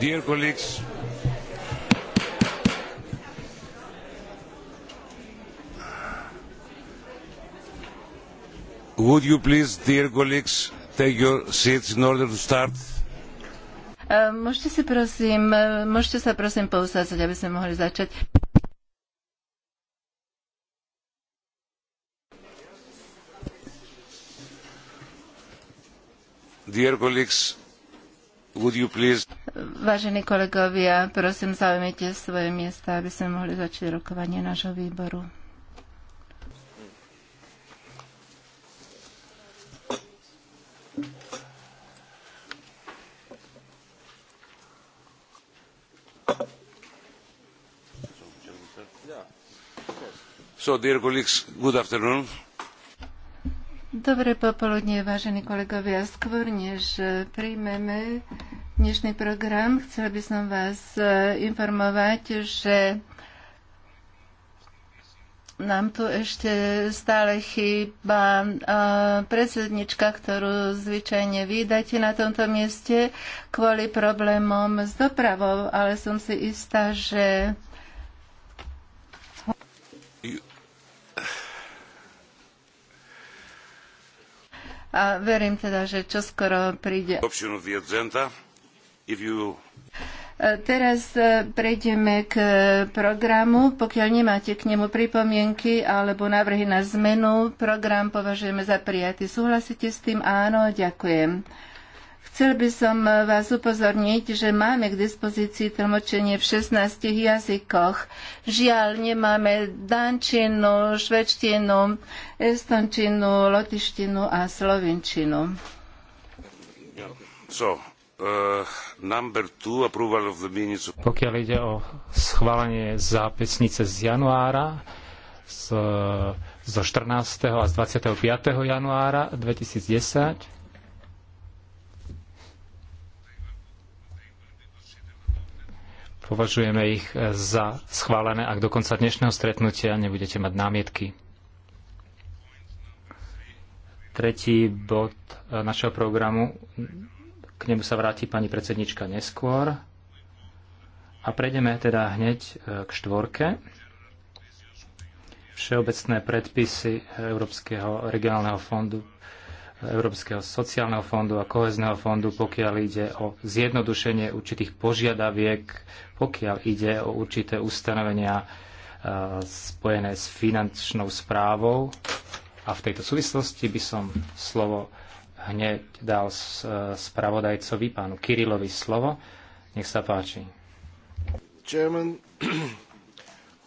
Dear colleagues, would you please, dear colleagues, take your seats in order to start? Eh, môžete si prosím, eh, môžete sa prosím pousádzať, aby sme mohli začať. Dear colleagues, Vážení kolegovia, prosím, zaujmite svoje miesta, aby sme mohli začať rokovanie nášho výboru. So, dear colleagues, good afternoon. Dobré popoludne, vážení kolegovia. Skôr než prijmeme dnešný program. Chcela by som vás e, informovať, že nám tu ešte stále chýba e, predsednička, ktorú zvyčajne vydáte na tomto mieste kvôli problémom s dopravou, ale som si istá, že a verím teda, že čoskoro príde. Občinu Viedzenta. E, teraz e, prejdeme k e, programu. Pokiaľ nemáte k nemu pripomienky alebo návrhy na zmenu, program považujeme za prijatý. Súhlasíte s tým? Áno, ďakujem. Chcel by som vás upozorniť, že máme k dispozícii tlmočenie v 16 jazykoch. Žiaľ, nemáme dančinu, švedštinu, estončinu, lotištinu a slovinčinu. So, Uh, Pokiaľ ide o schválenie zápisnice z januára, z, zo 14. a z 25. januára 2010, považujeme ich za schválené, ak do konca dnešného stretnutia nebudete mať námietky. Tretí bod našeho programu nemu sa vráti pani predsednička neskôr. A prejdeme teda hneď e, k štvorke. Všeobecné predpisy Európskeho regionálneho fondu, Európskeho sociálneho fondu a kohezného fondu, pokiaľ ide o zjednodušenie určitých požiadaviek, pokiaľ ide o určité ustanovenia e, spojené s finančnou správou. A v tejto súvislosti by som slovo hneď dal e, spravodajcovi, pánu Kirilovi, slovo. Nech sa páči. Chairman,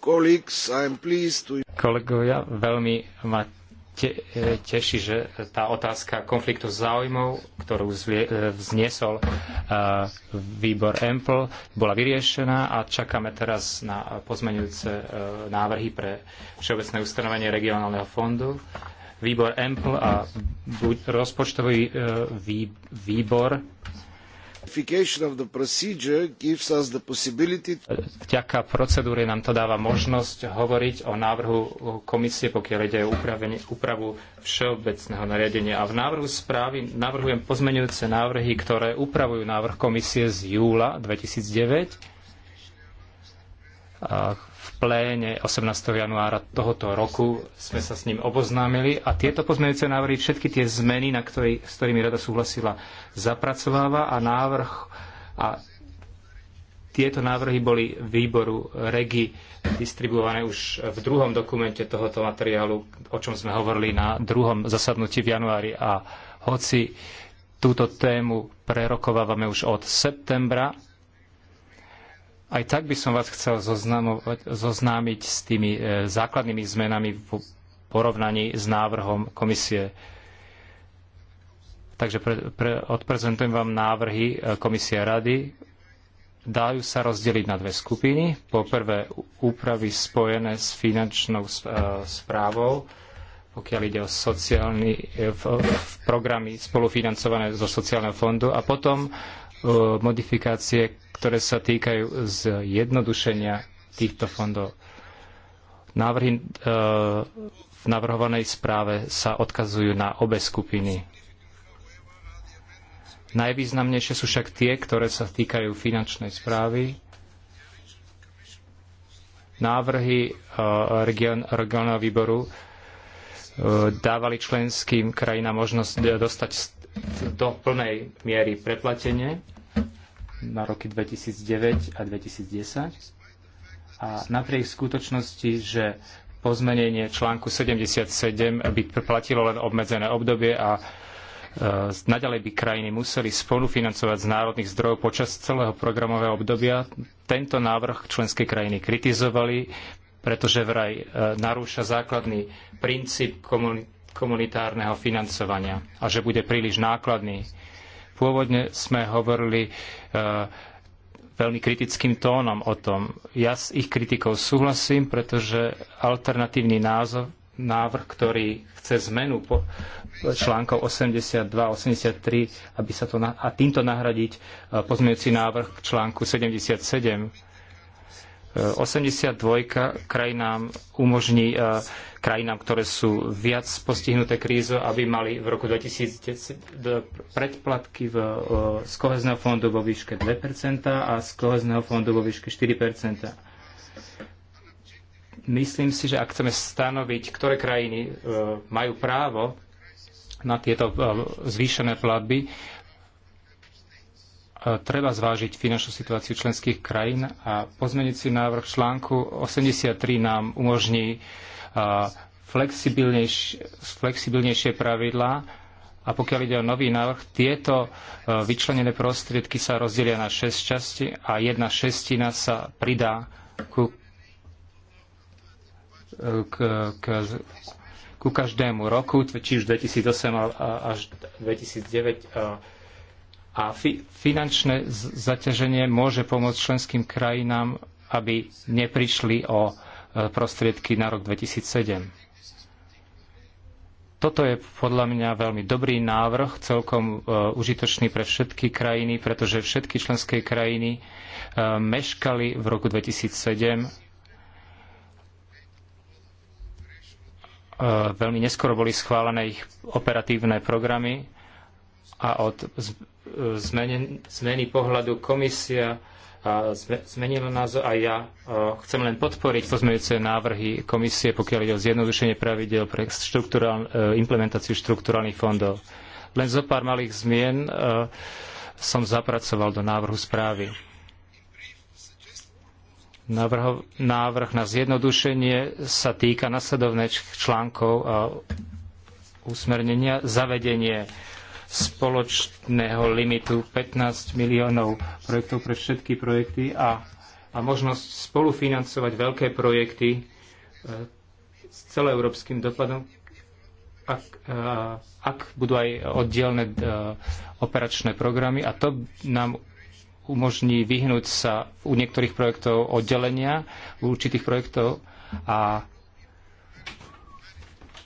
colleagues, pleased to... Kolegovia, veľmi ma te, e, teší, že tá otázka konfliktu záujmov, ktorú e, vzniesol výbor EMPL, bola vyriešená a čakáme teraz na pozmeňujúce návrhy pre Všeobecné ustanovenie regionálneho fondu výbor EMPL a rozpočtový e, výbor Vďaka procedúre nám to dáva možnosť hovoriť o návrhu komisie, pokiaľ ide o úpravu všeobecného nariadenia. A v návrhu správy navrhujem pozmenujúce návrhy, ktoré upravujú návrh komisie z júla 2009. A pléne 18. januára tohoto roku sme sa s ním oboznámili a tieto pozmeňujúce návrhy, všetky tie zmeny, na ktorý, s ktorými rada súhlasila, zapracováva a návrh a tieto návrhy boli výboru REGI distribuované už v druhom dokumente tohoto materiálu, o čom sme hovorili na druhom zasadnutí v januári. A hoci túto tému prerokovávame už od septembra, aj tak by som vás chcel zoznámiť s tými e, základnými zmenami v porovnaní s návrhom komisie. Takže pre, pre, odprezentujem vám návrhy e, komisie rady. Dajú sa rozdeliť na dve skupiny. Po prvé, úpravy spojené s finančnou e, správou, pokiaľ ide o sociálny, v, v programy spolufinancované zo sociálneho fondu. A potom E, modifikácie, ktoré sa týkajú zjednodušenia týchto fondov. Návrhy e, v navrhovanej správe sa odkazujú na obe skupiny. Najvýznamnejšie sú však tie, ktoré sa týkajú finančnej správy. Návrhy e, regionálneho výboru dávali členským krajinám možnosť dostať do plnej miery preplatenie na roky 2009 a 2010. A napriek skutočnosti, že pozmenenie článku 77 by platilo len obmedzené obdobie a e, naďalej by krajiny museli spolufinancovať z národných zdrojov počas celého programového obdobia. Tento návrh členské krajiny kritizovali, pretože vraj e, narúša základný princíp komunity komunitárneho financovania a že bude príliš nákladný. Pôvodne sme hovorili e, veľmi kritickým tónom o tom. Ja s ich kritikou súhlasím, pretože alternatívny názov návrh, ktorý chce zmenu po článkov 82, 83, aby sa to na, a týmto nahradiť e, pozmeňujúci návrh k článku 77. 82 e, krajinám umožní krajinám, ktoré sú viac postihnuté krízou, aby mali v roku 2010 predplatky v, z kohezného fondu vo výške 2% a z kohezného fondu vo výške 4%. Myslím si, že ak chceme stanoviť, ktoré krajiny e, majú právo na tieto e, zvýšené platby, e, treba zvážiť finančnú situáciu členských krajín a pozmeniť si návrh článku 83 nám umožní flexibilnejš, flexibilnejšie pravidlá a pokiaľ ide o nový návrh, tieto e, vyčlenené prostriedky sa rozdelia na 6 časti a jedna šestina sa pridá ku, k, k, ku každému roku, či už 2008 až 2009. E, a fi, finančné zaťaženie môže pomôcť členským krajinám, aby neprišli o prostriedky na rok 2007. Toto je podľa mňa veľmi dobrý návrh, celkom e, užitočný pre všetky krajiny, pretože všetky členské krajiny e, meškali v roku 2007. E, veľmi neskoro boli schválené ich operatívne programy a od zmeny, zmeny pohľadu komisia zmenil názor a ja e, chcem len podporiť pozmeňujúce návrhy komisie, pokiaľ ide o zjednodušenie pravidel pre štruktúral, e, implementáciu štrukturálnych fondov. Len zo pár malých zmien e, som zapracoval do návrhu správy. Návrh, návrh na zjednodušenie sa týka nasledovných článkov a usmernenia zavedenie spoločného limitu 15 miliónov projektov pre všetky projekty a, a možnosť spolufinancovať veľké projekty e, s celoeurópskym dopadom, ak, e, ak budú aj oddielne e, operačné programy a to nám umožní vyhnúť sa u niektorých projektov oddelenia, u určitých projektov a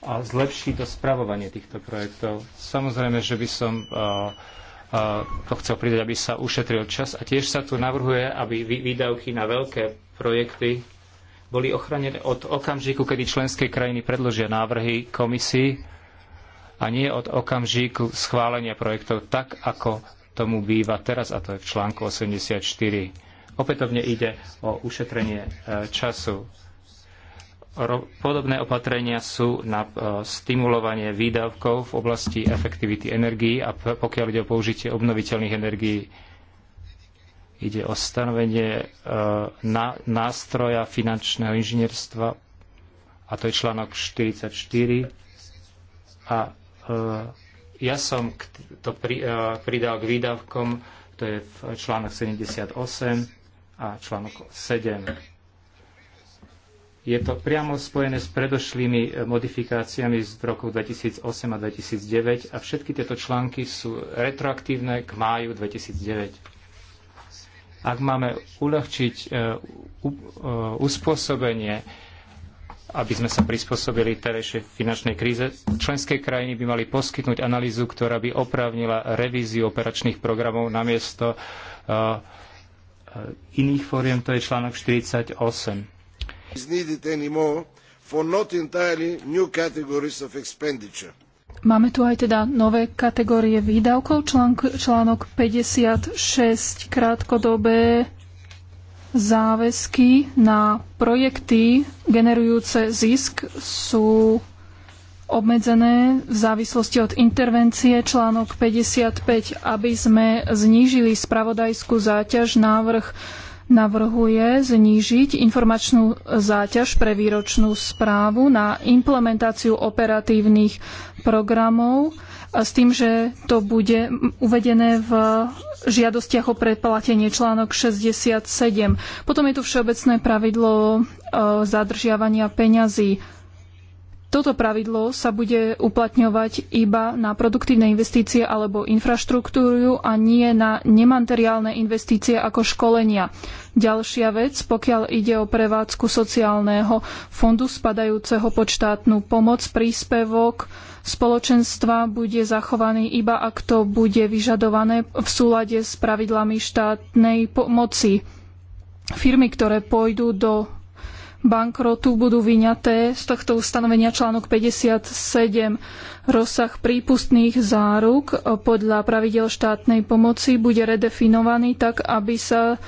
a zlepší to spravovanie týchto projektov. Samozrejme, že by som eh, eh, to chcel pridať, aby sa ušetril čas a tiež sa tu navrhuje, aby výdavky na veľké projekty boli ochránené od okamžiku, kedy členské krajiny predložia návrhy komisii a nie od okamžiku schválenia projektov tak, ako tomu býva teraz a to je v článku 84. Opätovne ide o ušetrenie eh, času Podobné opatrenia sú na e, stimulovanie výdavkov v oblasti efektivity energií a pokiaľ ide o použitie obnoviteľných energií, ide o stanovenie e, nástroja finančného inžinierstva a to je článok 44 a e, ja som to pridal k výdavkom, to je článok 78 a článok 7 je to priamo spojené s predošlými e, modifikáciami z rokov 2008 a 2009 a všetky tieto články sú retroaktívne k máju 2009. Ak máme uľahčiť e, e, uspôsobenie, aby sme sa prispôsobili terejšej finančnej kríze, členské krajiny by mali poskytnúť analýzu, ktorá by oprávnila revíziu operačných programov namiesto iných fóriem, to je článok 48 is needed for not entirely new categories of expenditure. Máme tu aj teda nové kategórie výdavkov, článk, článok 56, krátkodobé záväzky na projekty generujúce zisk sú obmedzené v závislosti od intervencie článok 55, aby sme znížili spravodajskú záťaž návrh navrhuje znížiť informačnú záťaž pre výročnú správu na implementáciu operatívnych programov a s tým, že to bude uvedené v žiadostiach o preplatenie článok 67. Potom je tu všeobecné pravidlo e, zadržiavania peňazí. Toto pravidlo sa bude uplatňovať iba na produktívne investície alebo infraštruktúru a nie na nemateriálne investície ako školenia. Ďalšia vec, pokiaľ ide o prevádzku sociálneho fondu spadajúceho pod štátnu pomoc, príspevok spoločenstva bude zachovaný iba ak to bude vyžadované v súlade s pravidlami štátnej pomoci. Firmy, ktoré pôjdu do bankrotu budú vyňaté z tohto ustanovenia článok 57. Rozsah prípustných záruk podľa pravidel štátnej pomoci bude redefinovaný tak, aby sa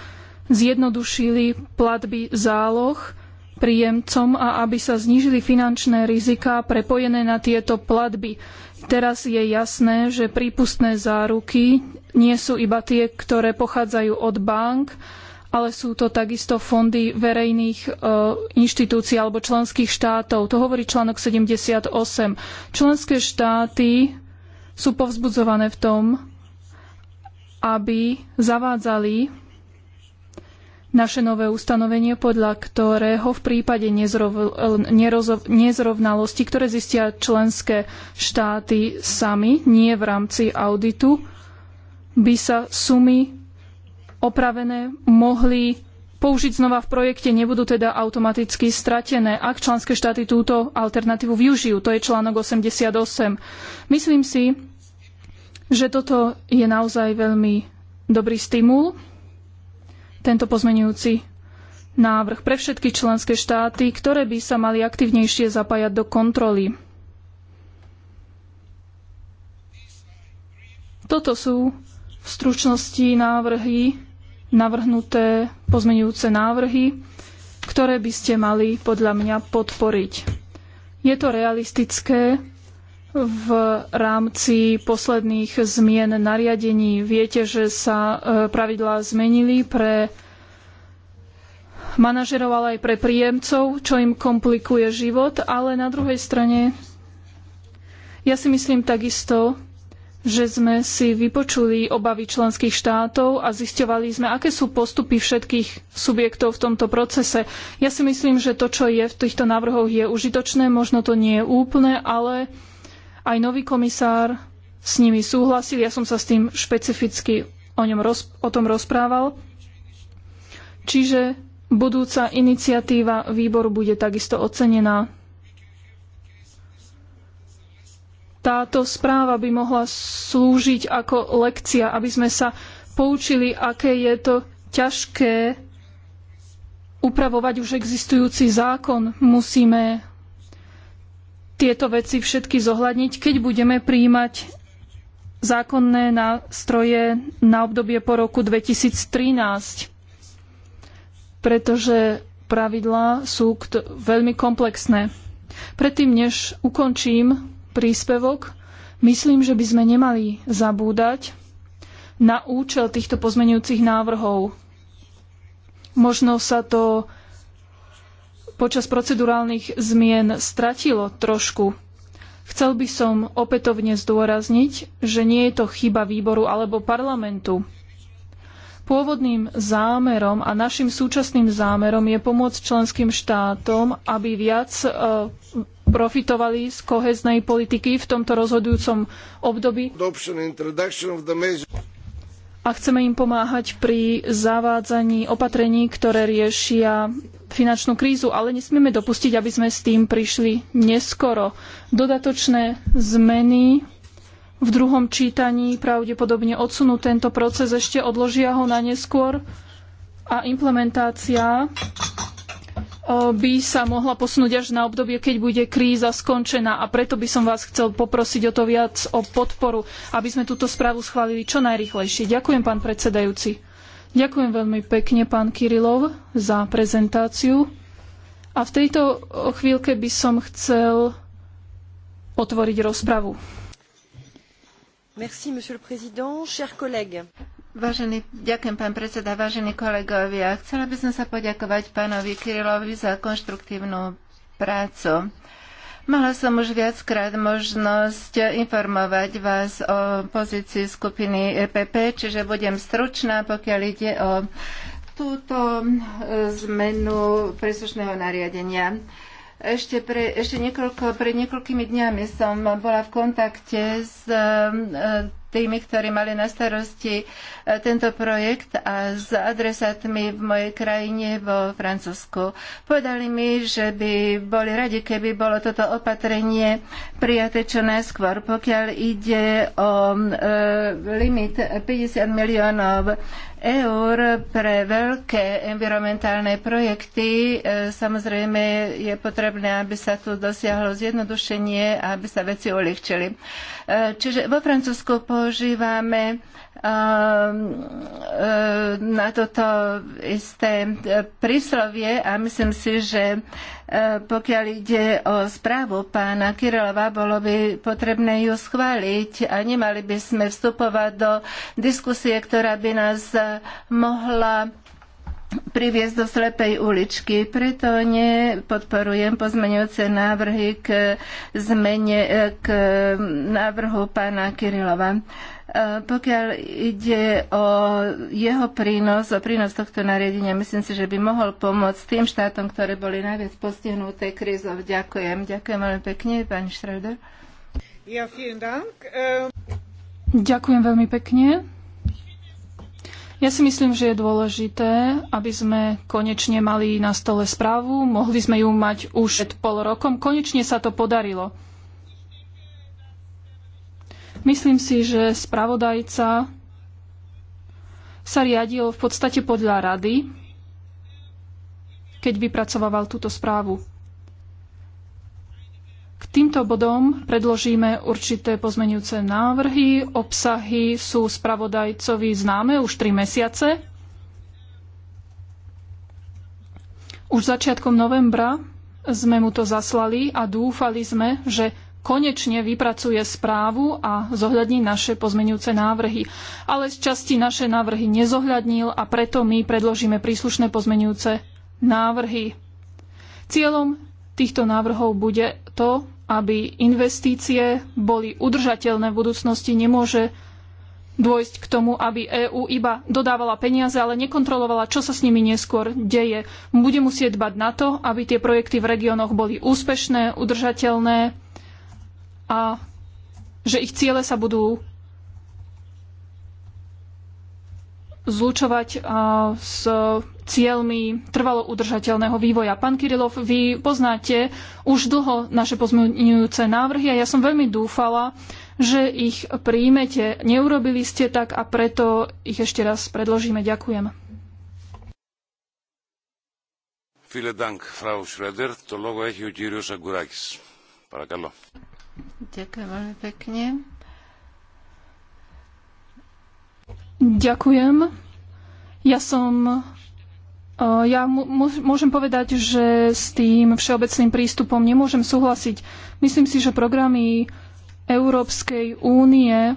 zjednodušili platby záloh príjemcom a aby sa znížili finančné riziká prepojené na tieto platby. Teraz je jasné, že prípustné záruky nie sú iba tie, ktoré pochádzajú od bank, ale sú to takisto fondy verejných e, inštitúcií alebo členských štátov. To hovorí článok 78. Členské štáty sú povzbudzované v tom, aby zavádzali naše nové ustanovenie, podľa ktorého v prípade nezrovnalosti, ktoré zistia členské štáty sami, nie v rámci auditu, by sa sumy opravené, mohli použiť znova v projekte, nebudú teda automaticky stratené, ak členské štáty túto alternatívu využijú. To je článok 88. Myslím si, že toto je naozaj veľmi dobrý stimul, tento pozmenujúci návrh pre všetky členské štáty, ktoré by sa mali aktívnejšie zapájať do kontroly. Toto sú v stručnosti návrhy navrhnuté pozmenujúce návrhy, ktoré by ste mali podľa mňa podporiť. Je to realistické v rámci posledných zmien nariadení. Viete, že sa e, pravidlá zmenili pre manažerov, ale aj pre príjemcov, čo im komplikuje život, ale na druhej strane ja si myslím takisto, že sme si vypočuli obavy členských štátov a zisťovali sme, aké sú postupy všetkých subjektov v tomto procese. Ja si myslím, že to, čo je v týchto návrhoch, je užitočné, možno to nie je úplné, ale aj nový komisár s nimi súhlasil. Ja som sa s tým špecificky o, ňom roz, o tom rozprával. Čiže budúca iniciatíva výboru bude takisto ocenená. táto správa by mohla slúžiť ako lekcia, aby sme sa poučili, aké je to ťažké upravovať už existujúci zákon. Musíme tieto veci všetky zohľadniť, keď budeme príjmať zákonné nástroje na obdobie po roku 2013, pretože pravidlá sú veľmi komplexné. Predtým, než ukončím príspevok, myslím, že by sme nemali zabúdať na účel týchto pozmenujúcich návrhov. Možno sa to počas procedurálnych zmien stratilo trošku. Chcel by som opätovne zdôrazniť, že nie je to chyba výboru alebo parlamentu. Pôvodným zámerom a našim súčasným zámerom je pomôcť členským štátom, aby viac e, profitovali z koheznej politiky v tomto rozhodujúcom období a chceme im pomáhať pri zavádzaní opatrení, ktoré riešia finančnú krízu, ale nesmieme dopustiť, aby sme s tým prišli neskoro. Dodatočné zmeny v druhom čítaní pravdepodobne odsunú tento proces, ešte odložia ho na neskôr a implementácia E, by sa mohla posunúť až na obdobie, keď bude kríza skončená a preto by som vás chcel poprosiť o to viac o podporu, aby sme túto správu schválili čo najrychlejšie. Ďakujem, pán predsedajúci. Ďakujem veľmi pekne, pán Kirilov, za prezentáciu. A v tejto chvíľke by som chcel otvoriť rozpravu. Merci, Vážený, ďakujem pán predseda, vážení kolegovia. Chcela by som sa poďakovať pánovi Kirilovi za konštruktívnu prácu. Mala som už viackrát možnosť informovať vás o pozícii skupiny EPP, čiže budem stručná, pokiaľ ide o túto e, zmenu príslušného nariadenia. Ešte, pre, ešte niekoľko, pred niekoľkými dňami som bola v kontakte s e, tými, ktorí mali na starosti e, tento projekt a s adresátmi v mojej krajine vo Francúzsku. Povedali mi, že by boli radi, keby bolo toto opatrenie prijaté čo najskôr. Pokiaľ ide o e, limit 50 miliónov eur pre veľké environmentálne projekty. E, samozrejme je potrebné, aby sa tu dosiahlo zjednodušenie a aby sa veci uľahčili. E, čiže vo Francúzsku po používame um, um, na toto isté e, príslovie a myslím si, že e, pokiaľ ide o správu pána Kirilova, bolo by potrebné ju schváliť a nemali by sme vstupovať do diskusie, ktorá by nás e, mohla priviesť do slepej uličky. Preto nepodporujem pozmeňujúce návrhy k zmene, e, k návrhu pána Kirilova. E, pokiaľ ide o jeho prínos, o prínos tohto nariadenia, myslím si, že by mohol pomôcť tým štátom, ktoré boli najviac postihnuté krízov. Ďakujem. Ďakujem veľmi pekne, pani Šreder. Ja, Ďakujem veľmi pekne. Ja si myslím, že je dôležité, aby sme konečne mali na stole správu. Mohli sme ju mať už pred pol rokom. Konečne sa to podarilo. Myslím si, že spravodajca sa riadil v podstate podľa rady, keď vypracovával túto správu. K týmto bodom predložíme určité pozmeňujúce návrhy. Obsahy sú spravodajcovi známe už tri mesiace. Už začiatkom novembra sme mu to zaslali a dúfali sme, že konečne vypracuje správu a zohľadní naše pozmenujúce návrhy. Ale z časti naše návrhy nezohľadnil a preto my predložíme príslušné pozmenujúce návrhy. Cieľom týchto návrhov bude to, aby investície boli udržateľné v budúcnosti. Nemôže dôjsť k tomu, aby EÚ iba dodávala peniaze, ale nekontrolovala, čo sa s nimi neskôr deje. Bude musieť dbať na to, aby tie projekty v regiónoch boli úspešné, udržateľné a že ich ciele sa budú zlučovať s cieľmi trvalo udržateľného vývoja. Pán Kirilov, vy poznáte už dlho naše pozmeňujúce návrhy a ja som veľmi dúfala, že ich príjmete. Neurobili ste tak a preto ich ešte raz predložíme. Ďakujem. Ďakujem veľmi pekne. Ďakujem. Ja som Eh, ja môžem povedať, že s tým všeobecným prístupom nemôžem súhlasiť. Myslím si, že programy Európskej únie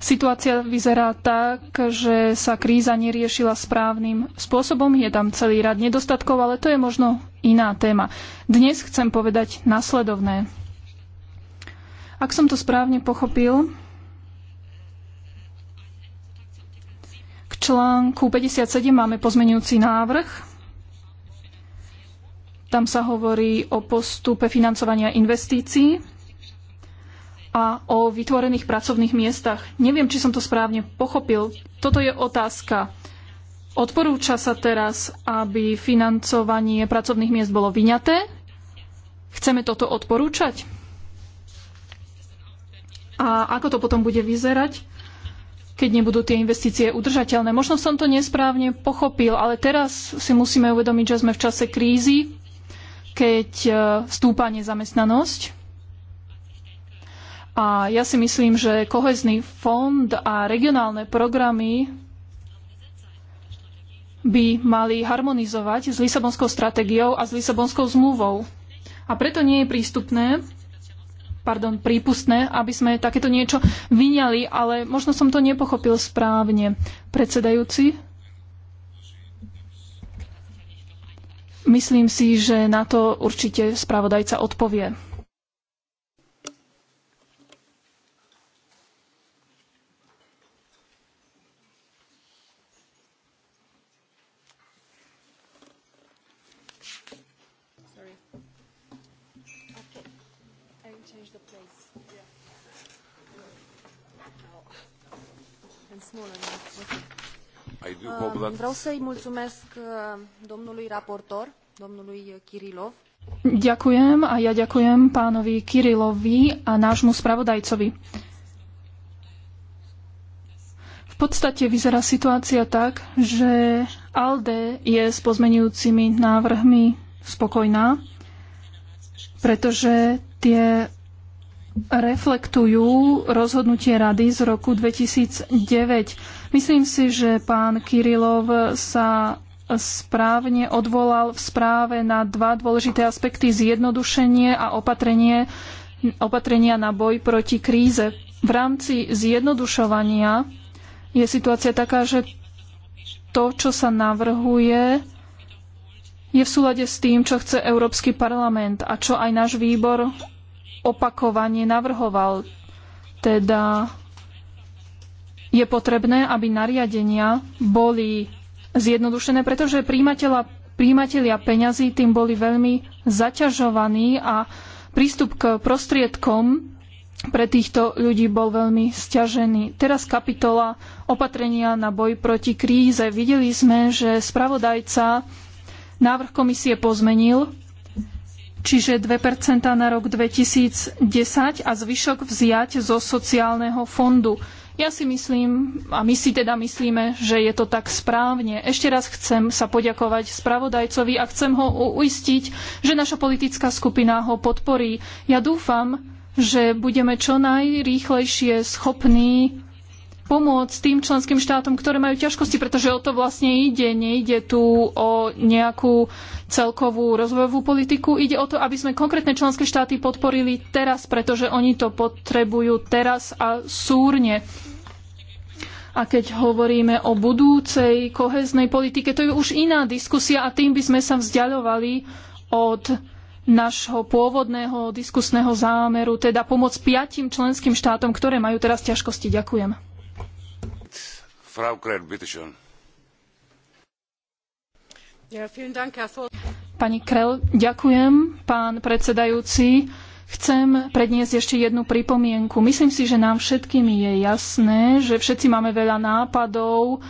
situácia vyzerá tak, že sa kríza neriešila správnym spôsobom. Je tam celý rad nedostatkov, ale to je možno iná téma. Dnes chcem povedať nasledovné. Ak som to správne pochopil, článku 57 máme pozmenujúci návrh. Tam sa hovorí o postupe financovania investícií a o vytvorených pracovných miestach. Neviem, či som to správne pochopil. Toto je otázka. Odporúča sa teraz, aby financovanie pracovných miest bolo vyňaté. Chceme toto odporúčať? A ako to potom bude vyzerať? keď nebudú tie investície udržateľné. Možno som to nesprávne pochopil, ale teraz si musíme uvedomiť, že sme v čase krízy, keď e, stúpa nezamestnanosť. A ja si myslím, že kohezný fond a regionálne programy by mali harmonizovať s Lisabonskou stratégiou a s Lisabonskou zmluvou. A preto nie je prístupné, pardon, prípustné, aby sme takéto niečo vyňali, ale možno som to nepochopil správne. Predsedajúci? Myslím si, že na to určite spravodajca odpovie. Vreau să-i mulțumesc uh, domnului raportor, domnului Kirilov. Ďakujem a ja ďakujem pánovi Kirilovi a nášmu spravodajcovi. V podstate vyzerá situácia tak, že ALDE je s pozmenujúcimi návrhmi spokojná, pretože tie reflektujú rozhodnutie rady z roku 2009. Myslím si, že pán Kirilov sa správne odvolal v správe na dva dôležité aspekty zjednodušenie a opatrenie, opatrenia na boj proti kríze. V rámci zjednodušovania je situácia taká, že to, čo sa navrhuje, je v súlade s tým, čo chce Európsky parlament a čo aj náš výbor opakovane navrhoval. Teda je potrebné, aby nariadenia boli zjednodušené, pretože príjimatelia peňazí tým boli veľmi zaťažovaní a prístup k prostriedkom pre týchto ľudí bol veľmi sťažený. Teraz kapitola opatrenia na boj proti kríze. Videli sme, že spravodajca návrh komisie pozmenil, čiže 2% na rok 2010 a zvyšok vziať zo sociálneho fondu. Ja si myslím, a my si teda myslíme, že je to tak správne. Ešte raz chcem sa poďakovať spravodajcovi a chcem ho uistiť, že naša politická skupina ho podporí. Ja dúfam, že budeme čo najrýchlejšie schopní pomôcť tým členským štátom, ktoré majú ťažkosti, pretože o to vlastne ide. Nejde tu o nejakú celkovú rozvojovú politiku. Ide o to, aby sme konkrétne členské štáty podporili teraz, pretože oni to potrebujú teraz a súrne. A keď hovoríme o budúcej koheznej politike, to je už iná diskusia a tým by sme sa vzdialovali od nášho pôvodného diskusného zámeru, teda pomoc piatim členským štátom, ktoré majú teraz ťažkosti. Ďakujem. Pani Krell, ďakujem, pán predsedajúci. Chcem predniesť ešte jednu pripomienku. Myslím si, že nám všetkým je jasné, že všetci máme veľa nápadov,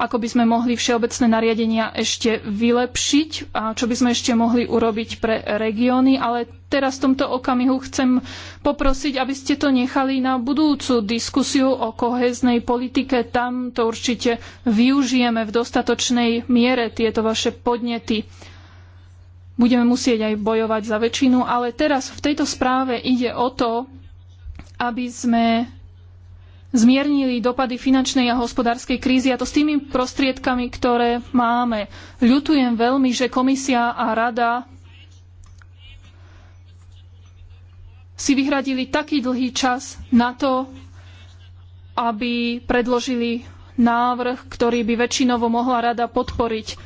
ako by sme mohli všeobecné nariadenia ešte vylepšiť a čo by sme ešte mohli urobiť pre regióny, ale teraz v tomto okamihu chcem poprosiť, aby ste to nechali na budúcu diskusiu o kohéznej politike. Tam to určite využijeme v dostatočnej miere tieto vaše podnety. Budeme musieť aj bojovať za väčšinu, ale teraz v tejto správe ide o to, aby sme zmiernili dopady finančnej a hospodárskej krízy a to s tými prostriedkami, ktoré máme. Ľutujem veľmi, že komisia a rada si vyhradili taký dlhý čas na to, aby predložili návrh, ktorý by väčšinovo mohla rada podporiť.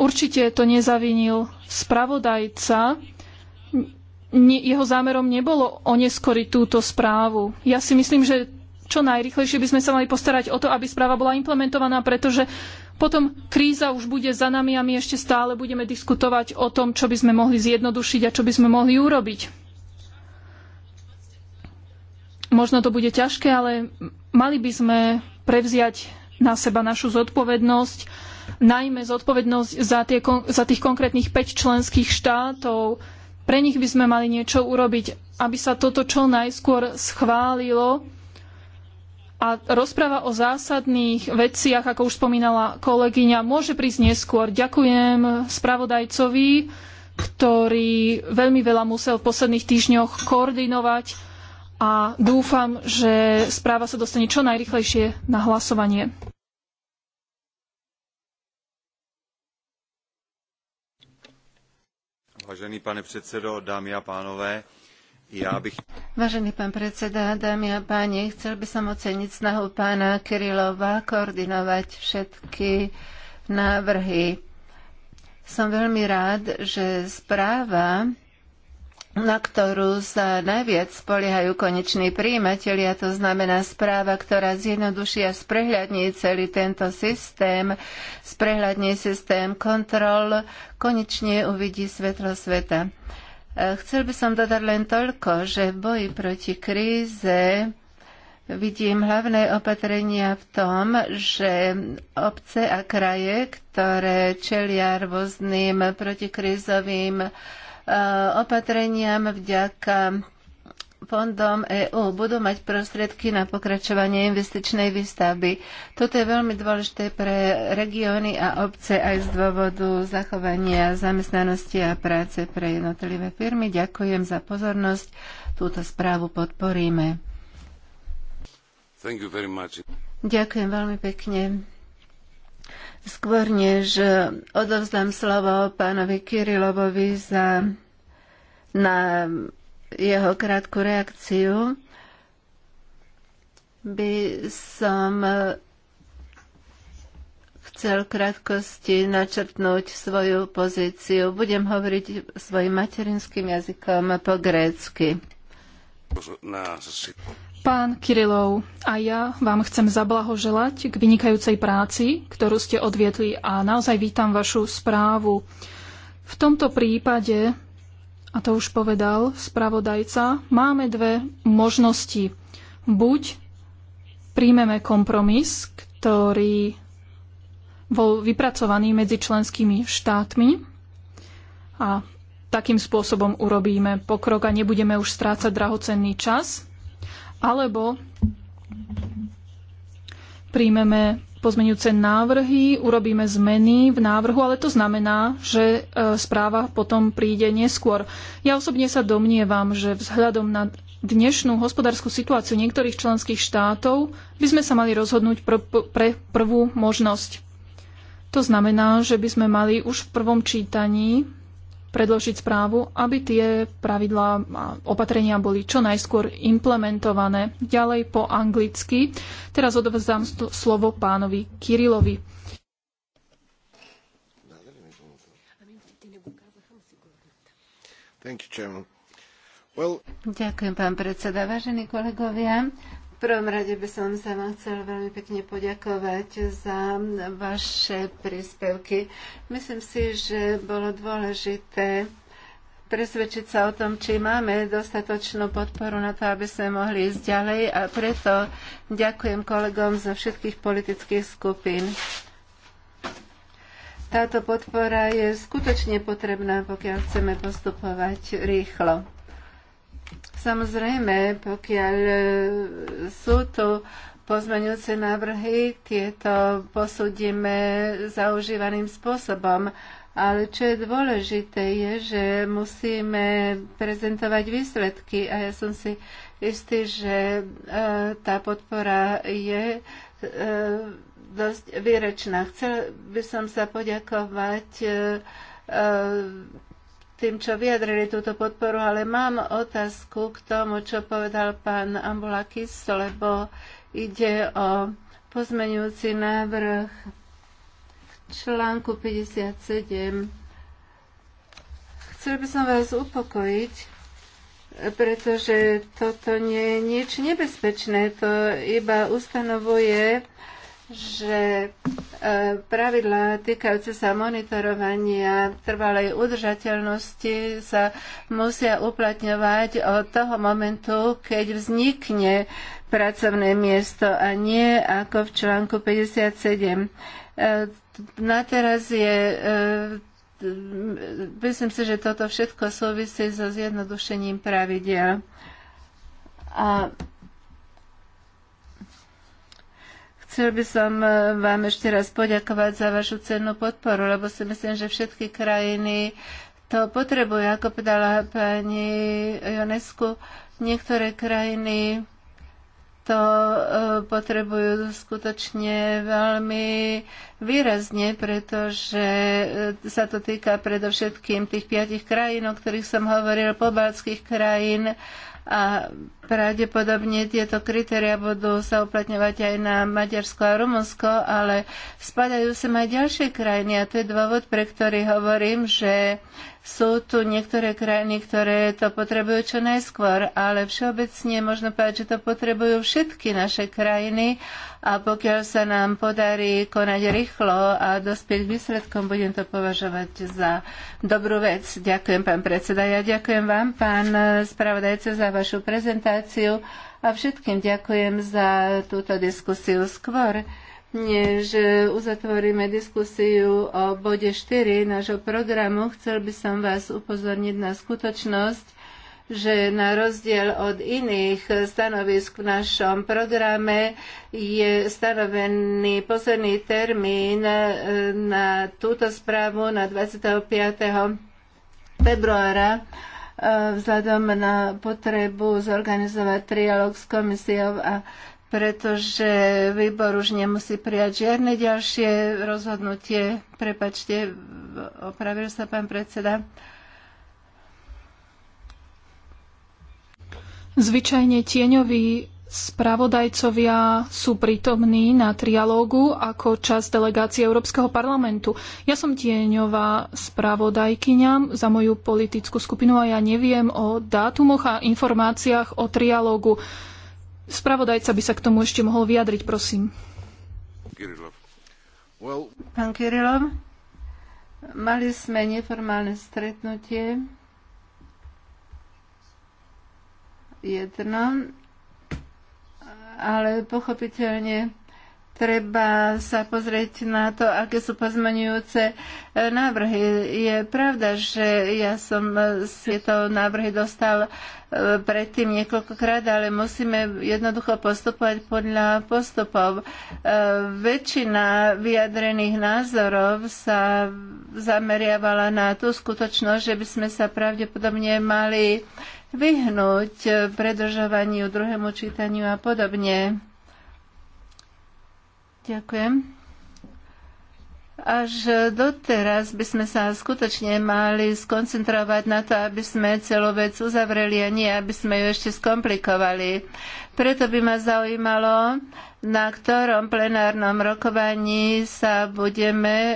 Určite to nezavinil spravodajca, jeho zámerom nebolo oneskoriť túto správu. Ja si myslím, že čo najrychlejšie by sme sa mali postarať o to, aby správa bola implementovaná, pretože potom kríza už bude za nami a my ešte stále budeme diskutovať o tom, čo by sme mohli zjednodušiť a čo by sme mohli urobiť. Možno to bude ťažké, ale mali by sme prevziať na seba našu zodpovednosť, najmä zodpovednosť za, tie, za tých konkrétnych 5 členských štátov, pre nich by sme mali niečo urobiť, aby sa toto čo najskôr schválilo. A rozpráva o zásadných veciach, ako už spomínala kolegyňa, môže prísť neskôr. Ďakujem spravodajcovi, ktorý veľmi veľa musel v posledných týždňoch koordinovať a dúfam, že správa sa dostane čo najrychlejšie na hlasovanie. Vážený pane predsedo, dámy a pánové, ja bych... Vážený pán predseda, dámy a páni, chcel by som oceniť snahu pána Kirilova koordinovať všetky návrhy. Som veľmi rád, že správa na ktorú sa najviac spoliehajú koneční príjimatelia, to znamená správa, ktorá zjednoduší a sprehľadní celý tento systém, sprehľadní systém kontrol, konečne uvidí svetlo sveta. E, chcel by som dodať len toľko, že v boji proti kríze vidím hlavné opatrenia v tom, že obce a kraje, ktoré čelia rôznym protikrízovým opatreniam vďaka fondom EÚ budú mať prostriedky na pokračovanie investičnej výstavby. Toto je veľmi dôležité pre regióny a obce aj z dôvodu zachovania zamestnanosti a práce pre jednotlivé firmy. Ďakujem za pozornosť. Túto správu podporíme. Ďakujem veľmi pekne. Skôr než odovzdám slovo pánovi Kirilovovi za, na jeho krátku reakciu, by som chcel krátkosti načrtnúť svoju pozíciu. Budem hovoriť svojim materinským jazykom po grécky. Na... Pán Kirilov, a ja vám chcem zablahoželať k vynikajúcej práci, ktorú ste odvietli a naozaj vítam vašu správu. V tomto prípade, a to už povedal spravodajca, máme dve možnosti. Buď príjmeme kompromis, ktorý bol vypracovaný medzi členskými štátmi a takým spôsobom urobíme pokrok a nebudeme už strácať drahocenný čas – alebo príjmeme pozmeňujúce návrhy, urobíme zmeny v návrhu, ale to znamená, že e, správa potom príde neskôr. Ja osobne sa domnievam, že vzhľadom na dnešnú hospodárskú situáciu niektorých členských štátov by sme sa mali rozhodnúť pr pre prvú možnosť. To znamená, že by sme mali už v prvom čítaní predložiť správu, aby tie pravidlá a opatrenia boli čo najskôr implementované. Ďalej po anglicky. Teraz odovzdám slovo pánovi Kirilovi. Ďakujem, pán predseda. Vážení kolegovia, prvom rade by som sa vám chcela veľmi pekne poďakovať za vaše príspevky. Myslím si, že bolo dôležité presvedčiť sa o tom, či máme dostatočnú podporu na to, aby sme mohli ísť ďalej a preto ďakujem kolegom zo všetkých politických skupín. Táto podpora je skutočne potrebná, pokiaľ chceme postupovať rýchlo. Samozrejme, pokiaľ e, sú tu pozmeňujúce návrhy, tieto posúdime zaužívaným spôsobom. Ale čo je dôležité, je, že musíme prezentovať výsledky a ja som si istý, že e, tá podpora je e, dosť výrečná. Chcela by som sa poďakovať tým, čo vyjadrili túto podporu, ale mám otázku k tomu, čo povedal pán Ambulakis, lebo ide o pozmenujúci návrh článku 57. Chcel by som vás upokojiť, pretože toto nie je nič nebezpečné, to iba ustanovuje že e, pravidlá týkajúce sa monitorovania trvalej udržateľnosti sa musia uplatňovať od toho momentu, keď vznikne pracovné miesto a nie ako v článku 57. E, na teraz je e, myslím si, že toto všetko súvisí so zjednodušením pravidel. A Chcel by som e, vám ešte raz poďakovať za vašu cennú podporu, lebo si myslím, že všetky krajiny to potrebujú. Ako povedala pani Jonesku, niektoré krajiny to e, potrebujú skutočne veľmi výrazne, pretože e, sa to týka predovšetkým tých piatich krajín, o ktorých som hovoril, pobaltských krajín, a pravdepodobne tieto kritéria budú sa uplatňovať aj na Maďarsko a Rumunsko, ale spadajú sa aj ďalšie krajiny a to je dôvod, pre ktorý hovorím, že sú tu niektoré krajiny, ktoré to potrebujú čo najskôr, ale všeobecne možno povedať, že to potrebujú všetky naše krajiny a pokiaľ sa nám podarí konať rýchlo a dospieť výsledkom, budem to považovať za dobrú vec. Ďakujem, pán predseda. Ja ďakujem vám, pán spravodajca, za vašu prezentáciu a všetkým ďakujem za túto diskusiu skôr než uzatvoríme diskusiu o bode 4 nášho programu, chcel by som vás upozorniť na skutočnosť, že na rozdiel od iných stanovisk v našom programe je stanovený posledný termín e, na túto správu na 25. februára e, vzhľadom na potrebu zorganizovať trialog s komisiou a pretože výbor už nemusí prijať žiadne ďalšie rozhodnutie. Prepačte, opravil sa pán predseda. Zvyčajne tieňoví spravodajcovia sú prítomní na trialógu ako časť delegácie Európskeho parlamentu. Ja som tieňová spravodajkyňa za moju politickú skupinu a ja neviem o dátumoch a informáciách o trialógu. Spravodajca by sa k tomu ešte mohol vyjadriť, prosím. Pán Kirilov, mali sme neformálne stretnutie jedno, ale pochopiteľne treba sa pozrieť na to, aké sú pozmenujúce e, návrhy. Je pravda, že ja som e, tieto návrhy dostal e, predtým niekoľkokrát, ale musíme jednoducho postupovať podľa postupov. Väčšina vyjadrených názorov sa zameriavala na tú skutočnosť, že by sme sa pravdepodobne mali vyhnúť predržovaniu, druhému čítaniu a podobne. Ďakujem. Až doteraz by sme sa skutočne mali skoncentrovať na to, aby sme celú vec uzavreli a nie, aby sme ju ešte skomplikovali. Preto by ma zaujímalo, na ktorom plenárnom rokovaní sa budeme e,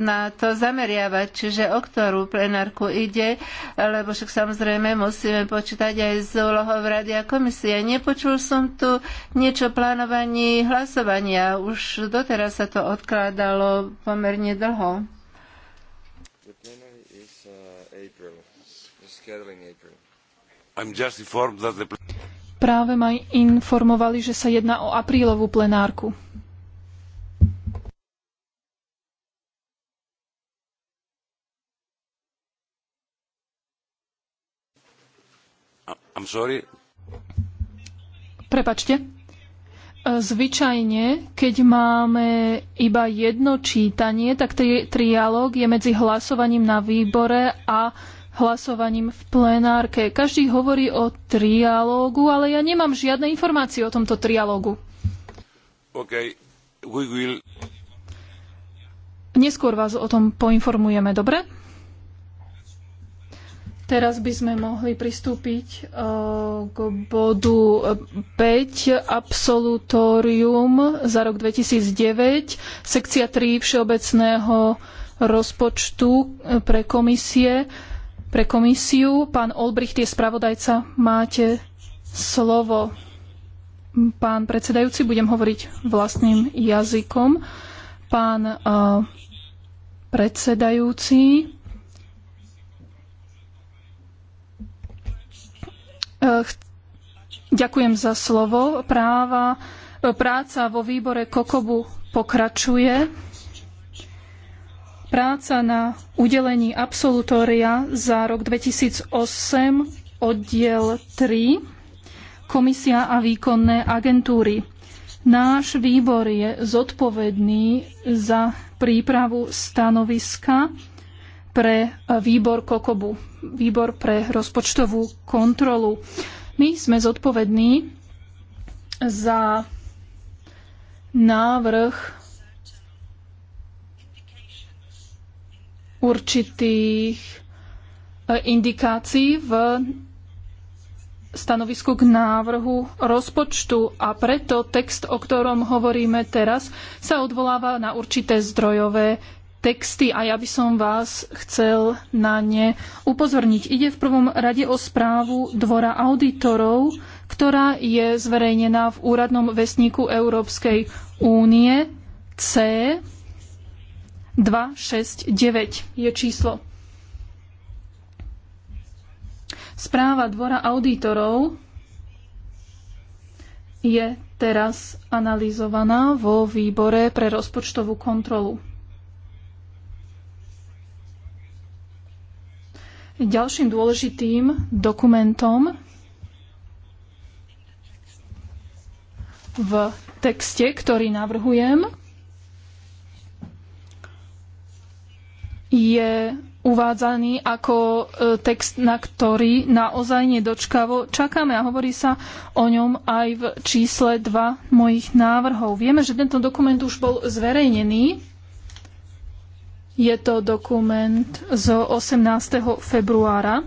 na to zameriavať, čiže o ktorú plenárku ide, lebo však samozrejme musíme počítať aj z úlohou Rady a komisie. Nepočul som tu niečo o plánovaní hlasovania. Už doteraz sa to odkládalo pomerne dlho. Uh, I'm just informed that the Práve ma informovali, že sa jedná o aprílovú plenárku. I'm sorry. Prepačte. E, Zvyčajne, keď máme iba jedno čítanie, tak tri, trialóg je medzi hlasovaním na výbore a hlasovaním v plenárke. Každý hovorí o trialógu, ale ja nemám žiadne informácie o tomto trialógu. Okay. Will... Neskôr vás o tom poinformujeme, dobre? Teraz by sme mohli pristúpiť eh, k bodu 5, eh, absolutórium za rok 2009, sekcia 3 všeobecného rozpočtu eh, pre komisie pre komisiu. Pán Olbricht je spravodajca. Máte slovo. Pán predsedajúci, budem hovoriť vlastným jazykom. Pán uh, predsedajúci, uh, ďakujem za slovo. Práva, práca vo výbore Kokobu pokračuje Práca na udelení absolutória za rok 2008, oddiel 3, Komisia a výkonné agentúry. Náš výbor je zodpovedný za prípravu stanoviska pre výbor Kokobu, výbor pre rozpočtovú kontrolu. My sme zodpovední za návrh určitých e, indikácií v stanovisku k návrhu rozpočtu a preto text, o ktorom hovoríme teraz, sa odvoláva na určité zdrojové texty a ja by som vás chcel na ne upozorniť. Ide v prvom rade o správu Dvora auditorov, ktorá je zverejnená v úradnom vestníku Európskej únie C 269 je číslo. Správa Dvora auditorov je teraz analyzovaná vo výbore pre rozpočtovú kontrolu. Ďalším dôležitým dokumentom v texte, ktorý navrhujem, je uvádzaný ako e, text, na ktorý naozaj nedočkavo čakáme a hovorí sa o ňom aj v čísle 2 mojich návrhov. Vieme, že tento dokument už bol zverejnený. Je to dokument z 18. februára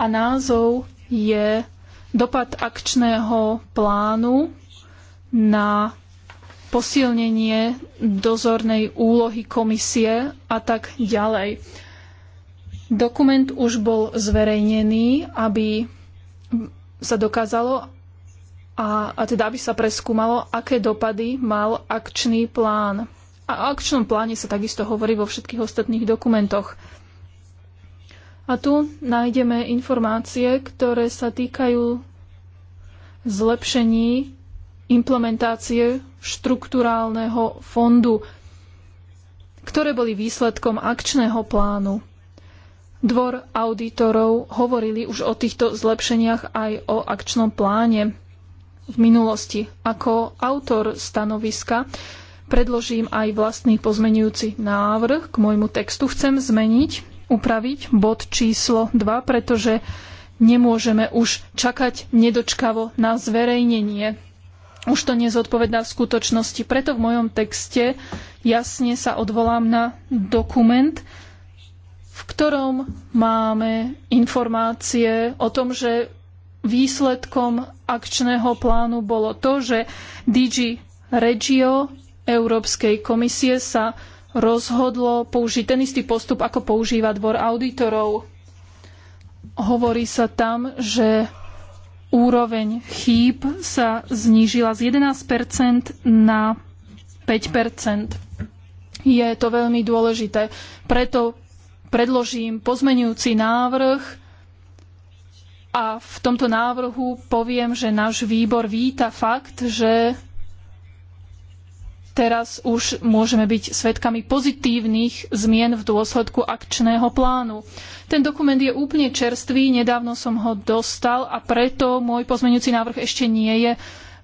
a názov je Dopad akčného plánu na posilnenie dozornej úlohy komisie a tak ďalej. Dokument už bol zverejnený, aby sa dokázalo a, a teda aby sa preskúmalo, aké dopady mal akčný plán. A o akčnom pláne sa takisto hovorí vo všetkých ostatných dokumentoch. A tu nájdeme informácie, ktoré sa týkajú zlepšení implementácie štruktúrálneho fondu, ktoré boli výsledkom akčného plánu. Dvor auditorov hovorili už o týchto zlepšeniach aj o akčnom pláne v minulosti. Ako autor stanoviska predložím aj vlastný pozmenujúci návrh k môjmu textu. Chcem zmeniť, upraviť bod číslo 2, pretože nemôžeme už čakať nedočkavo na zverejnenie už to nezodpovedá v skutočnosti. Preto v mojom texte jasne sa odvolám na dokument, v ktorom máme informácie o tom, že výsledkom akčného plánu bolo to, že DG Regio Európskej komisie sa rozhodlo použiť ten istý postup, ako používa dvor auditorov. Hovorí sa tam, že úroveň chýb sa znížila z 11 na 5 Je to veľmi dôležité. Preto predložím pozmenujúci návrh a v tomto návrhu poviem, že náš výbor víta fakt, že teraz už môžeme byť svedkami pozitívnych zmien v dôsledku akčného plánu. Ten dokument je úplne čerstvý, nedávno som ho dostal a preto môj pozmeňujúci návrh ešte nie je e,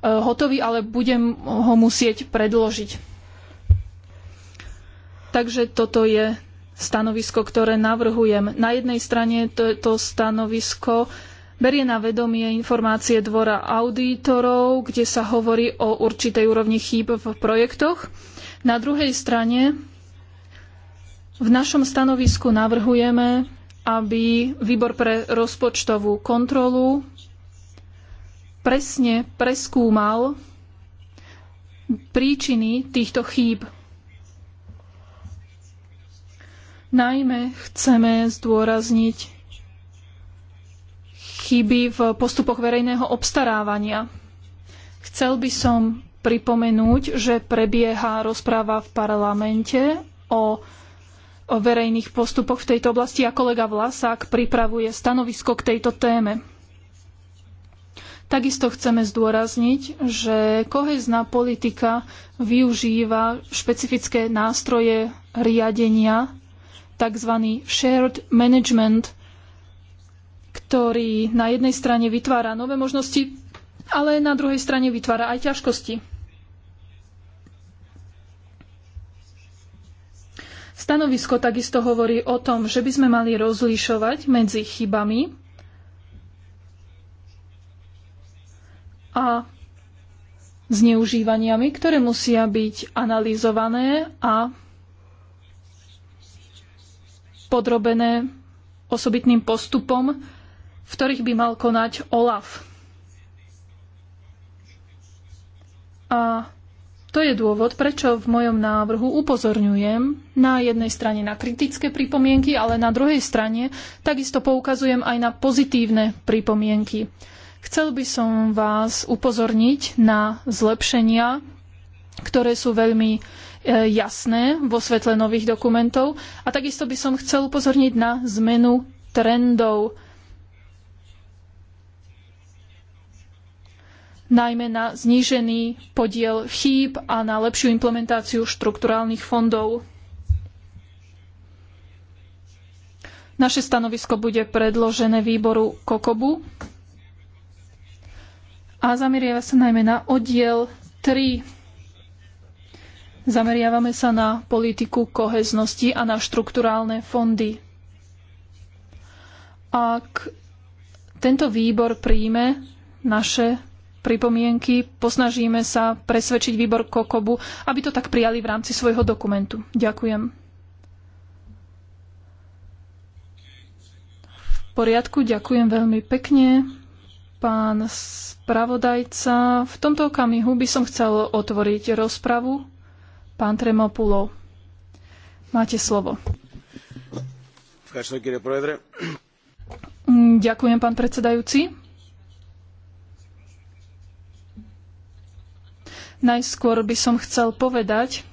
hotový, ale budem ho musieť predložiť. Takže toto je stanovisko, ktoré navrhujem. Na jednej strane to, to stanovisko berie na vedomie informácie Dvora auditorov, kde sa hovorí o určitej úrovni chýb v projektoch. Na druhej strane v našom stanovisku navrhujeme, aby Výbor pre rozpočtovú kontrolu presne preskúmal príčiny týchto chýb. Najmä chceme zdôrazniť chyby v postupoch verejného obstarávania. Chcel by som pripomenúť, že prebieha rozpráva v parlamente o o verejných postupoch v tejto oblasti a kolega Vlasák pripravuje stanovisko k tejto téme. Takisto chceme zdôrazniť, že kohezná politika využíva špecifické nástroje riadenia, tzv. shared management, ktorý na jednej strane vytvára nové možnosti, ale na druhej strane vytvára aj ťažkosti. Stanovisko takisto hovorí o tom, že by sme mali rozlišovať medzi chybami a zneužívaniami, ktoré musia byť analyzované a podrobené osobitným postupom v ktorých by mal konať OLAF. A to je dôvod, prečo v mojom návrhu upozorňujem na jednej strane na kritické pripomienky, ale na druhej strane takisto poukazujem aj na pozitívne pripomienky. Chcel by som vás upozorniť na zlepšenia, ktoré sú veľmi e, jasné vo svetle nových dokumentov a takisto by som chcel upozorniť na zmenu trendov najmä na znížený podiel chýb a na lepšiu implementáciu štrukturálnych fondov. Naše stanovisko bude predložené výboru Kokobu a zameriava sa najmä na oddiel 3. Zameriavame sa na politiku koheznosti a na štrukturálne fondy. Ak tento výbor príjme naše pripomienky. Posnažíme sa presvedčiť výbor Kokobu, aby to tak prijali v rámci svojho dokumentu. Ďakujem. V poriadku, ďakujem veľmi pekne. Pán spravodajca, v tomto okamihu by som chcel otvoriť rozpravu. Pán tremopulo. máte slovo. Ďakujem, pán predsedajúci. Najskôr by som chcel povedať,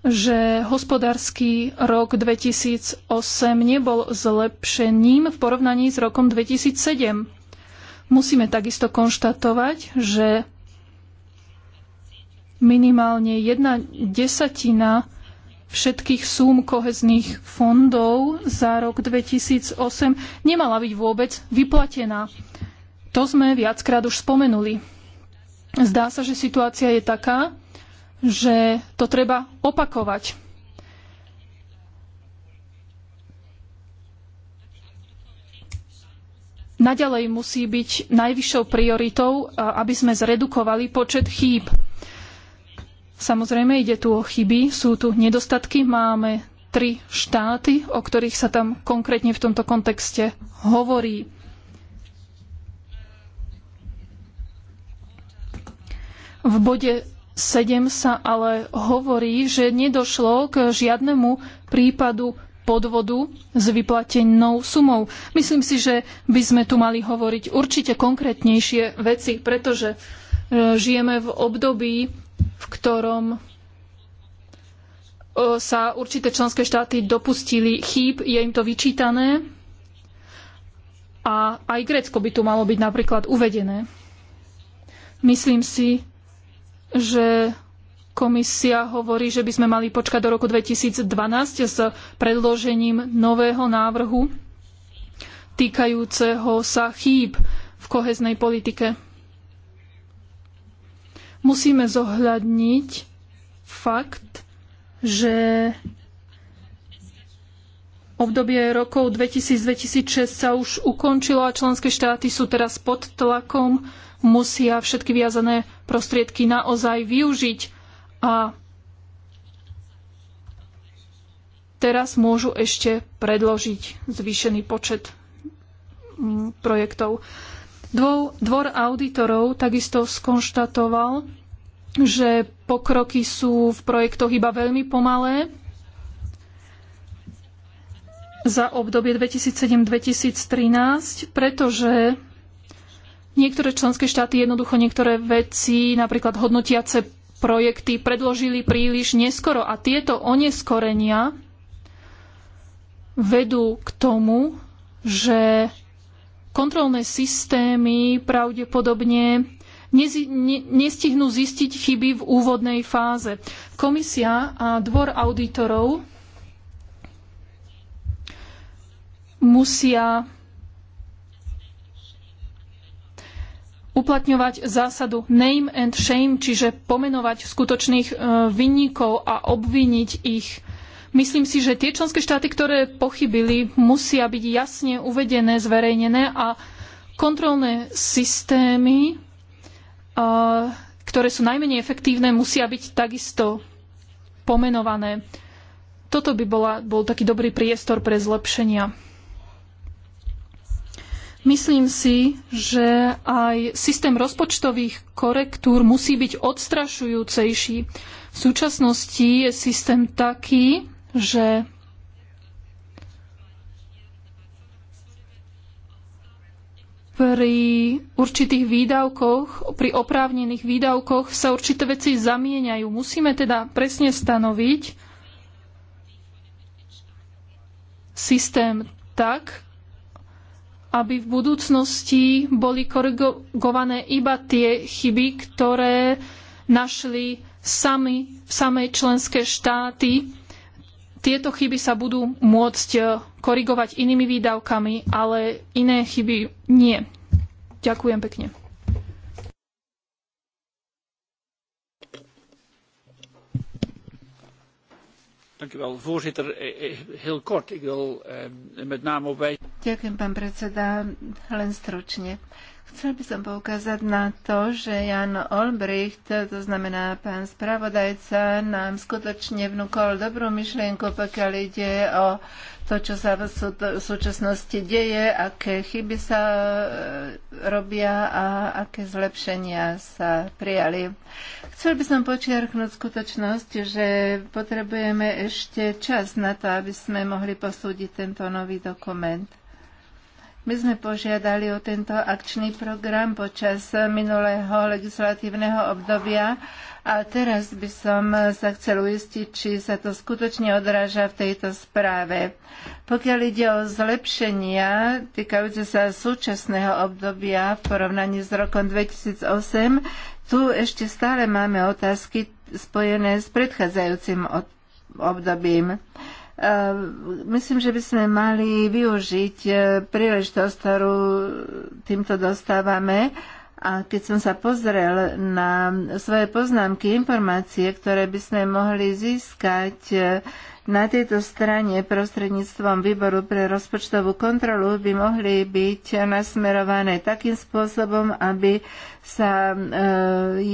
že hospodársky rok 2008 nebol zlepšením v porovnaní s rokom 2007. Musíme takisto konštatovať, že minimálne jedna desatina všetkých súm kohezných fondov za rok 2008 nemala byť vôbec vyplatená. To sme viackrát už spomenuli. Zdá sa, že situácia je taká, že to treba opakovať. Naďalej musí byť najvyššou prioritou, aby sme zredukovali počet chýb. Samozrejme, ide tu o chyby, sú tu nedostatky, máme tri štáty, o ktorých sa tam konkrétne v tomto kontexte hovorí. V bode 7 sa ale hovorí, že nedošlo k žiadnemu prípadu podvodu s vyplatenou sumou. Myslím si, že by sme tu mali hovoriť určite konkrétnejšie veci, pretože e, žijeme v období, v ktorom e, sa určité členské štáty dopustili chýb, je im to vyčítané a aj Grécko by tu malo byť napríklad uvedené. Myslím si, že komisia hovorí, že by sme mali počkať do roku 2012 s predložením nového návrhu týkajúceho sa chýb v koheznej politike. Musíme zohľadniť fakt, že Obdobie rokov 2000-2006 sa už ukončilo a členské štáty sú teraz pod tlakom, musia všetky viazané prostriedky naozaj využiť a teraz môžu ešte predložiť zvýšený počet mm, projektov. Dvor auditorov takisto skonštatoval, že pokroky sú v projektoch iba veľmi pomalé za obdobie 2007-2013, pretože niektoré členské štáty jednoducho niektoré veci, napríklad hodnotiace projekty, predložili príliš neskoro a tieto oneskorenia vedú k tomu, že kontrolné systémy pravdepodobne nestihnú zistiť chyby v úvodnej fáze. Komisia a dvor auditorov musia uplatňovať zásadu name and shame, čiže pomenovať skutočných e, vinníkov a obviniť ich. Myslím si, že tie členské štáty, ktoré pochybili, musia byť jasne uvedené, zverejnené a kontrolné systémy, e, ktoré sú najmenej efektívne, musia byť takisto pomenované. Toto by bola, bol taký dobrý priestor pre zlepšenia. Myslím si, že aj systém rozpočtových korektúr musí byť odstrašujúcejší. V súčasnosti je systém taký, že pri určitých výdavkoch, pri oprávnených výdavkoch sa určité veci zamieňajú. Musíme teda presne stanoviť systém tak, aby v budúcnosti boli korigované iba tie chyby, ktoré našli sami, samé členské štáty. Tieto chyby sa budú môcť korigovať inými výdavkami, ale iné chyby nie. Ďakujem pekne. voorzitter. Eh, eh, heel kort. Ik wil ehm, met name op wij... Ďakujem, pán predseda. Len stručne. Chcel by som poukázať na to, že Jan Olbricht, to znamená pán spravodajca, nám skutočne vnúkol dobrú myšlienku, pokiaľ ide o to, čo sa v súčasnosti deje, aké chyby sa e, robia a aké zlepšenia sa prijali. Chcel by som počiarknúť skutočnosť, že potrebujeme ešte čas na to, aby sme mohli posúdiť tento nový dokument. My sme požiadali o tento akčný program počas minulého legislatívneho obdobia a teraz by som sa chcel uistiť, či sa to skutočne odráža v tejto správe. Pokiaľ ide o zlepšenia týkajúce sa súčasného obdobia v porovnaní s rokom 2008, tu ešte stále máme otázky spojené s predchádzajúcim obdobím. Ehm, myslím, že by sme mali využiť e, príležitosť, ktorú týmto dostávame. A keď som sa pozrel na svoje poznámky, informácie, ktoré by sme mohli získať e, na tejto strane prostredníctvom výboru pre rozpočtovú kontrolu, by mohli byť nasmerované takým spôsobom, aby sa e,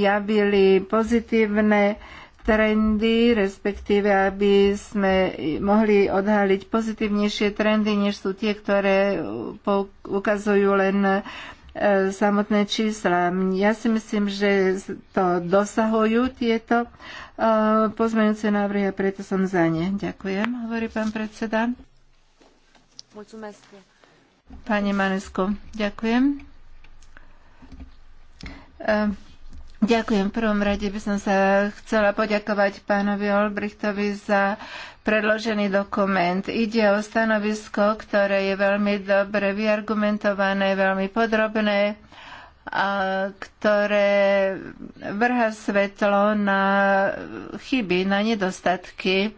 javili pozitívne trendy, respektíve aby sme mohli odhaliť pozitívnejšie trendy, než sú tie, ktoré ukazujú len e, samotné čísla. Ja si myslím, že to dosahujú tieto e, pozmeňujúce návrhy a preto som za ne. Ďakujem, hovorí pán predseda. Pani Manesko, ďakujem. E, Ďakujem. V prvom rade by som sa chcela poďakovať pánovi Olbrichtovi za predložený dokument. Ide o stanovisko, ktoré je veľmi dobre vyargumentované, veľmi podrobné a ktoré vrha svetlo na chyby, na nedostatky,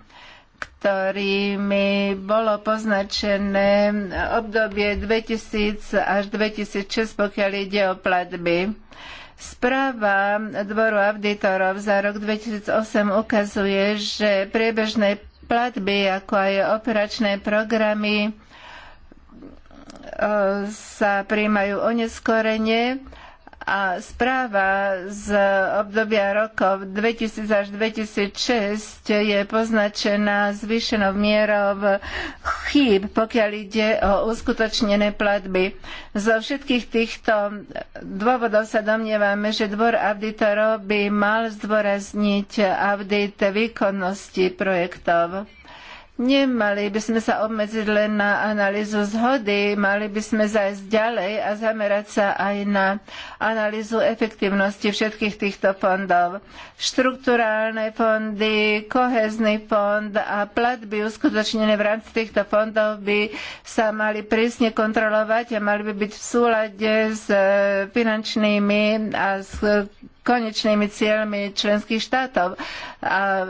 ktorými bolo poznačené obdobie 2000 až 2006, pokiaľ ide o platby. Správa Dvoru auditorov za rok 2008 ukazuje, že priebežné platby, ako aj operačné programy e, sa príjmajú oneskorene a správa z obdobia rokov 2000 až 2006 je poznačená zvýšenou mierou chýb, pokiaľ ide o uskutočnené platby. Zo všetkých týchto dôvodov sa domnievame, že dvor auditorov by mal zdôrazniť audit výkonnosti projektov. Nemali by sme sa obmedziť len na analýzu zhody, mali by sme zajsť ďalej a zamerať sa aj na analýzu efektívnosti všetkých týchto fondov. Štruktúrálne fondy, kohezný fond a platby uskutočnené v rámci týchto fondov by sa mali prísne kontrolovať a mali by byť v súlade s eh, finančnými a s konečnými cieľmi členských štátov. A e,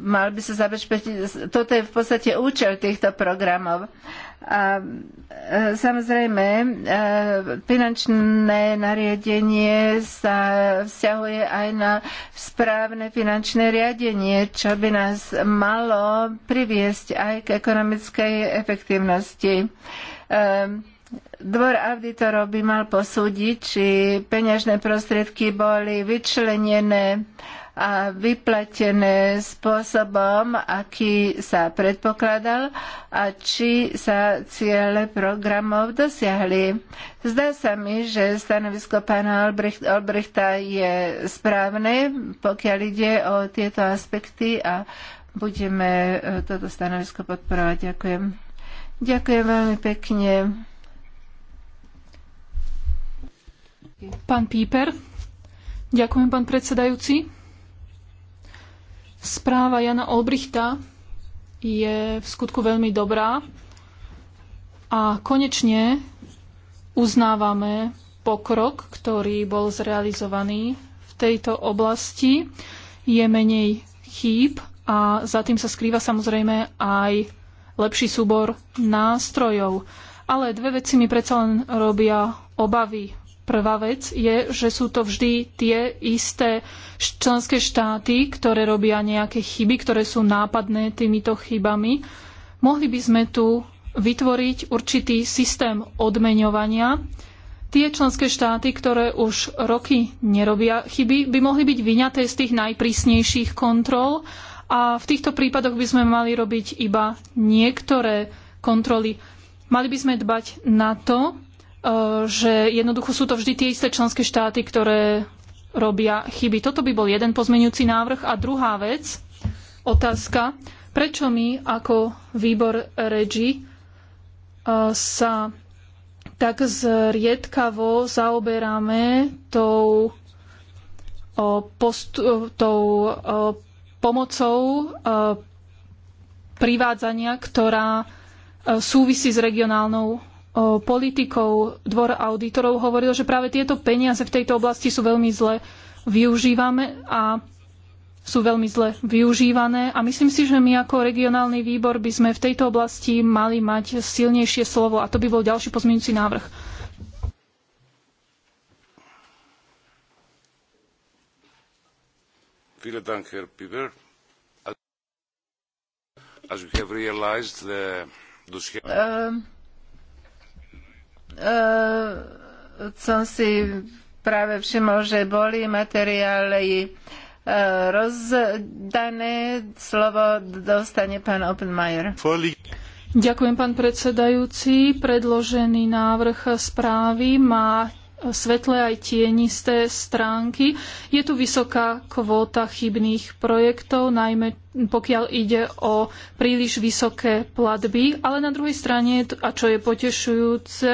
mal by sa zabezpečiť, toto je v podstate účel týchto programov. A e, samozrejme, e, finančné nariadenie sa vzťahuje aj na správne finančné riadenie, čo by nás malo priviesť aj k ekonomickej efektívnosti. Dvor auditorov by mal posúdiť, či peňažné prostriedky boli vyčlenené a vyplatené spôsobom, aký sa predpokladal a či sa ciele programov dosiahli. Zdá sa mi, že stanovisko pána Albrecht, Albrechta je správne, pokiaľ ide o tieto aspekty a budeme eh, toto stanovisko podporovať. Ďakujem. Ďakujem veľmi pekne. Pán Píper. Ďakujem, pán predsedajúci. Správa Jana Olbrichta je v skutku veľmi dobrá a konečne uznávame pokrok, ktorý bol zrealizovaný v tejto oblasti. Je menej chýb a za tým sa skrýva samozrejme aj lepší súbor nástrojov. Ale dve veci mi predsa len robia obavy. Prvá vec je, že sú to vždy tie isté členské štáty, ktoré robia nejaké chyby, ktoré sú nápadné týmito chybami. Mohli by sme tu vytvoriť určitý systém odmeňovania. Tie členské štáty, ktoré už roky nerobia chyby, by mohli byť vyňaté z tých najprísnejších kontrol a v týchto prípadoch by sme mali robiť iba niektoré kontroly. Mali by sme dbať na to, E, že jednoducho sú to vždy tie isté členské štáty, ktoré robia chyby. Toto by bol jeden pozmeňujúci návrh. A druhá vec, otázka, prečo my ako výbor REGI e, sa tak zriedkavo zaoberáme tou, e, tou pomocou privádzania, ktorá súvisí s regionálnou politikov dvor auditorov hovoril, že práve tieto peniaze v tejto oblasti sú veľmi zle využívame a sú veľmi zle využívané a myslím si, že my ako regionálny výbor by sme v tejto oblasti mali mať silnejšie slovo a to by bol ďalší pozmeňujúci návrh. Eh, som si práve všimol, že boli materiály eh, rozdané. Slovo dostane pán Oppenmeier. Ďakujem, pán predsedajúci. Predložený návrh správy má svetlé aj tienisté stránky. Je tu vysoká kvóta chybných projektov, najmä pokiaľ ide o príliš vysoké platby, ale na druhej strane, a čo je potešujúce,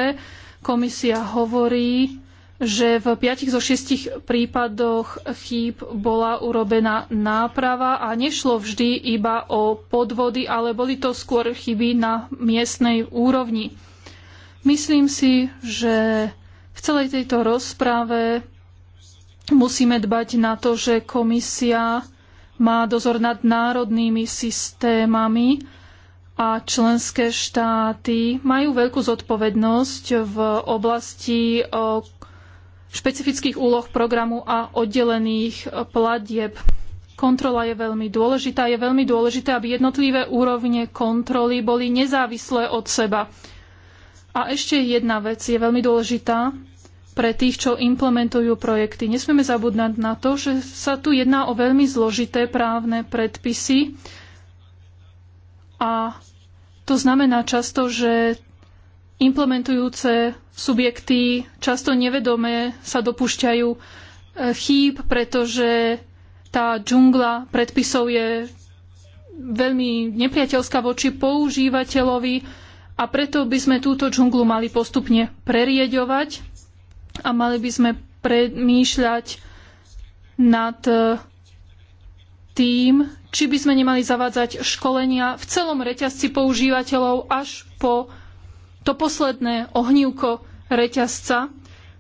komisia hovorí, že v 5 zo 6 prípadoch chýb bola urobená náprava a nešlo vždy iba o podvody, ale boli to skôr chyby na miestnej úrovni. Myslím si, že v celej tejto rozprave musíme dbať na to, že komisia má dozor nad národnými systémami a členské štáty majú veľkú zodpovednosť v oblasti špecifických úloh programu a oddelených platieb. Kontrola je veľmi dôležitá. Je veľmi dôležité, aby jednotlivé úrovne kontroly boli nezávislé od seba. A ešte jedna vec je veľmi dôležitá pre tých, čo implementujú projekty. Nesmieme zabúdať na to, že sa tu jedná o veľmi zložité právne predpisy a to znamená často, že implementujúce subjekty často nevedome sa dopúšťajú e, chýb, pretože tá džungla predpisov je veľmi nepriateľská voči používateľovi a preto by sme túto džunglu mali postupne prerieďovať a mali by sme premýšľať nad e, tým, či by sme nemali zavádzať školenia v celom reťazci používateľov až po to posledné ohnívko reťazca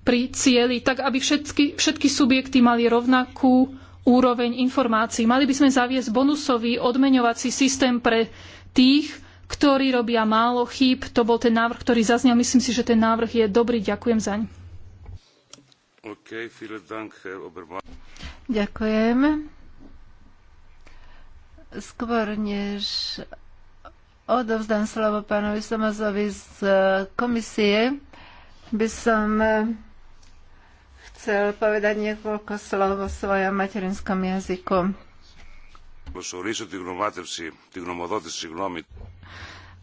pri cieli, tak aby všetky, všetky subjekty mali rovnakú úroveň informácií. Mali by sme zaviesť bonusový odmeňovací systém pre tých, ktorí robia málo chýb. To bol ten návrh, ktorý zaznel. Myslím si, že ten návrh je dobrý. Ďakujem zaň. Ďakujem. Skôr než odovzdám slovo pánovi Somazovi z komisie, by som chcel povedať niekoľko slov o svojom materinskom jazyku.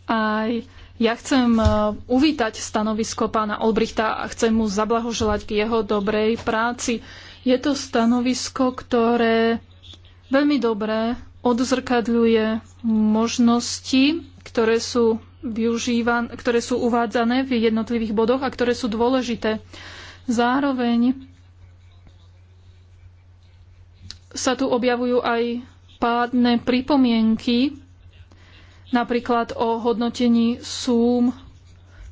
Aj ja chcem e, uvítať stanovisko pána Olbrichta a chcem mu zablahoželať k jeho dobrej práci. Je to stanovisko, ktoré veľmi dobre odzrkadľuje možnosti, ktoré sú, využívan- ktoré sú uvádzané v jednotlivých bodoch a ktoré sú dôležité. Zároveň sa tu objavujú aj pádne pripomienky napríklad o hodnotení súm,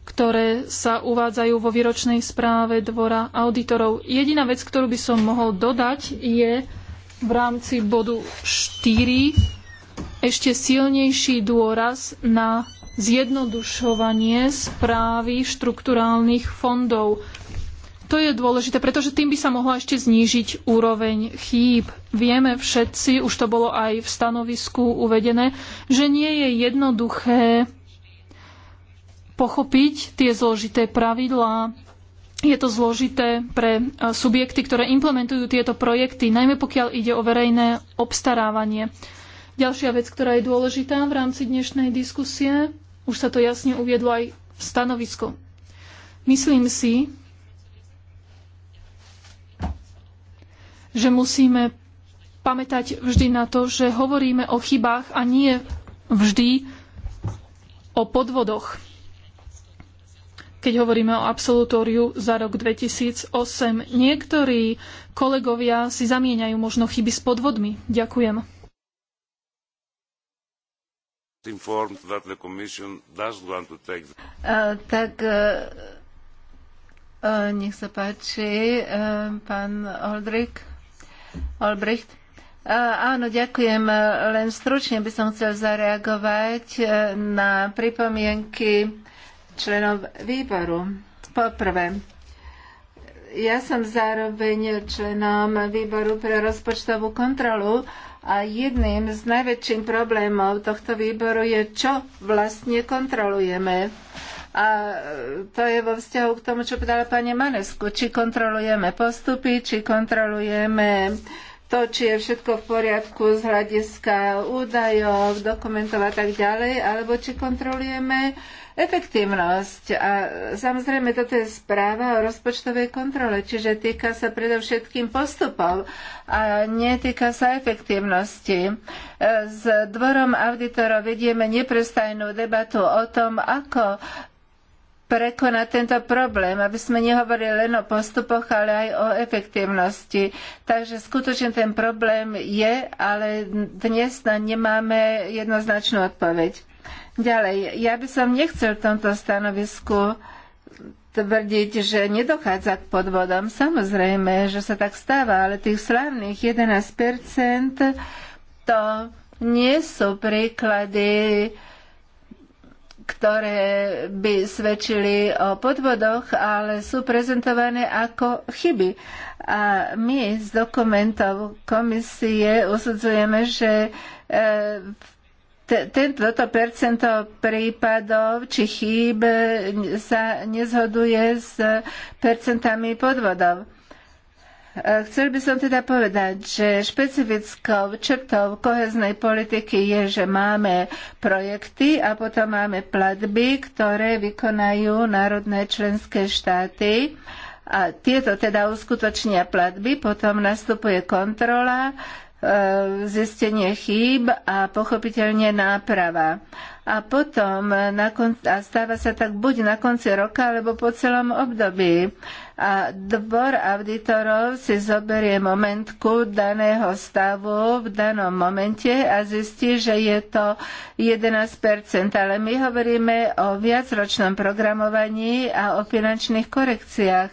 ktoré sa uvádzajú vo výročnej správe Dvora auditorov. Jediná vec, ktorú by som mohol dodať, je v rámci bodu 4 ešte silnejší dôraz na zjednodušovanie správy štrukturálnych fondov. To je dôležité, pretože tým by sa mohla ešte znížiť úroveň chýb. Vieme všetci, už to bolo aj v stanovisku uvedené, že nie je jednoduché pochopiť tie zložité pravidlá. Je to zložité pre e, subjekty, ktoré implementujú tieto projekty, najmä pokiaľ ide o verejné obstarávanie. Ďalšia vec, ktorá je dôležitá v rámci dnešnej diskusie, už sa to jasne uviedlo aj v stanovisku. Myslím si, že musíme pamätať vždy na to, že hovoríme o chybách a nie vždy o podvodoch. Keď hovoríme o absolutóriu za rok 2008, niektorí kolegovia si zamieňajú možno chyby s podvodmi. Ďakujem. tak e, e, nech sa páči, e, pán Oldrich. Olbricht. Áno, ďakujem. Len stručne by som chcel zareagovať e, na pripomienky členov výboru. Poprvé, ja som zároveň členom výboru pre rozpočtovú kontrolu a jedným z najväčších problémov tohto výboru je, čo vlastne kontrolujeme. A e, to je vo vzťahu k tomu, čo povedala pani Manesku. Či kontrolujeme postupy, či kontrolujeme to, či je všetko v poriadku z hľadiska údajov, dokumentov a tak ďalej, alebo či kontrolujeme efektívnosť. A samozrejme, toto je správa o rozpočtovej kontrole, čiže týka sa predovšetkým postupov a netýka sa efektívnosti. E, s dvorom auditorov vedieme neprestajnú debatu o tom, ako prekonať tento problém, aby sme nehovorili len o postupoch, ale aj o efektívnosti. Takže skutočne ten problém je, ale dnes na nemáme jednoznačnú odpoveď. Ďalej, ja by som nechcel v tomto stanovisku tvrdiť, že nedochádza k podvodom. Samozrejme, že sa tak stáva, ale tých slávnych 11% to nie sú príklady ktoré by svedčili o podvodoch, ale sú prezentované ako chyby. A my z dokumentov komisie usudzujeme, že e, toto tento percento prípadov či chýb sa nezhoduje s percentami podvodov. Chcel by som teda povedať, že špecifickou črtou koheznej politiky je, že máme projekty a potom máme platby, ktoré vykonajú národné členské štáty a tieto teda uskutočnia platby, potom nastupuje kontrola, e, zistenie chýb a pochopiteľne náprava. A potom a stáva sa tak buď na konci roka, alebo po celom období a dvor auditorov si zoberie momentku daného stavu v danom momente a zistí, že je to 11%. Ale my hovoríme o viacročnom programovaní a o finančných korekciách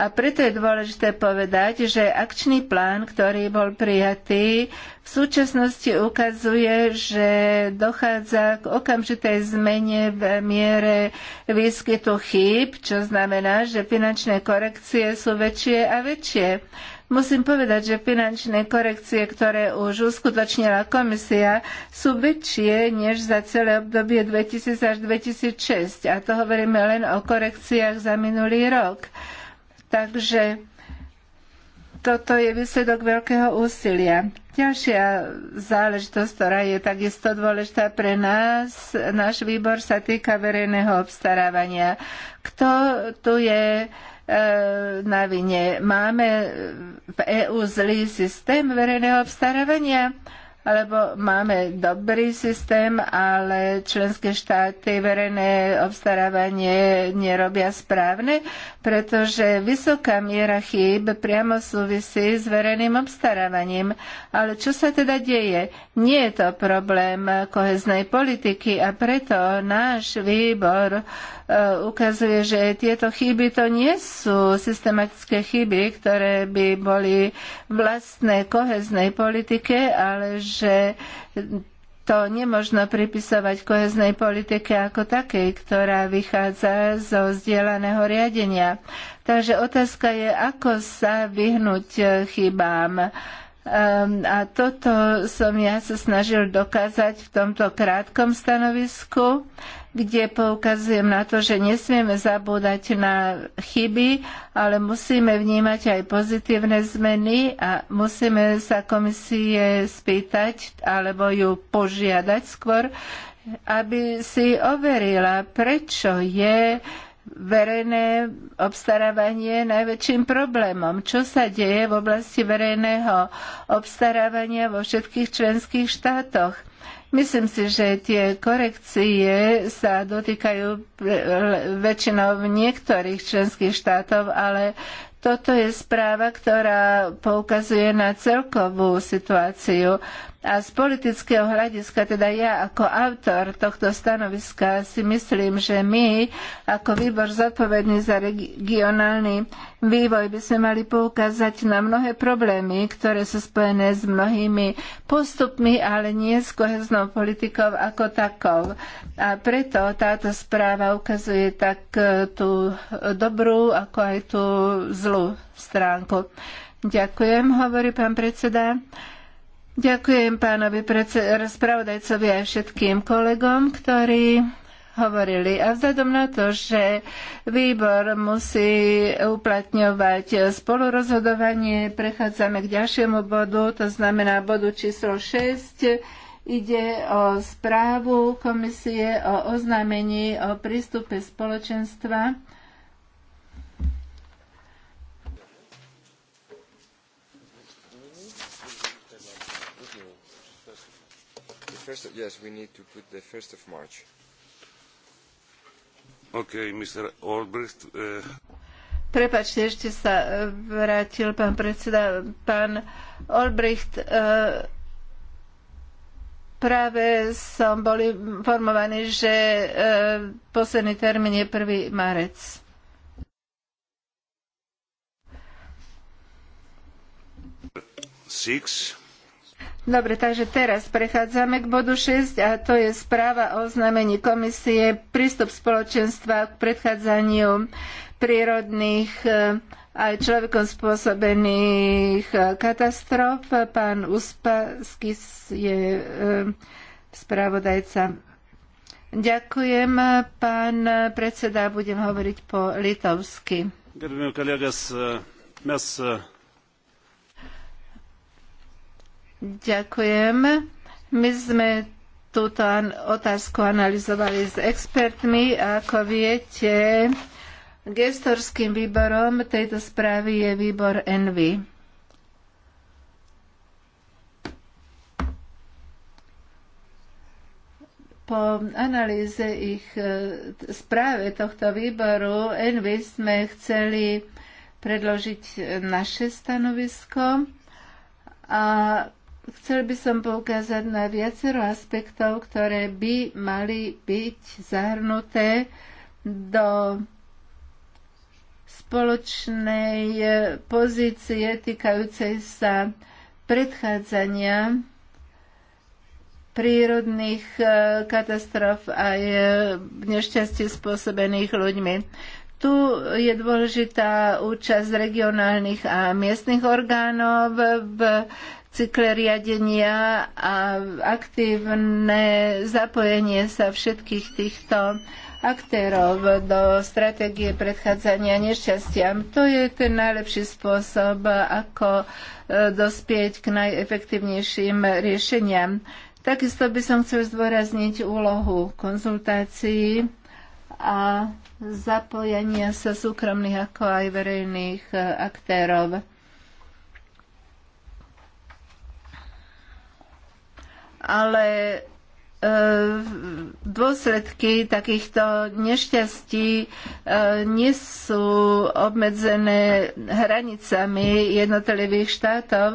a preto je dôležité povedať, že akčný plán, ktorý bol prijatý, v súčasnosti ukazuje, že dochádza k okamžitej zmene v miere výskytu chýb, čo znamená, že finančné korekcie sú väčšie a väčšie. Musím povedať, že finančné korekcie, ktoré už uskutočnila komisia, sú väčšie než za celé obdobie 2000 až 2006. A to hovoríme len o korekciách za minulý rok. Takže toto je výsledok veľkého úsilia. Ďalšia záležitosť, ktorá je takisto dôležitá pre nás, náš výbor sa týka verejného obstarávania. Kto tu je e, na vine? Máme v EÚ zlý systém verejného obstarávania? E, alebo máme dobrý systém, ale členské štáty verejné obstarávanie nerobia správne, pretože vysoká miera chýb priamo súvisí s verejným obstarávaním. Ale čo sa teda deje? Nie je to problém koheznej politiky a preto náš výbor Eh, ukazuje, že tieto chyby to nie sú systematické chyby, ktoré by boli vlastné koheznej politike, ale že to nemožno pripisovať koheznej politike ako takej, ktorá vychádza zo zdieľaného riadenia. Takže otázka je, ako sa vyhnúť eh, chybám. Ehm, a toto som ja sa snažil dokázať v tomto krátkom stanovisku kde poukazujem na to, že nesmieme zabúdať na chyby, ale musíme vnímať aj pozitívne zmeny a musíme sa komisie spýtať alebo ju požiadať skôr, aby si overila, prečo je verejné obstarávanie najväčším problémom. Čo sa deje v oblasti verejného obstarávania vo všetkých členských štátoch? Myslím si, že tie korekcie sa dotýkajú e, väčšinou niektorých členských štátov, ale toto je správa, ktorá poukazuje na celkovú situáciu. A z politického hľadiska, teda ja ako autor tohto stanoviska si myslím, že my ako výbor zodpovedný za regionálny vývoj by sme mali poukázať na mnohé problémy, ktoré sú spojené s mnohými postupmi, ale nie s koheznou politikou ako takou. A preto táto správa ukazuje tak e, tú dobrú, ako aj tú zlú stránku. Ďakujem, hovorí pán predseda. Ďakujem pánovi spravodajcovi a všetkým kolegom, ktorí hovorili. A vzhľadom na to, že výbor musí uplatňovať spolurozhodovanie, prechádzame k ďalšiemu bodu, to znamená bodu číslo 6. Ide o správu komisie o oznámení o prístupe spoločenstva First, yes, we need to put the 1st of March. Okay, Olbricht, eh... Prepačte, ešte sa eh, vrátil pán predseda. Pán Olbricht, eh, práve som bol informovaný, že eh, posledný termín je 1. marec. Six. Dobre, takže teraz prechádzame k bodu 6 a to je správa o oznámení komisie prístup spoločenstva k predchádzaniu prírodných e, aj človekom spôsobených e, katastrof. Pán Uspaskis je e, spravodajca. Ďakujem, pán predseda, budem hovoriť po litovsky. Gerbiami kolegas, mes Ďakujem. My sme túto otázku analyzovali s expertmi a ako viete, gestorským výborom tejto správy je výbor ENVY. po analýze ich e, správe tohto výboru Envy sme chceli predložiť naše stanovisko a Chcel by som poukázať na viacero aspektov, ktoré by mali byť zahrnuté do spoločnej pozície týkajúcej sa predchádzania prírodných e, katastrof a nešťastie spôsobených ľuďmi. Tu je dôležitá účasť regionálnych a miestnych orgánov v cykle riadenia a aktívne zapojenie sa všetkých týchto aktérov do stratégie predchádzania nešťastiam. To je ten najlepší spôsob, ako e, dospieť k najefektívnejším riešeniam. Takisto by som chcel zdôrazniť úlohu konzultácií a zapojenia sa súkromných ako aj verejných e, aktérov. ale e, dôsledky takýchto nešťastí nie sú obmedzené hranicami jednotlivých štátov,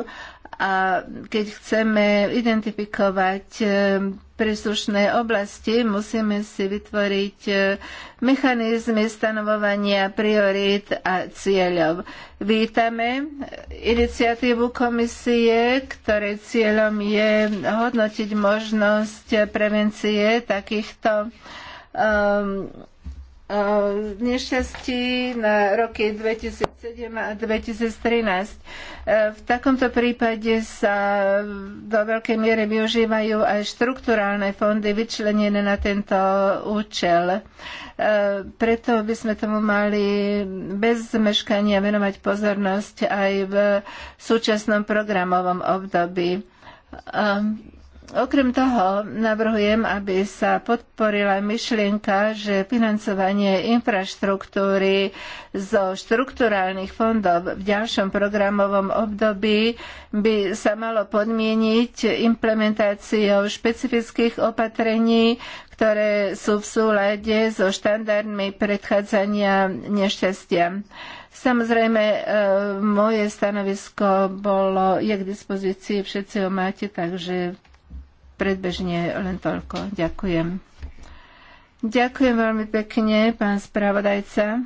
a keď chceme identifikovať e, príslušné oblasti, musíme si vytvoriť e, mechanizmy stanovovania priorít a cieľov. Vítame iniciatívu komisie, ktoré cieľom je hodnotiť možnosť prevencie takýchto um, nešťastí na roky 2007 a 2013. V takomto prípade sa do veľkej miery využívajú aj štruktúrálne fondy vyčlenené na tento účel. E, preto by sme tomu mali bez zmeškania venovať pozornosť aj v súčasnom programovom období. E, Okrem toho navrhujem, aby sa podporila myšlienka, že financovanie infraštruktúry zo štrukturálnych fondov v ďalšom programovom období by sa malo podmieniť implementáciou špecifických opatrení, ktoré sú v súlade so štandardmi predchádzania nešťastia. Samozrejme, e, moje stanovisko bolo, je k dispozícii, všetci ho máte, takže predbežne len toľko. Ďakujem. Ďakujem veľmi pekne, pán spravodajca.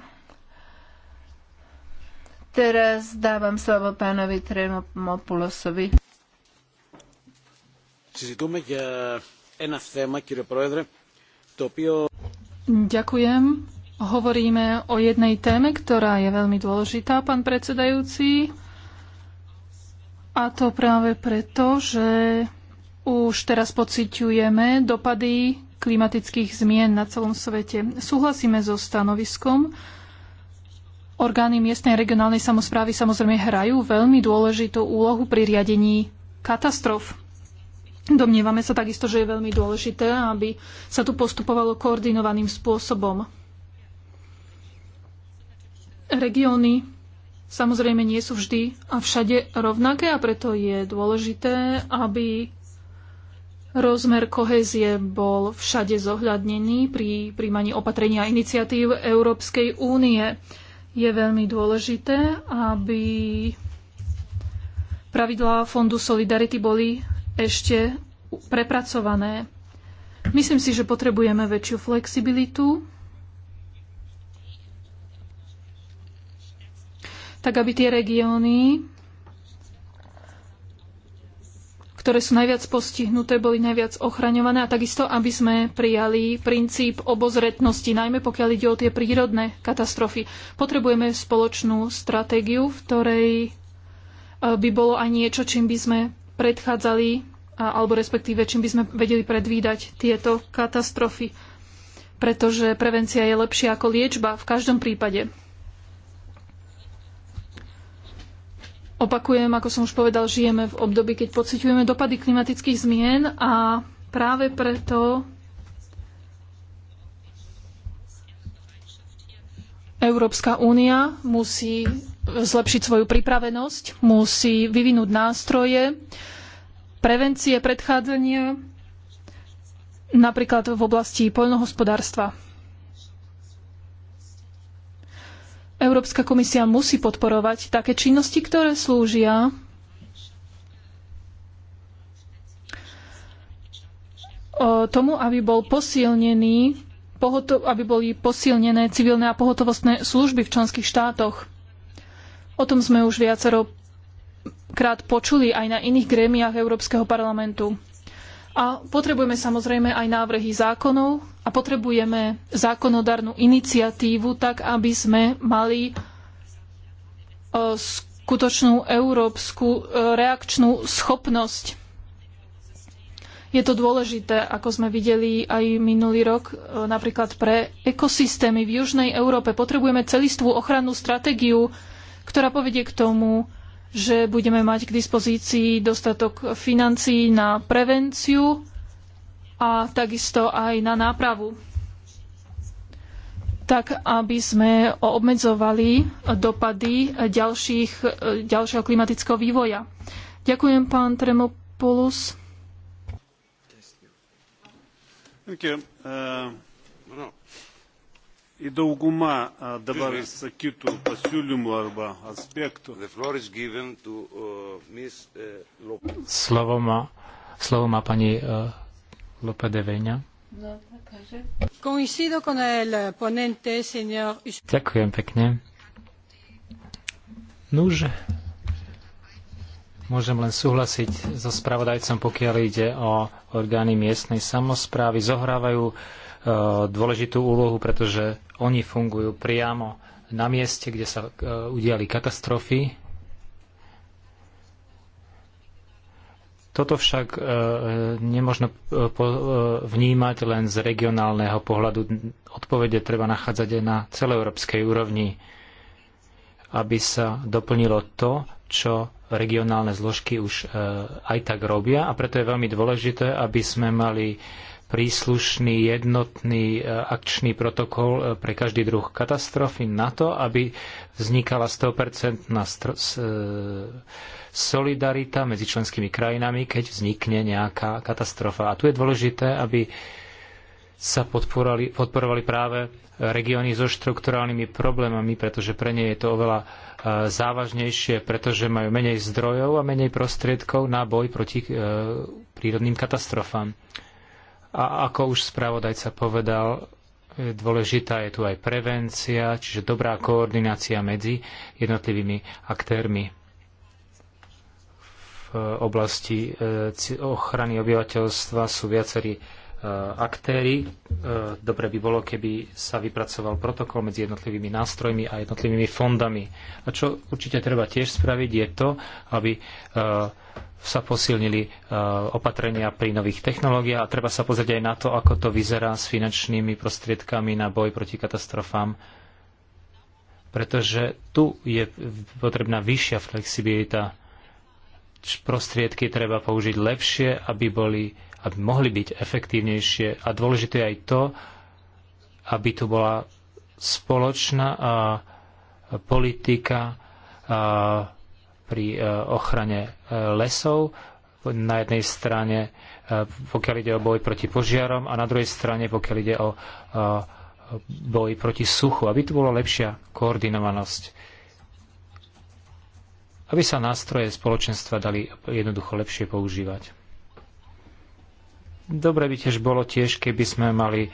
Teraz dávam slovo pánovi Tremopulosovi. Ďakujem. Hovoríme o jednej téme, ktorá je veľmi dôležitá, pán predsedajúci. A to práve preto, že už teraz pociťujeme dopady klimatických zmien na celom svete. Súhlasíme so stanoviskom. Orgány miestnej a regionálnej samozprávy samozrejme hrajú veľmi dôležitú úlohu pri riadení katastrof. Domnievame sa takisto, že je veľmi dôležité, aby sa tu postupovalo koordinovaným spôsobom. Regióny samozrejme nie sú vždy a všade rovnaké a preto je dôležité, aby Rozmer kohézie bol všade zohľadnený pri príjmaní opatrenia a iniciatív Európskej únie. Je veľmi dôležité, aby pravidlá Fondu Solidarity boli ešte prepracované. Myslím si, že potrebujeme väčšiu flexibilitu, tak aby tie regióny, ktoré sú najviac postihnuté, boli najviac ochraňované a takisto, aby sme prijali princíp obozretnosti, najmä pokiaľ ide o tie prírodné katastrofy. Potrebujeme spoločnú stratégiu, v ktorej e, by bolo aj niečo, čím by sme predchádzali, alebo respektíve čím by sme vedeli predvídať tieto katastrofy. Pretože prevencia je lepšia ako liečba v každom prípade. Opakujem, ako som už povedal, žijeme v období, keď pociťujeme dopady klimatických zmien a práve preto Európska únia musí zlepšiť svoju pripravenosť, musí vyvinúť nástroje prevencie, predchádzania, napríklad v oblasti poľnohospodárstva. Európska komisia musí podporovať také činnosti, ktoré slúžia tomu, aby bol posilnený aby boli posilnené civilné a pohotovostné služby v členských štátoch. O tom sme už viacero krát počuli aj na iných grémiách Európskeho parlamentu. A potrebujeme samozrejme aj návrhy zákonov, a potrebujeme zákonodárnu iniciatívu tak, aby sme mali e, skutočnú európsku e, reakčnú schopnosť. Je to dôležité, ako sme videli aj minulý rok, e, napríklad pre ekosystémy v Južnej Európe. Potrebujeme celistvú ochrannú stratégiu, ktorá povedie k tomu, že budeme mať k dispozícii dostatok financií na prevenciu a takisto aj na nápravu tak aby sme obmedzovali dopady ďalších, ďalšieho klimatického vývoja. Ďakujem, pán Tremopoulos. Uh, uh, uh, slovo má, slovo má pani uh, Lope de Veňa. No, Ďakujem pekne. Nuž, Môžem len súhlasiť so spravodajcom, pokiaľ ide o orgány miestnej samozprávy. Zohrávajú e, dôležitú úlohu, pretože oni fungujú priamo na mieste, kde sa e, udiali katastrofy. Toto však e, nemožno e, e, vnímať len z regionálneho pohľadu. Odpovede treba nachádzať aj na celoeurópskej úrovni, aby sa doplnilo to, čo regionálne zložky už aj tak robia a preto je veľmi dôležité, aby sme mali príslušný jednotný akčný protokol pre každý druh katastrofy na to, aby vznikala 100% solidarita medzi členskými krajinami, keď vznikne nejaká katastrofa. A tu je dôležité, aby sa podporovali, podporovali práve regióny so štrukturálnymi problémami, pretože pre ne je to oveľa e, závažnejšie, pretože majú menej zdrojov a menej prostriedkov na boj proti e, prírodným katastrofám. A ako už spravodajca povedal, e, dôležitá je tu aj prevencia, čiže dobrá koordinácia medzi jednotlivými aktérmi v oblasti e, ochrany obyvateľstva sú viacerí e, aktéry. E, dobre by bolo, keby sa vypracoval protokol medzi jednotlivými nástrojmi a jednotlivými fondami. A čo určite treba tiež spraviť, je to, aby sa posilnili opatrenia pri nových technológiách a treba sa pozrieť aj na to, ako to vyzerá s finančnými prostriedkami na boj proti katastrofám pretože tu je potrebná vyššia flexibilita prostriedky treba použiť lepšie, aby, boli, aby mohli byť efektívnejšie. A dôležité je aj to, aby tu bola spoločná a, politika a, pri a, e, ochrane e, lesov. Na jednej strane, e, pokiaľ ide o boj proti požiarom a na druhej strane, pokiaľ ide o boj proti suchu, aby tu bola lepšia koordinovanosť aby sa nástroje spoločenstva dali jednoducho lepšie používať. Dobre by tiež bolo tiež, keby sme mali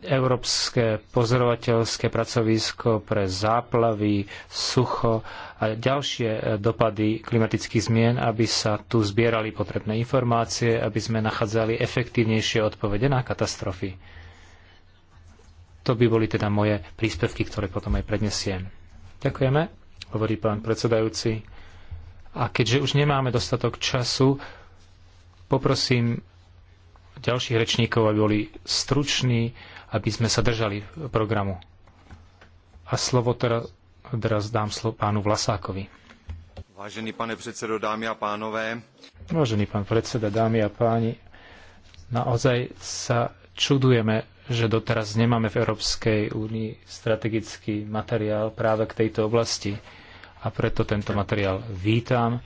európske pozorovateľské pracovisko pre záplavy, sucho a ďalšie e, dopady klimatických zmien, aby sa tu zbierali potrebné informácie, aby sme nachádzali efektívnejšie odpovede na katastrofy. To by boli teda moje príspevky, ktoré potom aj prednesiem. Ďakujeme hovorí pán predsedajúci. A keďže už nemáme dostatok času, poprosím ďalších rečníkov, aby boli struční, aby sme sa držali programu. A slovo teraz, teraz dám slovo pánu Vlasákovi. Vážený pane predsedo, dámy a pánové. Vážený pán predseda, dámy a páni, naozaj sa čudujeme, že doteraz nemáme v Európskej únii strategický materiál práve k tejto oblasti a preto tento materiál vítam.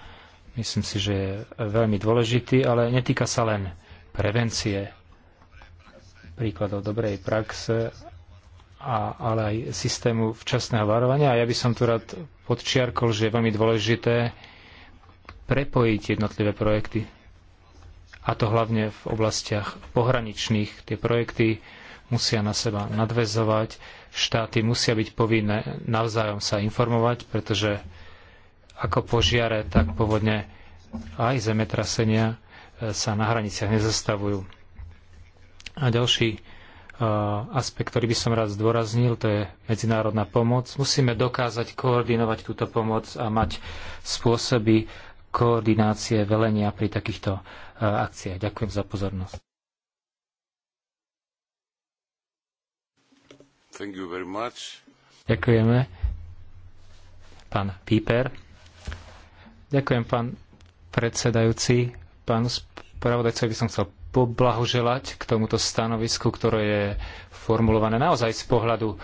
Myslím si, že je veľmi dôležitý, ale netýka sa len prevencie príkladov dobrej praxe, a, ale aj systému včasného varovania. A ja by som tu rád podčiarkol, že je veľmi dôležité prepojiť jednotlivé projekty. A to hlavne v oblastiach pohraničných. Tie projekty musia na seba nadvezovať štáty musia byť povinné navzájom sa informovať, pretože ako požiare, tak povodne aj zemetrasenia e, sa na hraniciach nezastavujú. A ďalší e, aspekt, ktorý by som rád zdôraznil, to je medzinárodná pomoc. Musíme dokázať koordinovať túto pomoc a mať spôsoby koordinácie velenia pri takýchto e, akciách. Ďakujem za pozornosť. Ďakujeme. Pán Píper. Ďakujem, pán predsedajúci. Pán spravodajcovi by som chcel poblahoželať k tomuto stanovisku, ktoré je formulované naozaj z pohľadu e,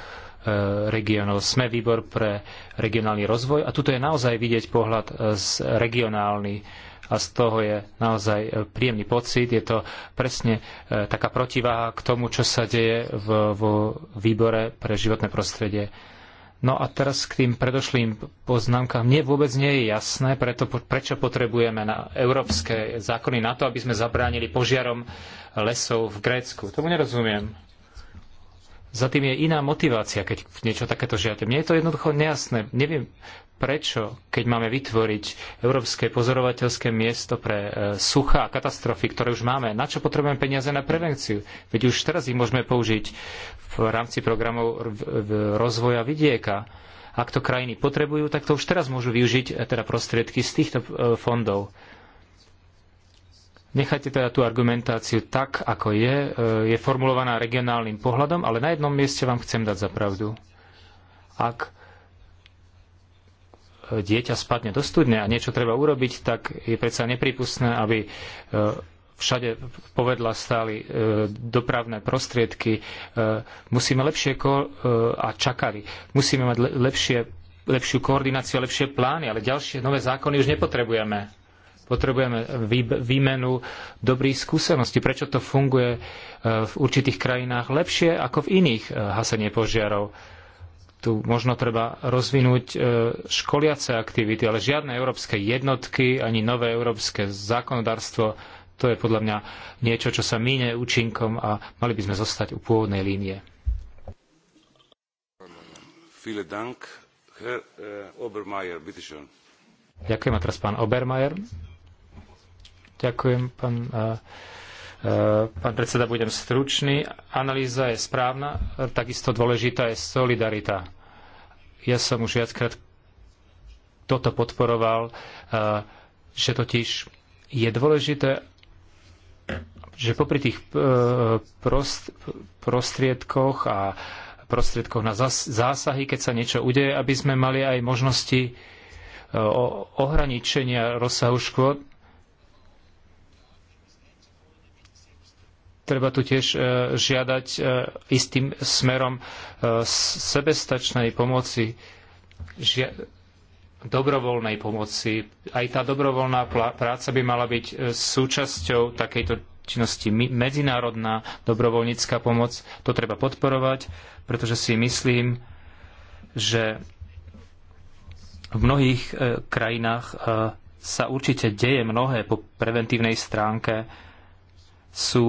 regionov. Sme výbor pre regionálny rozvoj a tuto je naozaj vidieť pohľad e, z regionálny a z toho je naozaj e, príjemný pocit. Je to presne e, taká protiváha k tomu, čo sa deje vo výbore pre životné prostredie. No a teraz k tým predošlým poznámkam. Mne vôbec nie je jasné, preto, prečo potrebujeme na európske zákony na to, aby sme zabránili požiarom lesov v Grécku. Tomu nerozumiem. Za tým je iná motivácia, keď niečo takéto žiadate. Mne je to jednoducho nejasné. Neviem, prečo, keď máme vytvoriť európske pozorovateľské miesto pre e, suchá katastrofy, ktoré už máme, na čo potrebujeme peniaze na prevenciu? Veď už teraz ich môžeme použiť v rámci programov rozvoja vidieka. Ak to krajiny potrebujú, tak to už teraz môžu využiť e, teda prostriedky z týchto e, fondov. Nechajte teda tú argumentáciu tak, ako je. Je formulovaná regionálnym pohľadom, ale na jednom mieste vám chcem dať za pravdu. Ak dieťa spadne do studne a niečo treba urobiť, tak je predsa nepripustné, aby e, všade povedla stáli e, dopravné prostriedky. E, musíme lepšie a čakali. Musíme mať lepšie, lepšiu koordináciu a lepšie plány, ale ďalšie nové zákony už nepotrebujeme potrebujeme výmenu dobrých skúseností, prečo to funguje v určitých krajinách lepšie ako v iných hasenie požiarov tu možno treba rozvinúť e, školiace aktivity, ale žiadne európske jednotky ani nové európske zákonodárstvo. To je podľa mňa niečo, čo sa míne účinkom a mali by sme zostať u pôvodnej línie. Äh, Ďakujem a teraz pán Obermeier. Ďakujem, pán äh, Eh, pán predseda, budem stručný. Analýza je správna, eh, takisto dôležitá je solidarita. Ja som už viackrát toto podporoval, eh, že totiž je dôležité, že popri tých prostriedkoch a prostriedkoch na zásahy, keď sa niečo udeje, aby sme mali aj možnosti ohraničenia rozsahu škôd, Treba tu tiež e, žiadať e, istým smerom e, sebestačnej pomoci, dobrovoľnej pomoci. Aj tá dobrovoľná práca by mala byť súčasťou takejto činnosti medzinárodná dobrovoľnícka pomoc. To treba podporovať, pretože si myslím, že v mnohých krajinách sa určite deje mnohé po preventívnej stránke sú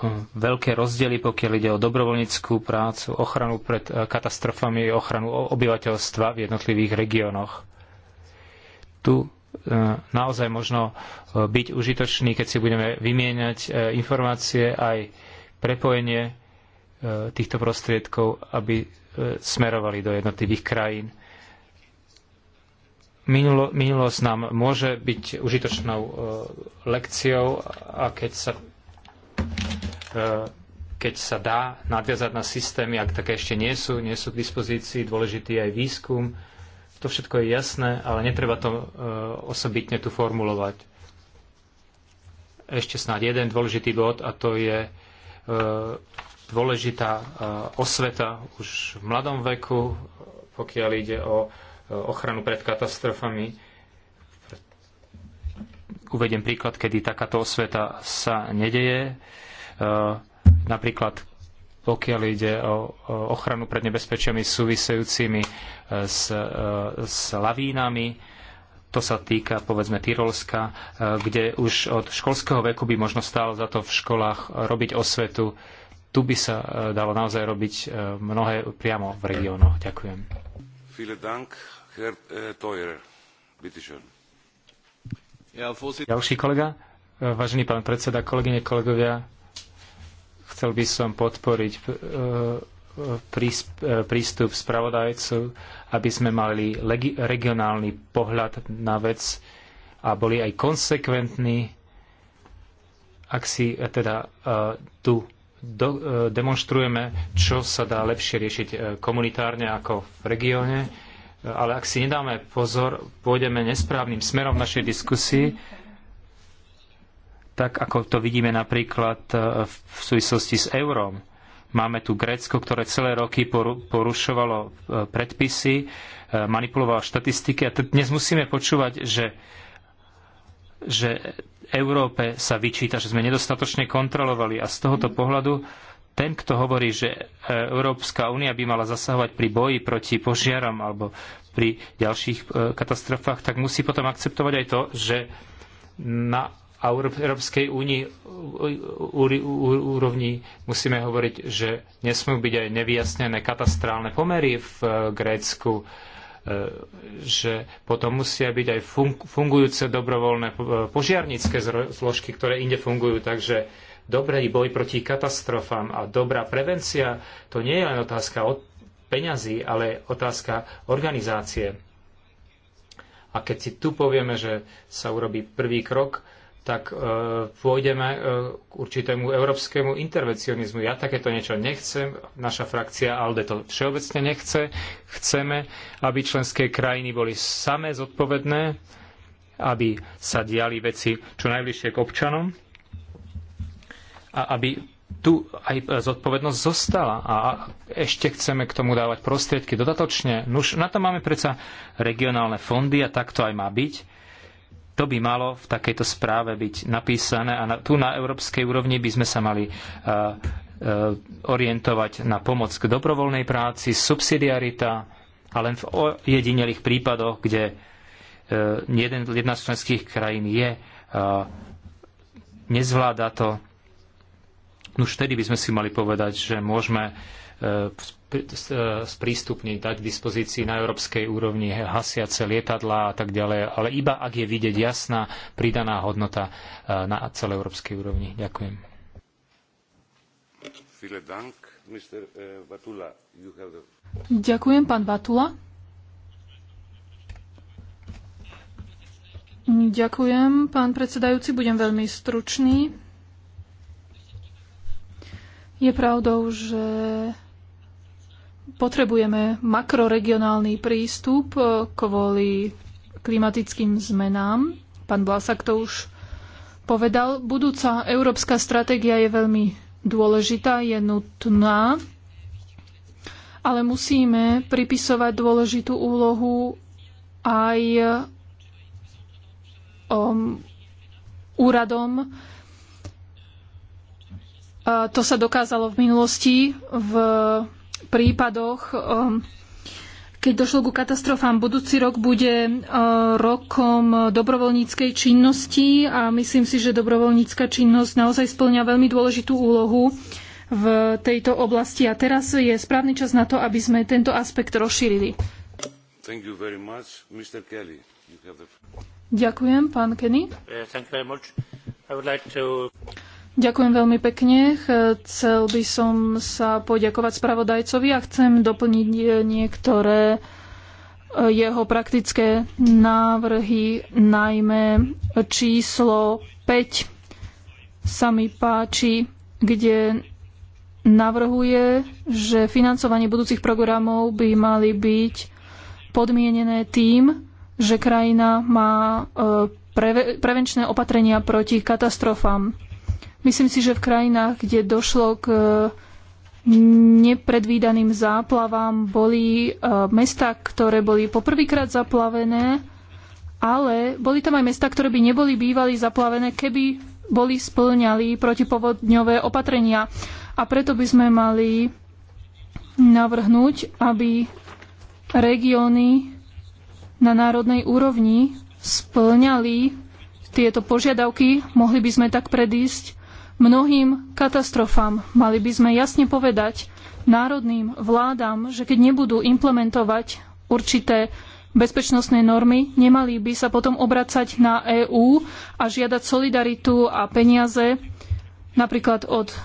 hm, veľké rozdiely, pokiaľ ide o dobrovoľníckú prácu, ochranu pred eh, katastrofami, ochranu obyvateľstva v jednotlivých regiónoch. Tu eh, naozaj možno eh, byť užitočný, keď si budeme vymieňať informácie aj prepojenie týchto prostriedkov, aby smerovali do jednotlivých krajín Minulo, minulosť nám môže byť užitočnou e, lekciou a keď sa, e, keď sa dá nadviazať na systémy, ak také ešte nie sú, nie sú k dispozícii, dôležitý je aj výskum, to všetko je jasné, ale netreba to e, osobitne tu formulovať. Ešte snáď jeden dôležitý bod a to je e, dôležitá e, osveta už v mladom veku, pokiaľ ide o ochranu pred katastrofami. Uvediem príklad, kedy takáto osveta sa nedeje. E, napríklad pokiaľ ide o ochranu pred nebezpečiami súvisejúcimi e, s, e, s lavínami, to sa týka povedzme Tyrolska, kde už od školského veku by možno stálo za to v školách robiť osvetu. Tu by sa dalo naozaj robiť mnohé priamo v regiónoch. Ďakujem. Eh, Ďalší kolega, eh, vážený pán predseda, kolegyne, kolegovia, chcel by som podporiť eh, prístup spravodajcu, aby sme mali regionálny pohľad na vec a boli aj konsekventní, ak si teda tu demonstrujeme, čo sa dá lepšie riešiť komunitárne ako v regióne ale ak si nedáme pozor, pôjdeme nesprávnym smerom v našej diskusii, tak ako to vidíme napríklad e, v súvislosti s eurom. Máme tu Grécko, ktoré celé roky porušovalo e, predpisy, e, manipulovalo štatistiky a dnes musíme počúvať, že, že Európe sa vyčíta, že sme nedostatočne kontrolovali a z tohoto pohľadu ten, kto hovorí, že e, Európska únia by mala zasahovať pri boji proti požiarom alebo pri ďalších e, katastrofách, tak musí potom akceptovať aj to, že na Európskej únii úrovni musíme hovoriť, že nesmú byť aj nevyjasnené katastrálne pomery v e, Grécku, že potom musia byť aj fungujúce dobrovoľné požiarnícke zložky, ktoré inde fungujú. Takže dobrý boj proti katastrofám a dobrá prevencia, to nie je len otázka od peňazí, ale otázka organizácie. A keď si tu povieme, že sa urobí prvý krok, tak e, pôjdeme e, k určitému európskemu intervencionizmu. Ja takéto niečo nechcem, naša frakcia ALDE to všeobecne nechce. Chceme, aby členské krajiny boli samé zodpovedné, aby sa diali veci čo najbližšie k občanom a aby tu aj zodpovednosť zostala a ešte chceme k tomu dávať prostriedky dodatočne. Nuž, no na to máme predsa regionálne fondy a tak to aj má byť. To by malo v takejto správe byť napísané a na, tu na európskej úrovni by sme sa mali uh, orientovať na pomoc k dobrovoľnej práci, subsidiarita a len v ojedinelých prípadoch, kde e, jeden, jedna z členských krajín je, nezvláda to, už vtedy by sme si mali povedať, že môžeme e, e, sprístupniť, dať k dispozícii na európskej úrovni hasiace lietadlá a tak ďalej, ale iba ak je vidieť jasná pridaná hodnota e, na Európskej úrovni. Ďakujem. Ďakujem, pán Batula. Ďakujem, pán predsedajúci, budem veľmi stručný. Je pravdou, že potrebujeme makroregionálny prístup e, kvôli klimatickým zmenám. Pán Blasak to už povedal. Budúca európska stratégia je veľmi dôležitá, je nutná, ale musíme pripisovať dôležitú úlohu aj e, um, úradom, to sa dokázalo v minulosti v prípadoch, um, keď došlo ku katastrofám. Budúci rok bude uh, rokom dobrovoľníckej činnosti a myslím si, že dobrovoľnícka činnosť naozaj splňa veľmi dôležitú úlohu v tejto oblasti. A teraz je správny čas na to, aby sme tento aspekt rozšírili. Much, Kelly, the... Ďakujem, pán Kenny. Uh, like to... Ďakujem veľmi pekne. Chcel by som sa poďakovať spravodajcovi a chcem doplniť niektoré jeho praktické návrhy, najmä číslo 5 sa mi páči, kde navrhuje, že financovanie budúcich programov by mali byť podmienené tým, že krajina má e, prevenčné opatrenia proti katastrofám Myslím si, že v krajinách, kde došlo k eh, nepredvídaným záplavám, boli eh, mesta, ktoré boli poprvýkrát zaplavené, ale boli tam aj mesta, ktoré by neboli bývali zaplavené, keby boli splňali protipovodňové opatrenia. A preto by sme mali navrhnúť, aby regióny na národnej úrovni splňali tieto požiadavky. Mohli by sme tak predísť mnohým katastrofám. Mali by sme jasne povedať národným vládam, že keď nebudú implementovať určité bezpečnostné normy, nemali by sa potom obracať na EÚ a žiadať solidaritu a peniaze napríklad od e,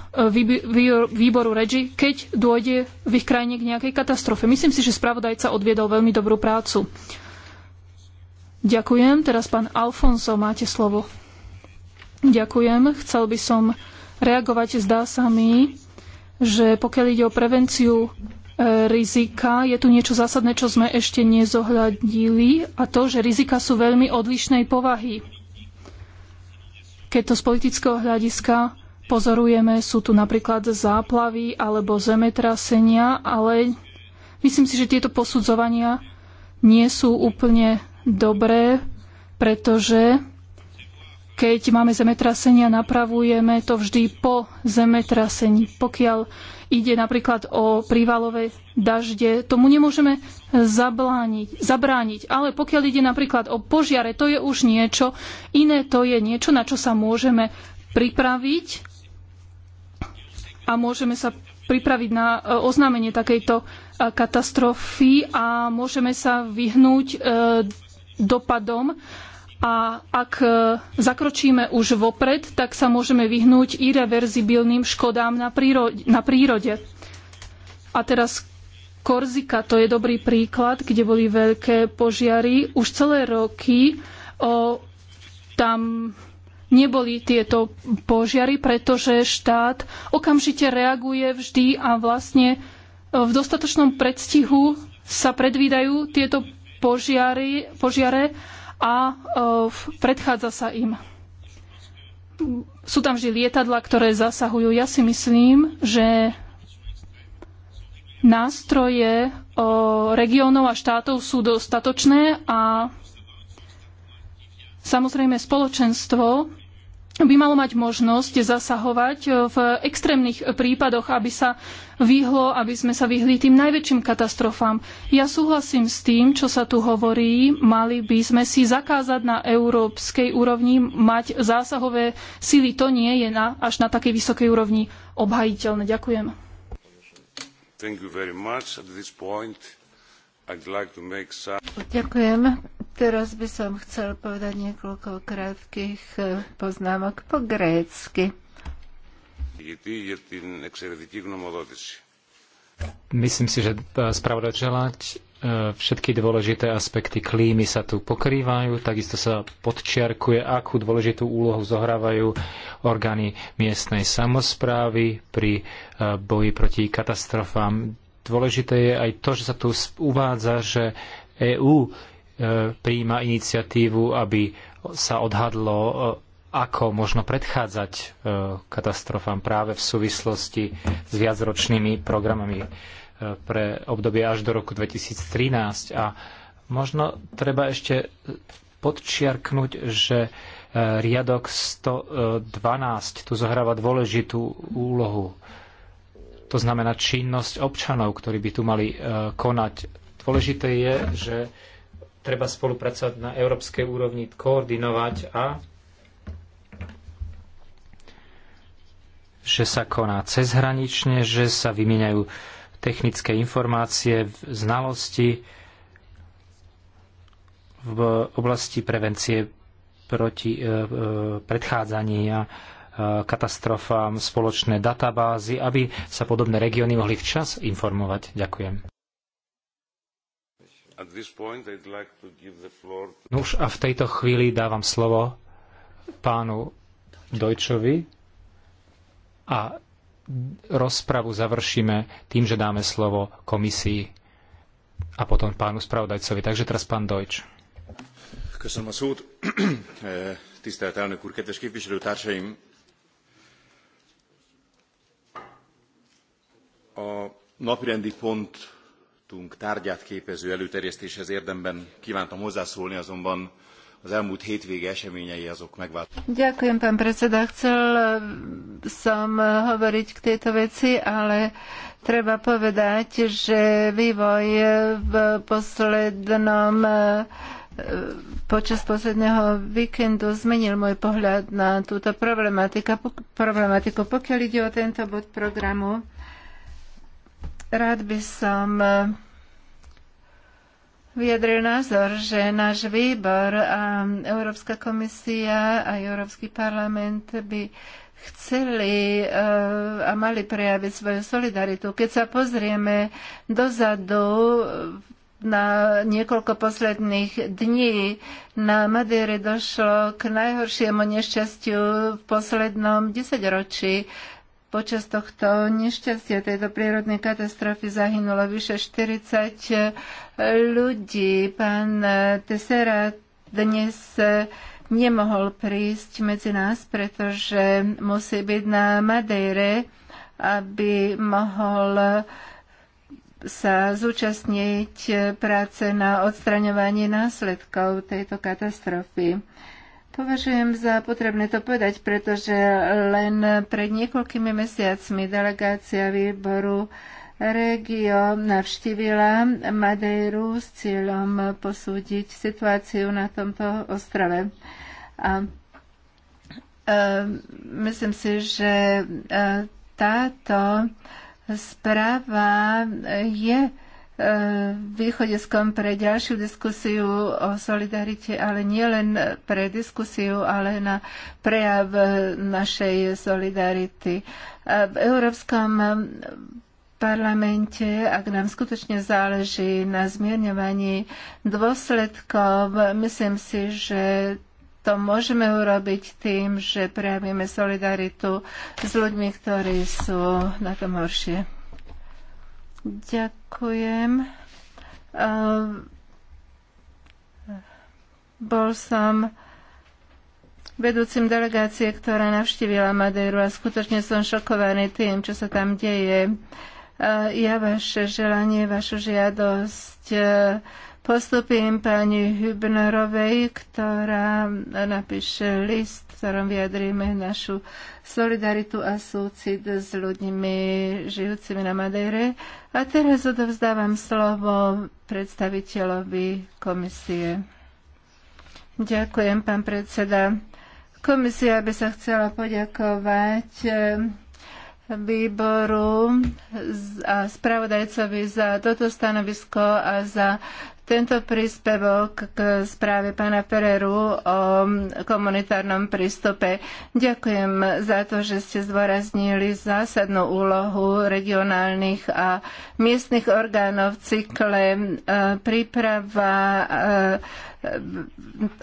výboru REGI, keď dôjde v ich krajine k nejakej katastrofe. Myslím si, že spravodajca odviedol veľmi dobrú prácu. Ďakujem. Teraz pán Alfonso, máte slovo. Ďakujem. Chcel by som reagovať. Zdá sa mi, že pokiaľ ide o prevenciu e, rizika, je tu niečo zásadné, čo sme ešte nezohľadili a to, že rizika sú veľmi odlišnej povahy. Keď to z politického hľadiska pozorujeme, sú tu napríklad záplavy alebo zemetrasenia, ale myslím si, že tieto posudzovania nie sú úplne dobré, pretože keď máme zemetrasenia, napravujeme to vždy po zemetrasení. Pokiaľ ide napríklad o prívalové dažde, tomu nemôžeme zabrániť. Ale pokiaľ ide napríklad o požiare, to je už niečo iné, to je niečo, na čo sa môžeme pripraviť a môžeme sa pripraviť na e, oznámenie takejto e, katastrofy a môžeme sa vyhnúť e, dopadom a ak e, zakročíme už vopred, tak sa môžeme vyhnúť irreverzibilným škodám na prírode, na prírode. A teraz Korzika, to je dobrý príklad, kde boli veľké požiary. Už celé roky o, tam neboli tieto požiary, pretože štát okamžite reaguje vždy a vlastne e, v dostatočnom predstihu sa predvídajú tieto požiary, požiare a e, predchádza sa im. Sú tam vždy lietadla, ktoré zasahujú. Ja si myslím, že nástroje e, regiónov a štátov sú dostatočné a samozrejme spoločenstvo by malo mať možnosť zasahovať eh, v extrémnych prípadoch, aby sa vyhlo, aby sme sa vyhli tým najväčším katastrofám. Ja súhlasím s tým, čo sa tu hovorí. Mali by sme si zakázať na európskej úrovni mať zásahové sily. To nie je na, až na takej vysokej úrovni obhajiteľné. Ďakujem. Ďakujem. Teraz by som chcel povedať niekoľko krátkých eh, poznámok po grécky. Myslím si, že eh, spravda želať eh, všetky dôležité aspekty klímy sa tu pokrývajú, takisto sa podčiarkuje, akú dôležitú úlohu zohrávajú orgány miestnej samozprávy pri boji proti katastrofám. Dôležité je aj to, že sa tu uvádza, že EÚ E, prijíma iniciatívu, aby sa odhadlo, e, ako možno predchádzať e, katastrofám práve v súvislosti s viacročnými programami pre obdobie až do roku 2013. A možno treba ešte podčiarknúť, že riadok 112 tu zohráva dôležitú úlohu. To znamená činnosť občanov, ktorí by tu mali konať. Dôležité je, že treba spolupracovať na európskej úrovni, koordinovať a že sa koná cezhranične, že sa vymieňajú technické informácie, znalosti v oblasti prevencie proti e, e, predchádzania e, katastrofám, spoločné databázy, aby sa podobné regióny mohli včas informovať. Ďakujem. No už a v tejto chvíli dávam slovo pánu Dojčovi a rozpravu završíme tým, že dáme slovo komisii a potom pánu spravodajcovi. Takže teraz pán Dojč. Köszönöm a szót. Tisztelt elnök úr, kedves képviselőtársaim! A napirendi pont tunk tárgyát képező előterjesztéshez érdemben kívántam hozzászólni, azonban az elmúlt hétvége eseményei azok megváltoztak. Ďakujem, pán predseda. Chcel som hovoriť k tejto veci, ale treba povedať, že vývoj v poslednom počas posledného víkendu zmenil môj pohľad na túto problematiku. Pokiaľ ide o tento bod programu, Rád by som eh, vyjadril názor, že náš výbor a Európska komisia a Európsky parlament by chceli eh, a mali prejaviť svoju solidaritu. Keď sa pozrieme dozadu eh, na niekoľko posledných dní na Madeire došlo k najhoršiemu nešťastiu v poslednom desaťročí. Počas tohto nešťastia, tejto prírodnej katastrofy zahynulo vyše 40 e, ľudí. Pán e, Tesera dnes e, nemohol prísť medzi nás, pretože musí byť na Madejre, aby mohol sa zúčastniť práce na odstraňovanie následkov tejto katastrofy. Považujem za potrebné to povedať, pretože len pred niekoľkými mesiacmi delegácia výboru Regio navštívila Madejru s cieľom posúdiť situáciu na tomto ostrove. A, a e, myslím si, že e, táto správa je východiskom pre ďalšiu diskusiu o solidarite, ale nielen pre diskusiu, ale na prejav našej solidarity. v Európskom parlamente, ak nám skutočne záleží na zmierňovaní dôsledkov, myslím si, že to môžeme urobiť tým, že prejavíme solidaritu s ľuďmi, ktorí sú na tom horšie. Ďakujem. Ehm, bol som vedúcim delegácie, ktorá navštívila Madeiru a skutočne som šokovaný tým, čo sa tam deje. Ehm, ja vaše želanie, vašu žiadosť Postupím pani Hübnerovej, ktorá napíše list, v ktorom vyjadríme našu solidaritu a súcit s ľuďmi žijúcimi na Madeire. A teraz odovzdávam slovo predstaviteľovi komisie. Ďakujem, pán predseda. Komisia by sa chcela poďakovať eh, výboru a spravodajcovi za toto stanovisko a za tento príspevok k správe pána Pereru o komunitárnom prístupe. Ďakujem za to, že ste zdôraznili zásadnú úlohu regionálnych a miestnych orgánov v cykle e, príprava e,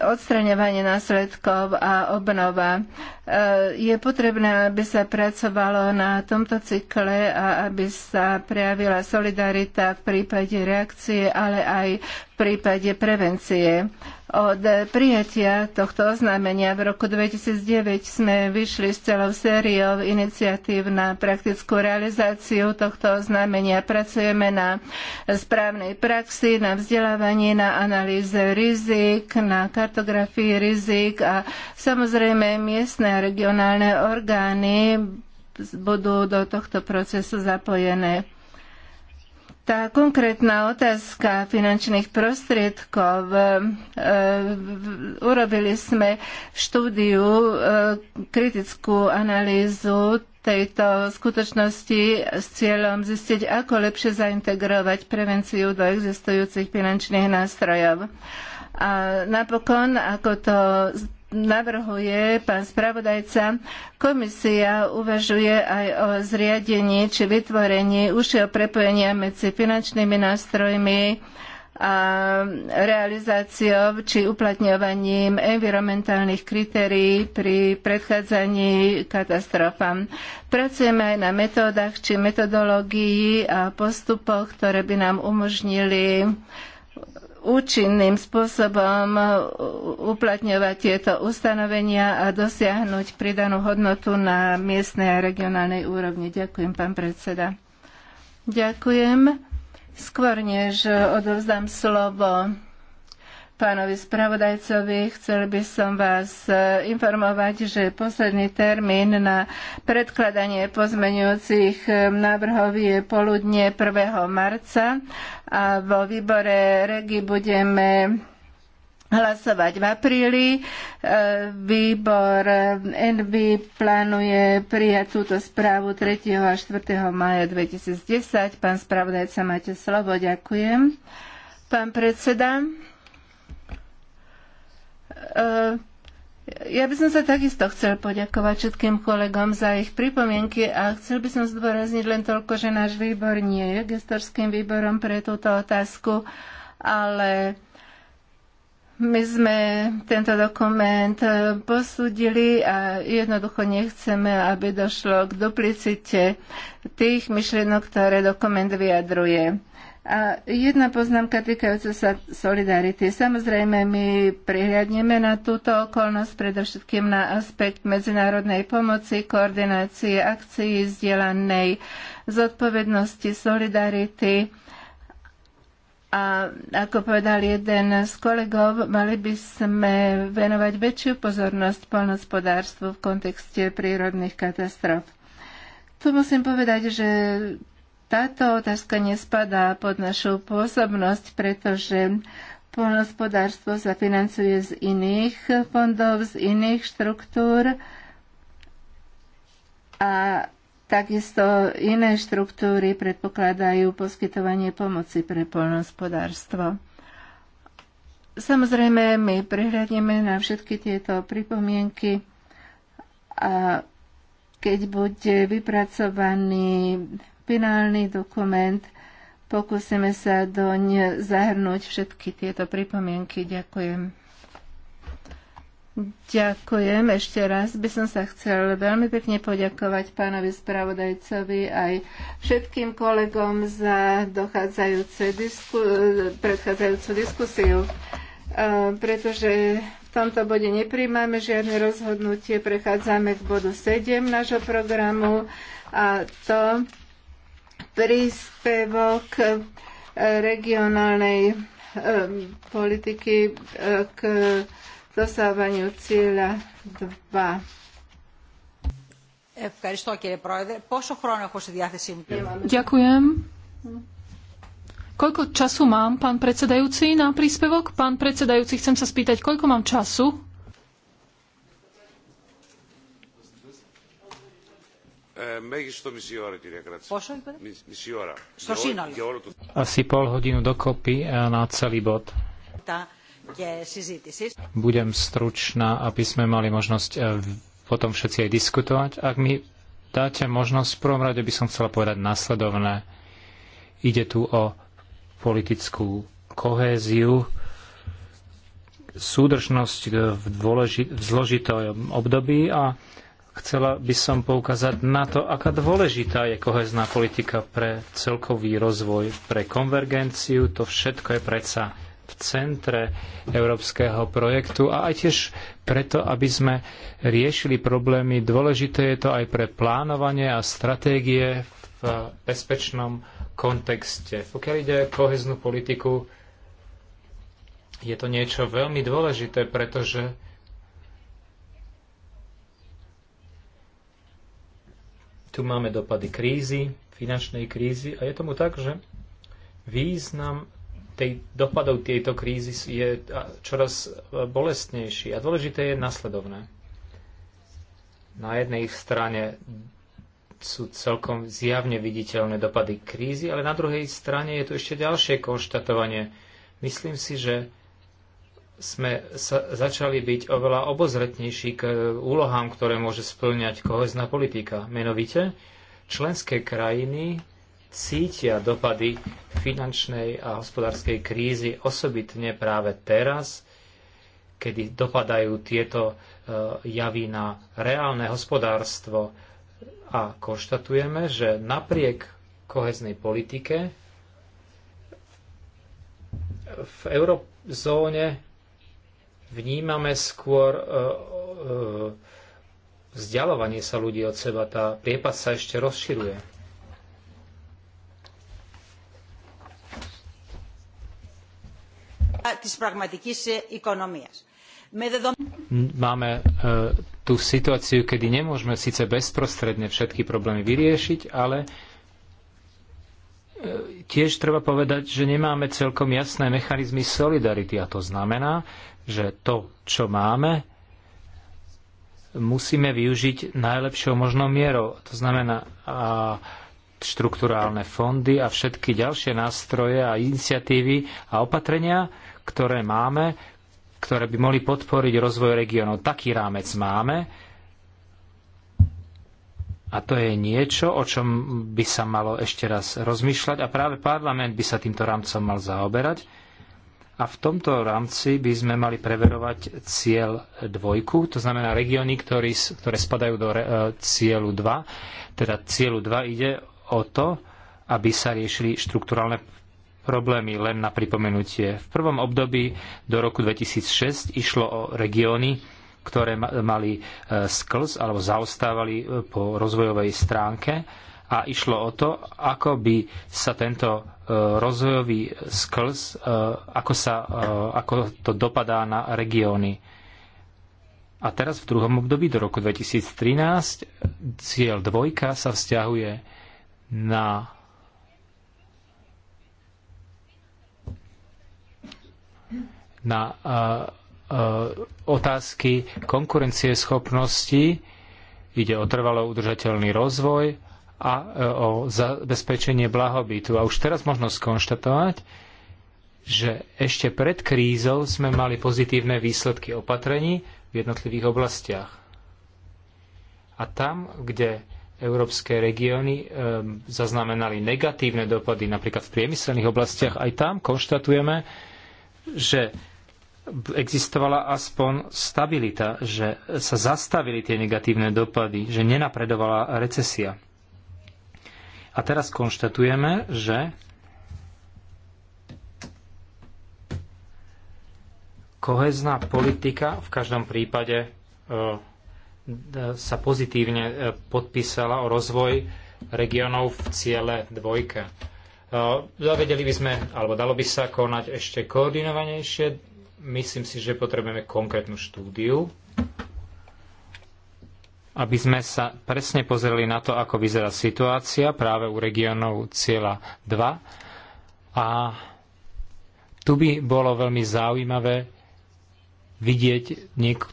odstraňovanie následkov a obnova. E, je potrebné, aby sa pracovalo na tomto cykle a aby sa prejavila solidarita v prípade reakcie, ale aj v prípade prevencie od prijatia tohto oznámenia v roku 2009 sme vyšli s celou sériou iniciatív na praktickú realizáciu tohto oznámenia. Pracujeme na správnej praxi, na vzdelávaní, na analýze rizik, na kartografii rizik a samozrejme miestne a regionálne orgány budú do tohto procesu zapojené. Tá konkrétna otázka finančných prostriedkov. E, e, urobili sme štúdiu, e, kritickú analýzu tejto skutočnosti s cieľom zistiť, ako lepšie zaintegrovať prevenciu do existujúcich finančných nástrojov. A napokon, ako to navrhuje pán spravodajca, komisia uvažuje aj o zriadení či vytvorení užšieho prepojenia medzi finančnými nástrojmi a realizáciou či uplatňovaním environmentálnych kritérií pri predchádzaní katastrofám. Pracujeme aj na metódach či metodológii a postupoch, ktoré by nám umožnili účinným spôsobom uplatňovať tieto ustanovenia a dosiahnuť pridanú hodnotu na miestnej a regionálnej úrovni. Ďakujem, pán predseda. Ďakujem. Skôr než odovzdám slovo pánovi spravodajcovi. Chcel by som vás e, informovať, že posledný termín na predkladanie pozmenujúcich e, návrhov je poludne 1. marca a vo výbore REGI budeme hlasovať v apríli. E, výbor NB plánuje prijať túto správu 3. a 4. maja 2010. Pán spravodajca, máte slovo. Ďakujem. Pán predseda. E, ja by som sa takisto chcel poďakovať všetkým kolegom za ich pripomienky a chcel by som zdôrazniť len toľko, že náš výbor nie je gestorským výborom pre túto otázku, ale my sme tento dokument posúdili a jednoducho nechceme, aby došlo k duplicite tých myšlienok, ktoré dokument vyjadruje. A jedna poznámka týkajúca sa solidarity. Samozrejme, my prihľadneme na túto okolnosť, predovšetkým na aspekt medzinárodnej pomoci, koordinácie akcií, zdieľanej zodpovednosti, solidarity. A ako povedal jeden z kolegov, mali by sme venovať väčšiu pozornosť polnospodárstvu v kontexte prírodných katastrof. Tu musím povedať, že táto otázka nespadá pod našu pôsobnosť, pretože poľnohospodárstvo sa financuje z iných fondov, z iných štruktúr a takisto iné štruktúry predpokladajú poskytovanie pomoci pre poľnohospodárstvo. Samozrejme, my prehľadneme na všetky tieto pripomienky a keď bude vypracovaný finálny dokument. Pokúsime sa doň zahrnúť všetky tieto pripomienky. Ďakujem. Ďakujem ešte raz. By som sa chcel veľmi pekne poďakovať pánovi spravodajcovi aj všetkým kolegom za dochádzajúce disku- predchádzajúcu diskusiu, e, pretože v tomto bode nepríjmame žiadne rozhodnutie. Prechádzame k bodu 7 nášho programu a to príspevok eh, regionálnej eh, politiky eh, k dosávaniu cieľa 2. Ďakujem. Koľko času mám, pán predsedajúci, na príspevok? Pán predsedajúci, chcem sa spýtať, koľko mám času? μέγιστο μισή ώρα, κυρία Κράτση. Πόσο είπε? Μισή ώρα. Στο για σύνολο. Για όλο το... Asi pol hodinu dokopy na celý bod. Budem stručná, aby sme mali možnosť potom e, všetci aj diskutovať. Ak mi dáte možnosť, v prvom rade by som chcela povedať následovné. Ide tu o politickú kohéziu, súdržnosť e, v, dôleži- v zložitom období a Chcela by som poukázať na to, aká dôležitá je kohezná politika pre celkový rozvoj, pre konvergenciu. To všetko je predsa v centre európskeho projektu a aj tiež preto, aby sme riešili problémy. Dôležité je to aj pre plánovanie a stratégie v bezpečnom kontexte. Pokiaľ ide o koheznú politiku, je to niečo veľmi dôležité, pretože Tu máme dopady krízy, finančnej krízy a je tomu tak, že význam tej, dopadov tejto krízy je čoraz e, bolestnejší a dôležité je nasledovné. Na jednej strane sú celkom zjavne viditeľné dopady krízy, ale na druhej strane je tu ešte ďalšie konštatovanie. Myslím si, že sme sa, začali byť oveľa obozretnejší k úlohám, ktoré môže splňať kohezná politika. Menovite, členské krajiny cítia dopady finančnej a hospodárskej krízy osobitne práve teraz, kedy dopadajú tieto e, javy na reálne hospodárstvo a konštatujeme, že napriek koheznej politike v eurozóne Vnímame skôr e, e, vzdialovanie sa ľudí od seba. Tá priepas sa ešte rozširuje. Máme tú situáciu, kedy nemôžeme síce bezprostredne všetky problémy vyriešiť, ale tiež treba povedať, že nemáme celkom jasné mechanizmy solidarity a to znamená, že to, čo máme, musíme využiť najlepšou možnou mierou. To znamená a štruktúrálne fondy a všetky ďalšie nástroje a iniciatívy a opatrenia, ktoré máme, ktoré by mohli podporiť rozvoj regiónov. Taký rámec máme, a to je niečo, o čom by sa malo ešte raz rozmýšľať a práve parlament by sa týmto rámcom mal zaoberať. A v tomto rámci by sme mali preverovať cieľ dvojku, to znamená regióny, ktoré, ktoré spadajú do re, e, cieľu 2. Teda cieľu 2 ide o to, aby sa riešili štrukturálne problémy. Len na pripomenutie. V prvom období do roku 2006 išlo o regióny, ktoré mali e, sklz alebo zaostávali e, po rozvojovej stránke a išlo o to, ako by sa tento e, rozvojový sklz, ako, sa, ako to dopadá na regióny. A teraz v druhom období do roku 2013 cieľ dvojka sa vzťahuje na na Eh, otázky konkurencieschopnosti, ide o trvalo udržateľný rozvoj a eh, o zabezpečenie blahobytu. A už teraz možno skonštatovať, že ešte pred krízou sme mali pozitívne výsledky opatrení v jednotlivých oblastiach. A tam, kde európske regióny e, zaznamenali negatívne dopady, napríklad v priemyselných oblastiach, aj tam konštatujeme, že existovala aspoň stabilita, že sa zastavili tie negatívne dopady, že nenapredovala recesia. A teraz konštatujeme, že kohezná politika v každom prípade e, sa pozitívne e, podpísala o rozvoj regionov v ciele dvojke. E, zavedeli by sme, alebo dalo by sa konať ešte koordinovanejšie, Myslím si, že potrebujeme konkrétnu štúdiu, aby sme sa presne pozreli na to, ako vyzerá situácia práve u regiónov cieľa 2. A tu by bolo veľmi zaujímavé vidieť niek-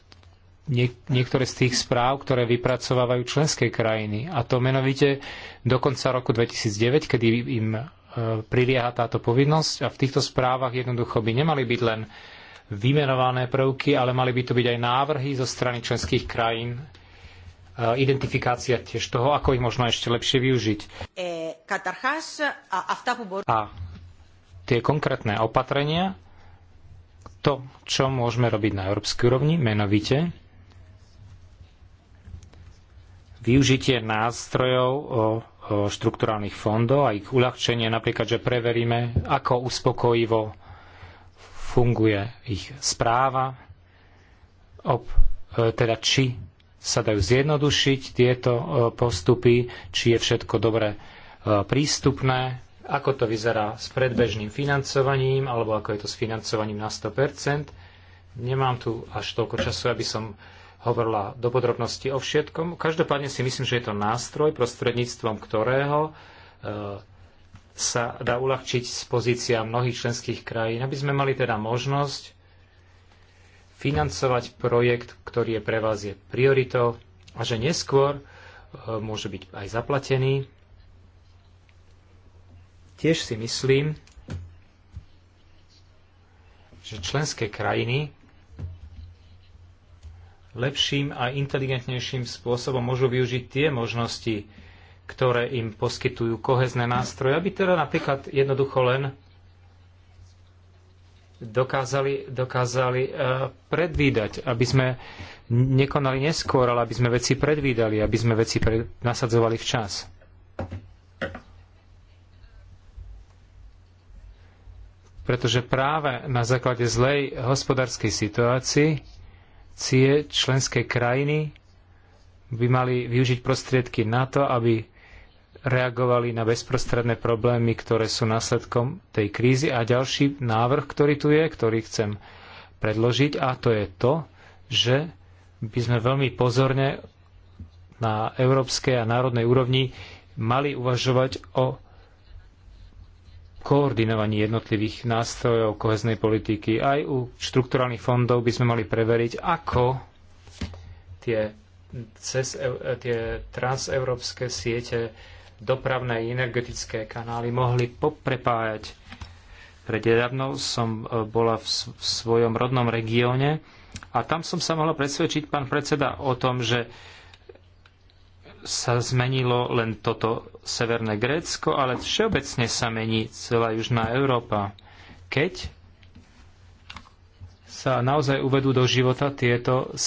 niek- niektoré z tých správ, ktoré vypracovávajú členské krajiny. A to menovite do konca roku 2009, kedy im e, prilieha táto povinnosť. A v týchto správach jednoducho by nemali byť len vymenované prvky, ale mali by to byť aj návrhy zo strany členských krajín, e, identifikácia tiež toho, ako ich možno ešte lepšie využiť. E, a tie konkrétne opatrenia, to, čo môžeme robiť na európskej úrovni, menovite využitie nástrojov štrukturálnych fondov a ich uľahčenie, napríklad, že preveríme, ako uspokojivo funguje ich správa, ob, e, teda či sa dajú zjednodušiť tieto e, postupy, či je všetko dobre e, prístupné, ako to vyzerá s predbežným financovaním, alebo ako je to s financovaním na 100%. Nemám tu až toľko času, aby som hovorila do podrobnosti o všetkom. Každopádne si myslím, že je to nástroj, prostredníctvom ktorého sa dá uľahčiť z pozícia mnohých členských krajín, aby sme mali teda možnosť financovať projekt, ktorý je pre vás je prioritou a že neskôr e, môže byť aj zaplatený. Tiež si myslím, že členské krajiny lepším a inteligentnejším spôsobom môžu využiť tie možnosti, ktoré im poskytujú kohezné nástroje, aby teda napríklad jednoducho len dokázali, dokázali e, predvídať, aby sme nekonali neskôr, ale aby sme veci predvídali, aby sme veci pre, nasadzovali včas. Pretože práve na základe zlej hospodárskej situácii cie členské krajiny by mali využiť prostriedky na to, aby reagovali na bezprostredné problémy, ktoré sú následkom tej krízy. A ďalší návrh, ktorý tu je, ktorý chcem predložiť, a to je to, že by sme veľmi pozorne na európskej a národnej úrovni mali uvažovať o koordinovaní jednotlivých nástrojov koheznej politiky. Aj u štrukturálnych fondov by sme mali preveriť, ako tie, cez, e, tie transeurópske siete dopravné i energetické kanály mohli poprepájať. Prededávno som e, bola v svojom rodnom regióne a tam som sa mohla presvedčiť, pán predseda, o tom, že sa zmenilo len toto severné Grécko, ale všeobecne sa mení celá južná Európa. Keď sa naozaj uvedú do života tieto e,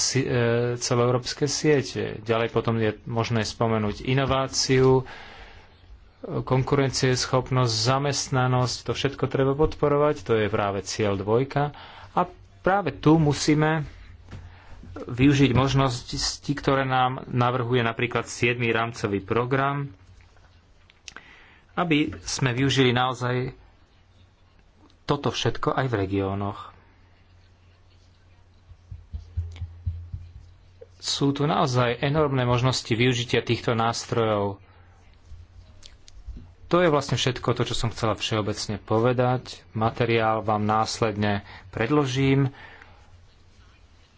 celoeurópske siete. Ďalej potom je možné spomenúť inováciu, konkurencieschopnosť, zamestnanosť, to všetko treba podporovať, to je práve cieľ dvojka. A práve tu musíme využiť možnosti, ktoré nám navrhuje napríklad 7. rámcový program, aby sme využili naozaj toto všetko aj v regiónoch. Sú tu naozaj enormné možnosti využitia týchto nástrojov to je vlastne všetko to, čo som chcela všeobecne povedať. Materiál vám následne predložím.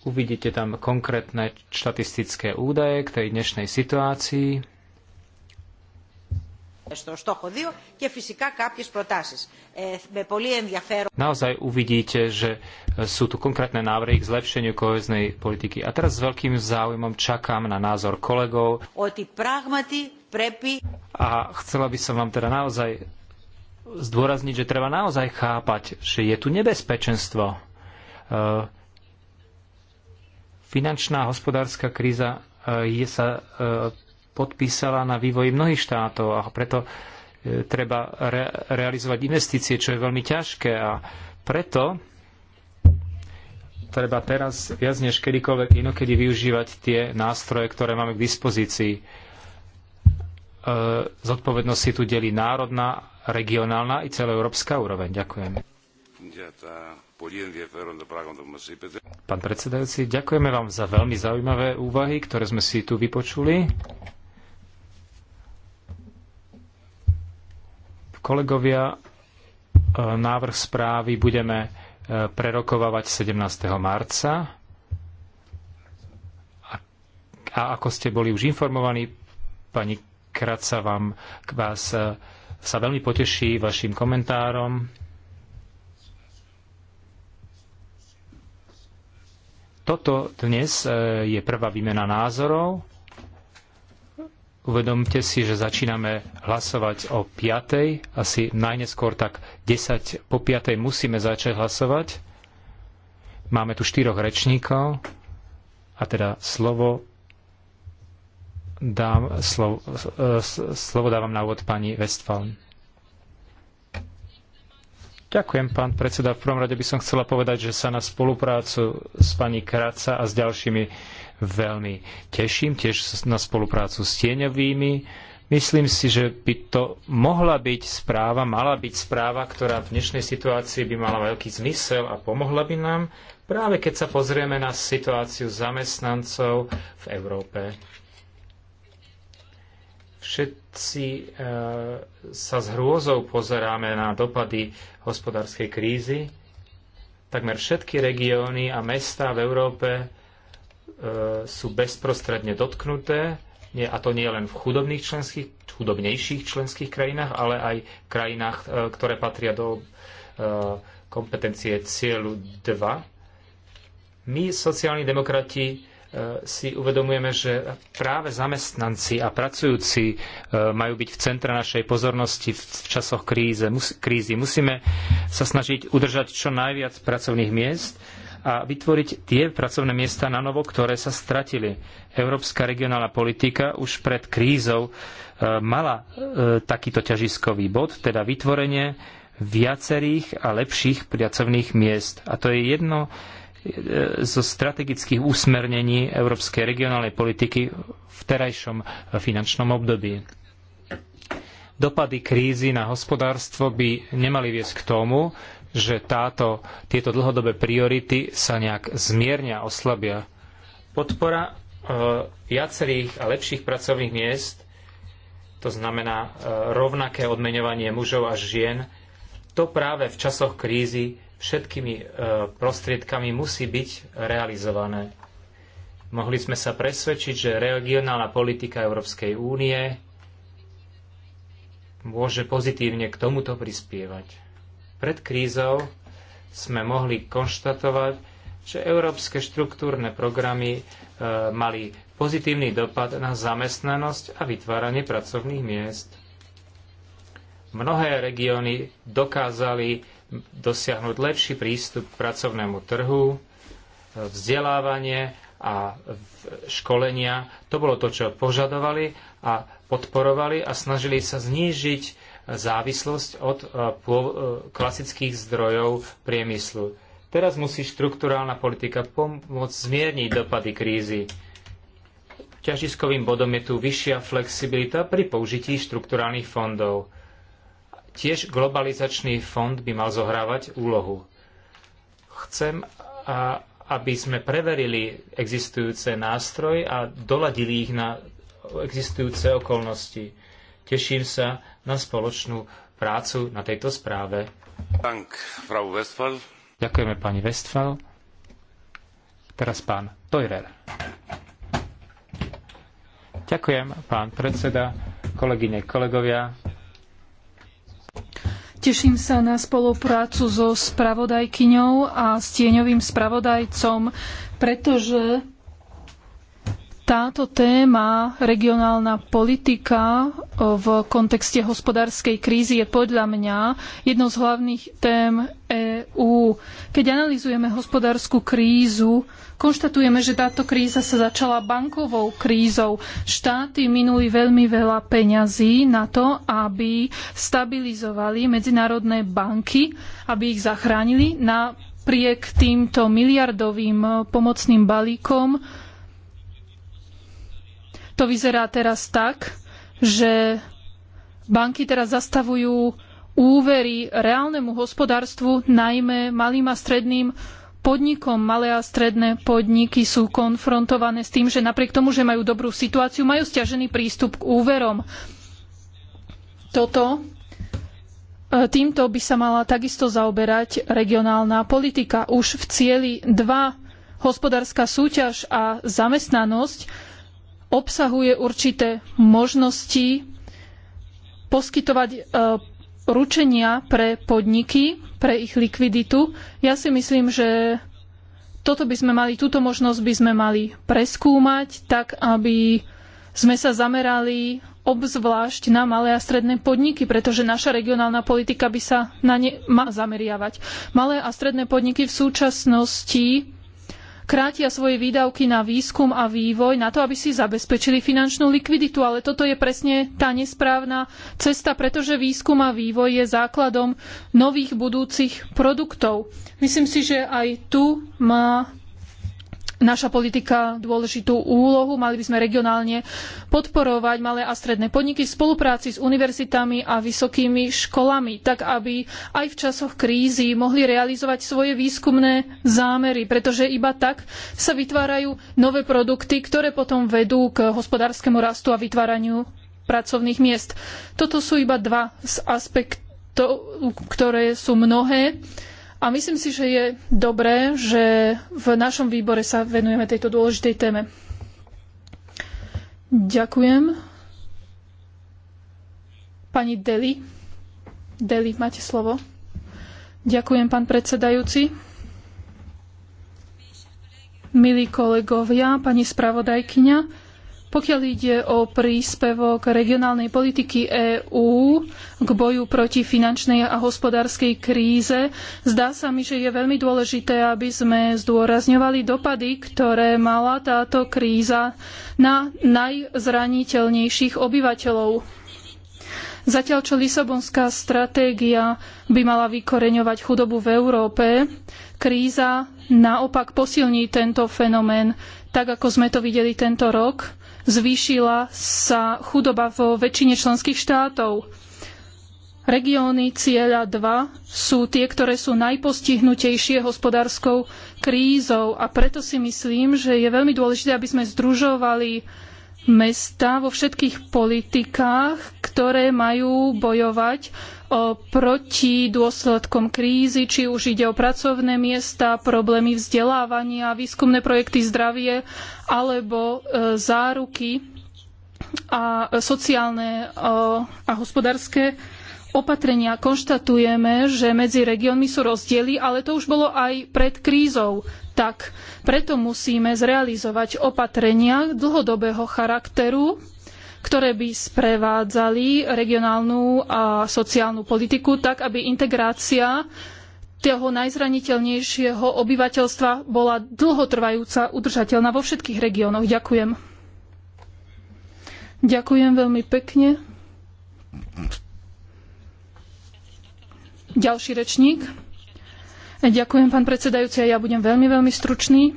Uvidíte tam konkrétne štatistické údaje k tej dnešnej situácii στο στόχο 2 και φυσικά κάποιες προτάσεις. Ε, με πολύ ενδιαφέρον. Naozaj uvidíte, že sú tu konkrétne návrhy k zlepšeniu koheznej politiky. A teraz s veľkým záujmom čakám na názor kolegov. Ότι πράγματι πρέπει... A chcela by som vám teda naozaj zdôrazniť, že treba naozaj chápať, že je tu nebezpečenstvo. E, finančná hospodárska kríza e, je sa e, podpísala na vývoji mnohých štátov a preto e, treba re- realizovať investície, čo je veľmi ťažké a preto treba teraz viac než kedykoľvek inokedy využívať tie nástroje, ktoré máme k dispozícii. E, zodpovednosť si tu delí národná, regionálna i celoeurópska úroveň. Ďakujem. Pán predsedajúci, ďakujeme vám za veľmi zaujímavé úvahy, ktoré sme si tu vypočuli. Kolegovia, e, návrh správy budeme e, prerokovávať 17. marca. A ako ste boli už informovaní, pani Kraca vám, k vás e, sa veľmi poteší vašim komentárom. Toto dnes je prvá výmena názorov. Uvedomte si, že začíname hlasovať o 5. Asi najneskôr tak 10 po 5. musíme začať hlasovať. Máme tu štyroch rečníkov a teda slovo dám, slovo, slovo dávam na úvod pani Westfalen. Ďakujem, pán predseda. V prvom rade by som chcela povedať, že sa na spoluprácu s pani Kráca a s ďalšími veľmi teším, tiež na spoluprácu s tieňovými. Myslím si, že by to mohla byť správa, mala byť správa, ktorá v dnešnej situácii by mala veľký zmysel a pomohla by nám, práve keď sa pozrieme na situáciu zamestnancov v Európe. Všetci e, sa s hrôzou pozeráme na dopady hospodárskej krízy. Takmer všetky regióny a mestá v Európe E, sú bezprostredne dotknuté, nie, a to nie len v chudobných členských, chudobnejších členských krajinách, ale aj v krajinách, e, ktoré patria do e, kompetencie cieľu 2. My, sociálni demokrati, si uvedomujeme, že práve zamestnanci a pracujúci majú byť v centre našej pozornosti v časoch kríze, krízy. Musíme sa snažiť udržať čo najviac pracovných miest, a vytvoriť tie pracovné miesta na novo, ktoré sa stratili. Európska regionálna politika už pred krízou e, mala e, takýto ťažiskový bod, teda vytvorenie viacerých a lepších pracovných miest. A to je jedno e, zo strategických úsmernení európskej regionálnej politiky v terajšom finančnom období. Dopady krízy na hospodárstvo by nemali viesť k tomu, že táto, tieto dlhodobé priority sa nejak zmiernia, oslabia. Podpora eh, viacerých a lepších pracovných miest, to znamená eh, rovnaké odmeňovanie mužov a žien, to práve v časoch krízy všetkými eh, prostriedkami musí byť realizované. Mohli sme sa presvedčiť, že regionálna politika Európskej únie môže pozitívne k tomuto prispievať. Pred krízou sme mohli konštatovať, že európske štruktúrne programy e, mali pozitívny dopad na zamestnanosť a vytváranie pracovných miest. Mnohé regióny dokázali dosiahnuť lepší prístup k pracovnému trhu, e, vzdelávanie a školenia. To bolo to, čo požadovali a podporovali a snažili sa znížiť závislosť od e, e, klasických zdrojov priemyslu. Teraz musí štrukturálna politika pomôcť zmierniť dopady krízy. Ťažiskovým bodom je tu vyššia flexibilita pri použití štrukturálnych fondov. Tiež globalizačný fond by mal zohrávať úlohu. Chcem, aby sme preverili existujúce nástroje a doladili ich na existujúce okolnosti. Teším sa na spoločnú prácu na tejto správe. Dank, Frau Westphal. Ďakujeme pani Westphal. Teraz pán Teurer. Ďakujem, pán predseda, kolegyne, kolegovia. Teším sa na spoluprácu so spravodajkyňou a s tieňovým spravodajcom, pretože táto téma, regionálna politika e, v kontexte hospodárskej krízy je podľa mňa jednou z hlavných tém EÚ. Keď analizujeme hospodárskú krízu, konštatujeme, že táto kríza sa začala bankovou krízou. Štáty minuli veľmi veľa peňazí na to, aby stabilizovali medzinárodné banky, aby ich zachránili napriek týmto miliardovým e, pomocným balíkom to vyzerá teraz tak, že banky teraz zastavujú úvery reálnemu hospodárstvu, najmä malým a stredným podnikom. Malé a stredné podniky sú konfrontované s tým, že napriek tomu, že majú dobrú situáciu, majú stiažený prístup k úverom. Toto e, Týmto by sa mala takisto zaoberať regionálna politika. Už v cieli 2 hospodárska súťaž a zamestnanosť obsahuje určité možnosti poskytovať e, ručenia pre podniky, pre ich likviditu. Ja si myslím, že toto by sme mali, túto možnosť by sme mali preskúmať, tak aby sme sa zamerali obzvlášť na malé a stredné podniky, pretože naša regionálna politika by sa na ne má zameriavať. Malé a stredné podniky v súčasnosti krátia svoje výdavky na výskum a vývoj na to, aby si zabezpečili finančnú likviditu. Ale toto je presne tá nesprávna cesta, pretože výskum a vývoj je základom nových budúcich produktov. Myslím si, že aj tu má naša politika dôležitú úlohu. Mali by sme regionálne podporovať malé a stredné podniky v spolupráci s univerzitami a vysokými školami, tak aby aj v časoch krízy mohli realizovať svoje výskumné zámery, pretože iba tak sa vytvárajú nové produkty, ktoré potom vedú k hospodárskemu rastu a vytváraniu pracovných miest. Toto sú iba dva z aspektov, ktoré sú mnohé a myslím si, že je dobré, že v našom výbore sa venujeme tejto dôležitej téme. Ďakujem. Pani Deli. Deli, máte slovo. Ďakujem, pán predsedajúci. Milí kolegovia, pani spravodajkyňa, pokiaľ ide o príspevok regionálnej politiky EÚ k boju proti finančnej a hospodárskej kríze, zdá sa mi, že je veľmi dôležité, aby sme zdôrazňovali dopady, ktoré mala táto kríza na najzraniteľnejších obyvateľov. Zatiaľ, čo Lisabonská stratégia by mala vykoreňovať chudobu v Európe, kríza naopak posilní tento fenomén, tak ako sme to videli tento rok zvýšila sa chudoba vo väčšine členských štátov. Regióny cieľa 2 sú tie, ktoré sú najpostihnutejšie hospodárskou krízou a preto si myslím, že je veľmi dôležité, aby sme združovali mesta vo všetkých politikách, ktoré majú bojovať proti dôsledkom krízy, či už ide o pracovné miesta, problémy vzdelávania, výskumné projekty zdravie alebo e, záruky a sociálne e, a hospodárske opatrenia. Konštatujeme, že medzi regiónmi sú rozdiely, ale to už bolo aj pred krízou. Tak preto musíme zrealizovať opatrenia dlhodobého charakteru, ktoré by sprevádzali regionálnu a sociálnu politiku tak, aby integrácia toho najzraniteľnejšieho obyvateľstva bola dlhotrvajúca, udržateľná vo všetkých regiónoch. Ďakujem. Ďakujem veľmi pekne. Ďalší rečník. Ďakujem, pán predsedajúci, a ja budem veľmi, veľmi stručný.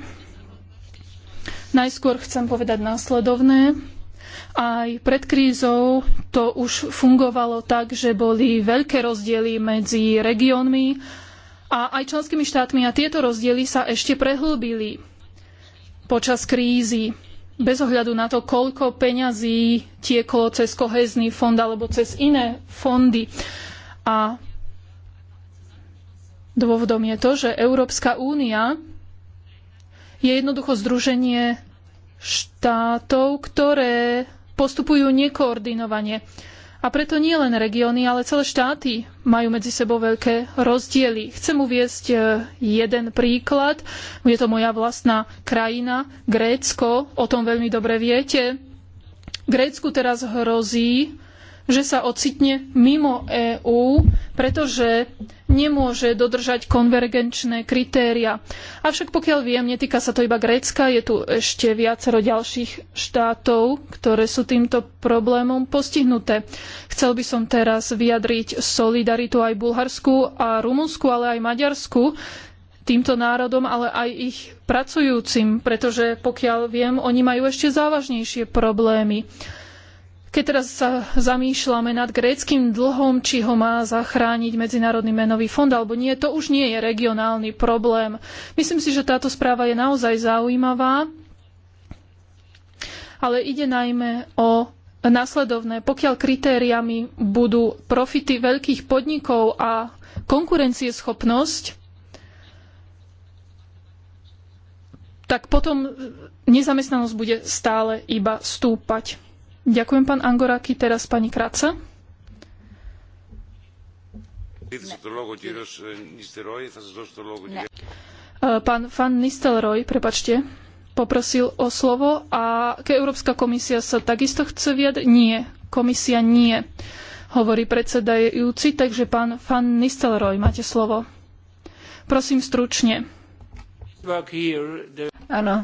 Najskôr chcem povedať následovné. Aj pred krízou to už fungovalo tak, že boli veľké rozdiely medzi regiónmi a aj členskými štátmi a tieto rozdiely sa ešte prehlbili počas krízy. Bez ohľadu na to, koľko peňazí tieklo cez kohézny fond alebo cez iné fondy. A dôvodom je to, že Európska únia je jednoducho združenie štátov, ktoré postupujú nekoordinovane. A preto nie len regióny, ale celé štáty majú medzi sebou veľké rozdiely. Chcem uviesť e, jeden príklad. Je to moja vlastná krajina, Grécko. O tom veľmi dobre viete. Grécku teraz hrozí, že sa ocitne mimo EÚ, pretože nemôže dodržať konvergenčné kritéria. Avšak pokiaľ viem, netýka sa to iba Grécka, je tu ešte viacero ďalších štátov, ktoré sú týmto problémom postihnuté. Chcel by som teraz vyjadriť solidaritu aj Bulharsku a Rumunsku, ale aj Maďarsku, týmto národom, ale aj ich pracujúcim, pretože pokiaľ viem, oni majú ešte závažnejšie problémy. Keď teraz sa zamýšľame nad gréckým dlhom, či ho má zachrániť Medzinárodný menový fond alebo nie, to už nie je regionálny problém. Myslím si, že táto správa je naozaj zaujímavá, ale ide najmä o nasledovné. Pokiaľ kritériami budú profity veľkých podnikov a konkurencieschopnosť, tak potom nezamestnanosť bude stále iba stúpať. Ďakujem, pán Angoraky. Teraz pani Kráca. Eh, pán Van Nistelrooy, prepačte, poprosil o slovo a Európska komisia sa takisto chce vyjadriť? Nie, komisia nie, hovorí predsedajúci, takže pán Van Nistelrooy, máte slovo. Prosím stručne. Áno,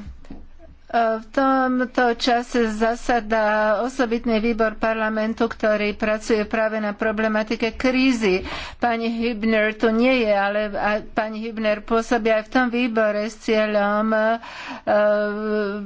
E, v tomto čase zasadá osobitný výbor parlamentu, ktorý pracuje práve na problematike krízy. Pani Hübner tu nie je, ale pani Hübner pôsobí aj v tom výbore s cieľom e,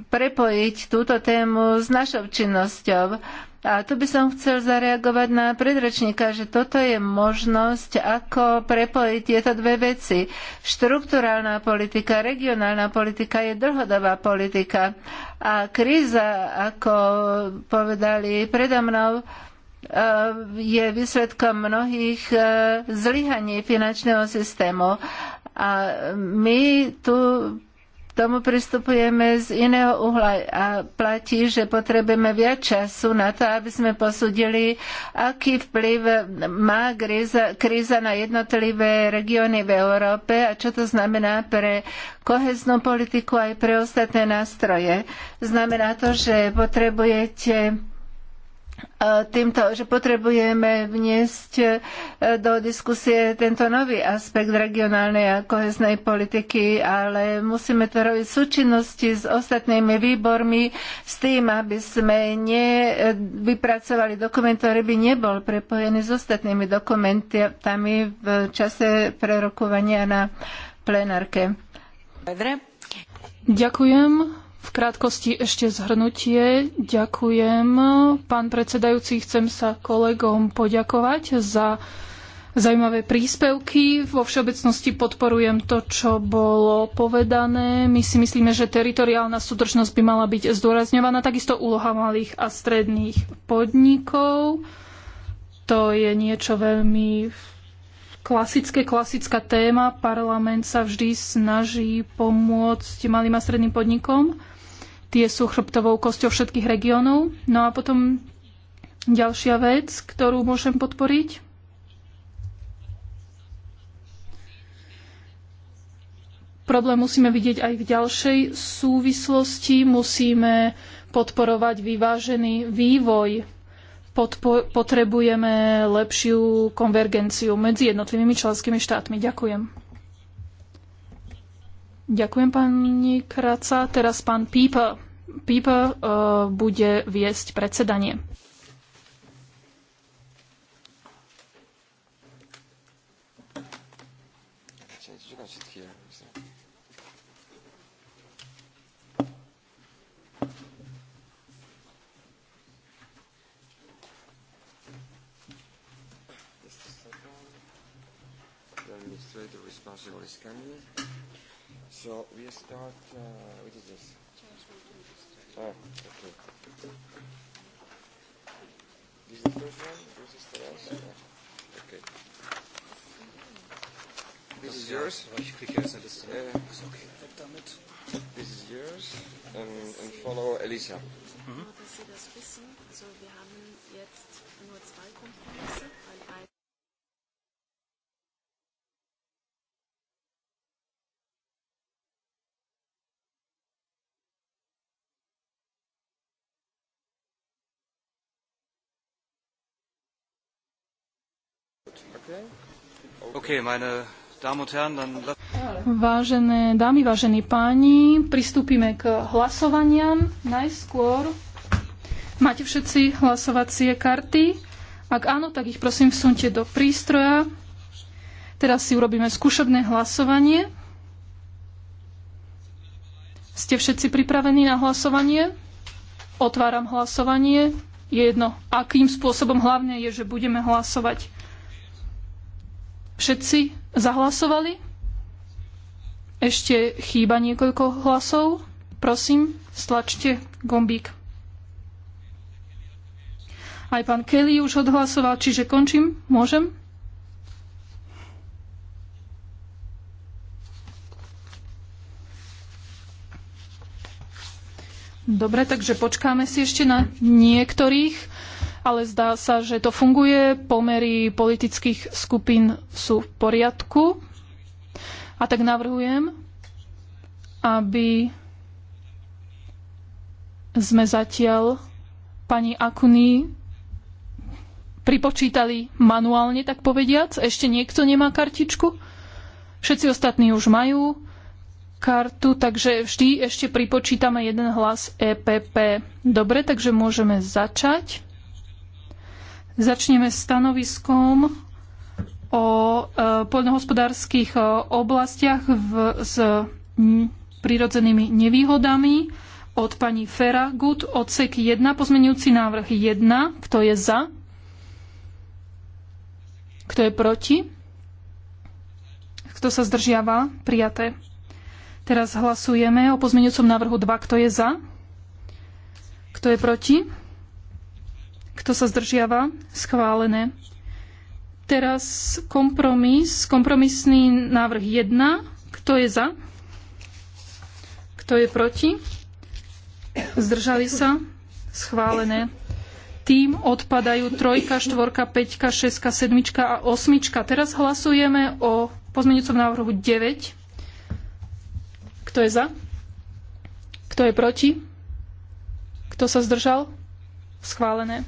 prepojiť túto tému s našou činnosťou. A tu by som chcel zareagovať na predrečníka, že toto je možnosť, ako prepojiť tieto dve veci. Štrukturálna politika, regionálna politika je dlhodobá politika. A kríza, ako povedali predo mnou, e, je výsledkom mnohých e, zlyhaní finančného systému. A my tu tomu pristupujeme z iného uhla a platí, že potrebujeme viac času na to, aby sme posudili, aký vplyv má kríza, kríza na jednotlivé regióny v Európe a čo to znamená pre koheznú politiku aj pre ostatné nástroje. Znamená to, že potrebujete E, týmto, že potrebujeme vniesť e, do diskusie tento nový aspekt regionálnej a koheznej politiky, ale musíme to robiť v súčinnosti s ostatnými výbormi, s tým, aby sme nevypracovali dokument, ktorý by nebol prepojený s ostatnými dokumentami v čase prerokovania na plenárke. Ďakujem. V krátkosti ešte zhrnutie. Ďakujem. Pán predsedajúci, chcem sa kolegom poďakovať za zaujímavé príspevky. Vo všeobecnosti podporujem to, čo bolo povedané. My si myslíme, že teritoriálna súdržnosť by mala byť zdôrazňovaná, takisto úloha malých a stredných podnikov. To je niečo veľmi klasické, klasická téma. Parlament sa vždy snaží pomôcť malým a stredným podnikom. Tie sú chrbtovou kosťou všetkých regiónov. No a potom ďalšia vec, ktorú môžem podporiť. Problém musíme vidieť aj v ďalšej súvislosti. Musíme podporovať vyvážený vývoj. Podpo- potrebujeme lepšiu konvergenciu medzi jednotlivými členskými štátmi. Ďakujem. Ďakujem pani Kraca. Teraz pán Pípa. Pípa uh, eh, bude viesť predsedanie. So we start, uh, with this? Ah, okay. This is the first one, this is the last one. Okay. This is yours. okay, This is yours. And, and follow Elisa. Mhm. Nur, Vážené dámy, vážení páni, pristúpime k hlasovaniam. Najskôr máte všetci hlasovacie karty. Ak áno, tak ich prosím vsunte do prístroja. Teraz si urobíme skúšobné hlasovanie. Ste všetci pripravení na hlasovanie? Otváram hlasovanie. Je jedno, akým spôsobom hlavne je, že budeme hlasovať. Všetci zahlasovali? Ešte chýba niekoľko hlasov? Prosím, stlačte gombík. Aj pán Kelly už odhlasoval, čiže končím. Môžem? Dobre, takže počkáme si ešte na niektorých ale zdá sa, že to funguje. Pomery politických skupín sú v poriadku. A tak navrhujem, aby sme zatiaľ pani Akuny pripočítali manuálne, tak povediac. Ešte niekto nemá kartičku? Všetci ostatní už majú kartu, takže vždy ešte pripočítame jeden hlas EPP. Dobre, takže môžeme začať. Začneme stanoviskom o e, poľnohospodárskych e, oblastiach v, s prirodzenými nevýhodami od pani Feragut, odsek 1, pozmenujúci návrh 1. Kto je za? Kto je proti? Kto sa zdržiava? Prijaté. Teraz hlasujeme o pozmenujúcom návrhu 2. Kto je za? Kto je proti? Kto sa zdržiava? Schválené. Teraz kompromis, kompromisný návrh 1. Kto je za? Kto je proti? Zdržali sa? Schválené. Tým odpadajú trojka, štvorka, peťka, šestka, sedmička a osmička. Teraz hlasujeme o pozmeňujúcom návrhu 9. Kto je za? Kto je proti? Kto sa zdržal? Schválené.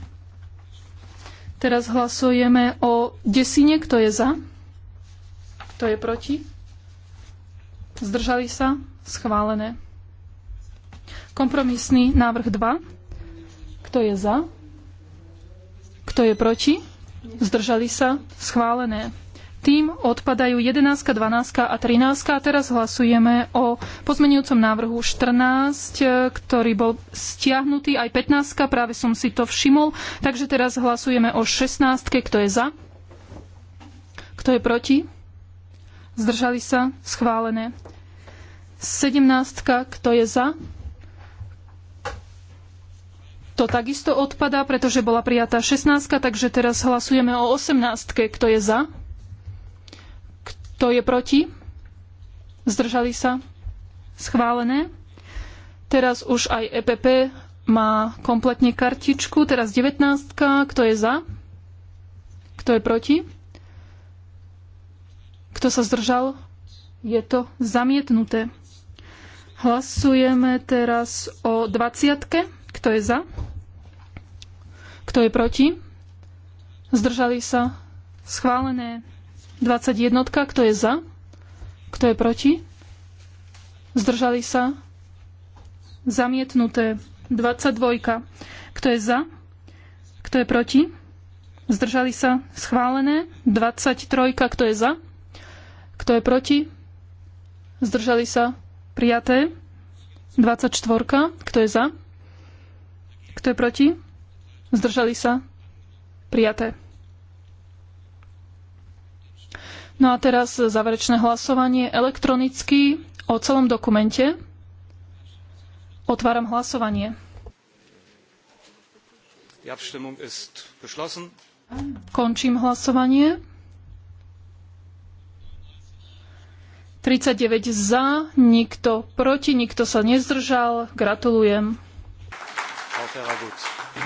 Teraz hlasujeme o desine. Kto je za? Kto je proti? Zdržali sa? Schválené. Kompromisný návrh 2. Kto je za? Kto je proti? Zdržali sa? Schválené. Tým odpadajú 11, 12 a 13 a teraz hlasujeme o pozmenujúcom návrhu 14, ktorý bol stiahnutý, aj 15, práve som si to všimol. Takže teraz hlasujeme o 16, kto je za, kto je proti, zdržali sa, schválené. 17, kto je za, to takisto odpadá, pretože bola prijatá 16, takže teraz hlasujeme o 18, kto je za, kto je proti? Zdržali sa? Schválené. Teraz už aj EPP má kompletne kartičku. Teraz 19. Kto je za? Kto je proti? Kto sa zdržal? Je to zamietnuté. Hlasujeme teraz o 20. Kto je za? Kto je proti? Zdržali sa? Schválené. 21. Kto je za? Kto je proti? Zdržali sa? Zamietnuté. 22. Kto je za? Kto je proti? Zdržali sa? Schválené. 23. Kto je za? Kto je proti? Zdržali sa? Prijaté. 24. Kto je za? Kto je proti? Zdržali sa? Prijaté. No a teraz záverečné hlasovanie elektronicky o celom dokumente. Otváram hlasovanie. Končím hlasovanie. 39 za, nikto proti, nikto sa nezdržal. Gratulujem. Ďakujem.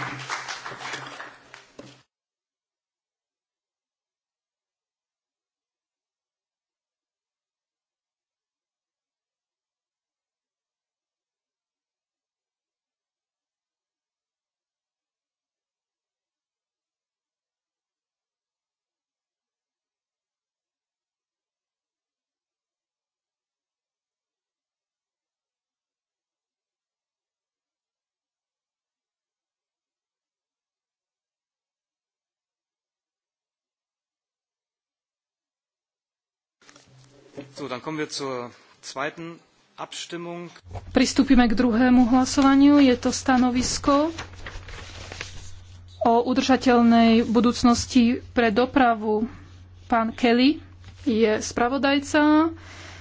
So, dann kommen wir zur zweiten Abstimmung. Pristúpime k druhému hlasovaniu. Je to stanovisko o udržateľnej budúcnosti pre dopravu. Pán Kelly je spravodajca.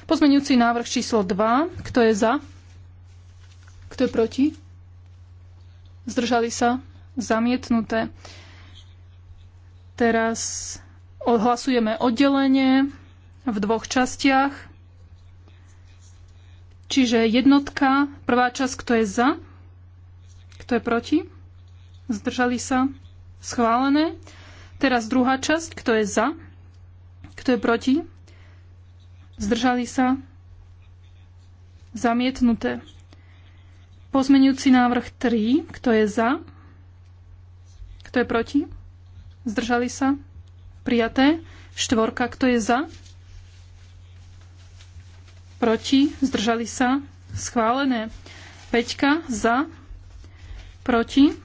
Pozmeňujúci návrh číslo 2. Kto je za? Kto je proti? Zdržali sa? Zamietnuté. Teraz odhlasujeme oddelenie v dvoch častiach. Čiže jednotka, prvá časť, kto je za, kto je proti, zdržali sa, schválené. Teraz druhá časť, kto je za, kto je proti, zdržali sa, zamietnuté. Pozmenujúci návrh 3, kto je za, kto je proti, zdržali sa, prijaté. Štvorka, kto je za, proti, zdržali sa, schválené. Peťka za, proti,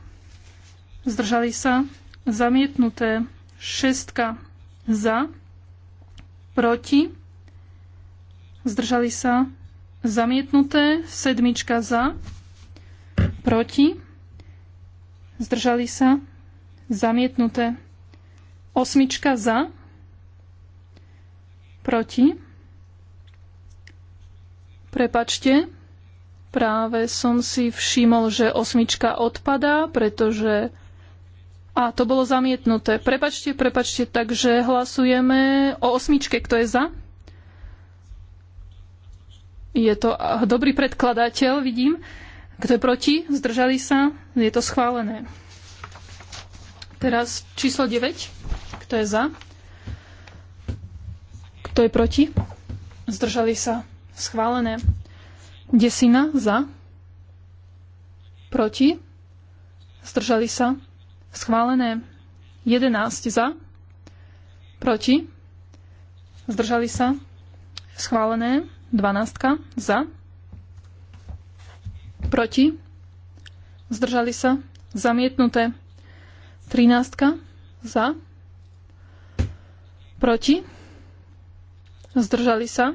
zdržali sa, zamietnuté. Šestka za, proti, zdržali sa, zamietnuté. Sedmička za, proti, zdržali sa, zamietnuté. Osmička za, proti, Prepačte, práve som si všimol, že osmička odpadá, pretože... A, to bolo zamietnuté. Prepačte, prepačte, takže hlasujeme o osmičke. Kto je za? Je to dobrý predkladateľ, vidím. Kto je proti? Zdržali sa? Je to schválené. Teraz číslo 9. Kto je za? Kto je proti? Zdržali sa? Schválené. Desina za. Proti. Zdržali sa. Schválené. 11 za. Proti. Zdržali sa. Schválené. 12 za. Proti. Zdržali sa. Zamietnuté. 13 za. Proti. Zdržali sa.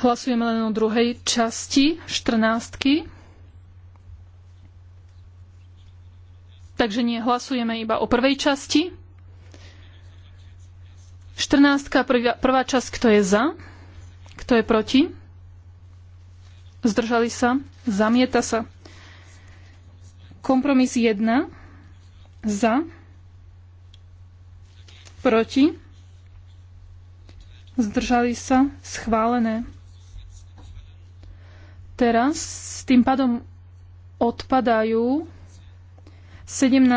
Hlasujeme len o druhej časti, 14. Takže nie, hlasujeme iba o prvej časti. 14. Prvá, prvá časť, kto je za, kto je proti. Zdržali sa, zamieta sa. Kompromis 1, za, proti. Zdržali sa, schválené. Teraz tým pádom odpadajú 17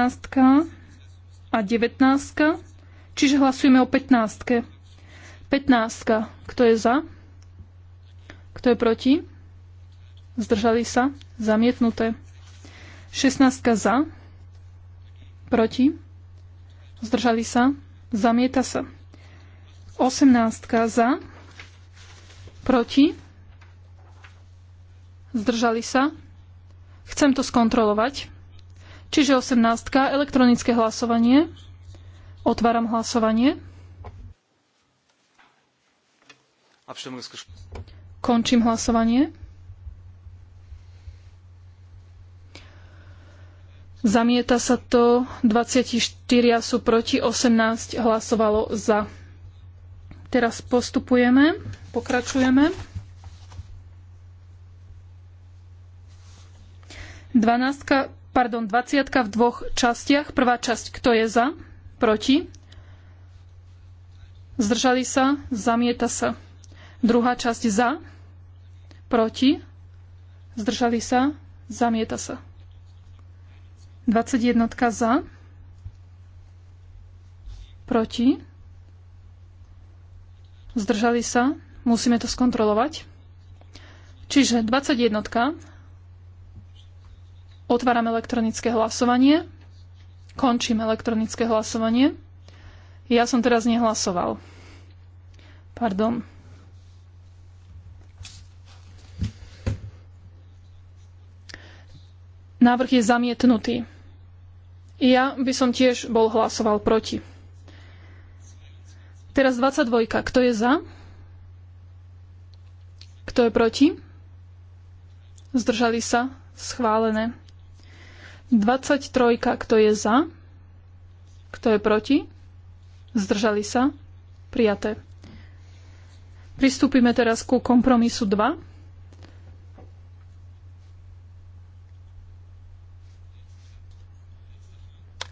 a 19, čiže hlasujeme o 15. 15. Kto je za? Kto je proti? Zdržali sa? Zamietnuté. 16 za? Proti? Zdržali sa? Zamieta sa. 18 za? Proti? zdržali sa. Chcem to skontrolovať. Čiže 18. Elektronické hlasovanie. Otváram hlasovanie. Končím hlasovanie. Zamieta sa to, 24 sú proti, 18 hlasovalo za. Teraz postupujeme, pokračujeme. 12, pardon, 20 v dvoch častiach. Prvá časť, kto je za, proti, zdržali sa, zamieta sa. Druhá časť za, proti, zdržali sa, zamieta sa. 21 za, proti, zdržali sa, musíme to skontrolovať. Čiže 21 Otváram elektronické hlasovanie. Končím elektronické hlasovanie. Ja som teraz nehlasoval. Pardon. Návrh je zamietnutý. Ja by som tiež bol hlasoval proti. Teraz 22. Kto je za? Kto je proti? Zdržali sa? Schválené. 23. Kto je za? Kto je proti? Zdržali sa? Prijaté. Pristúpime teraz ku kompromisu 2.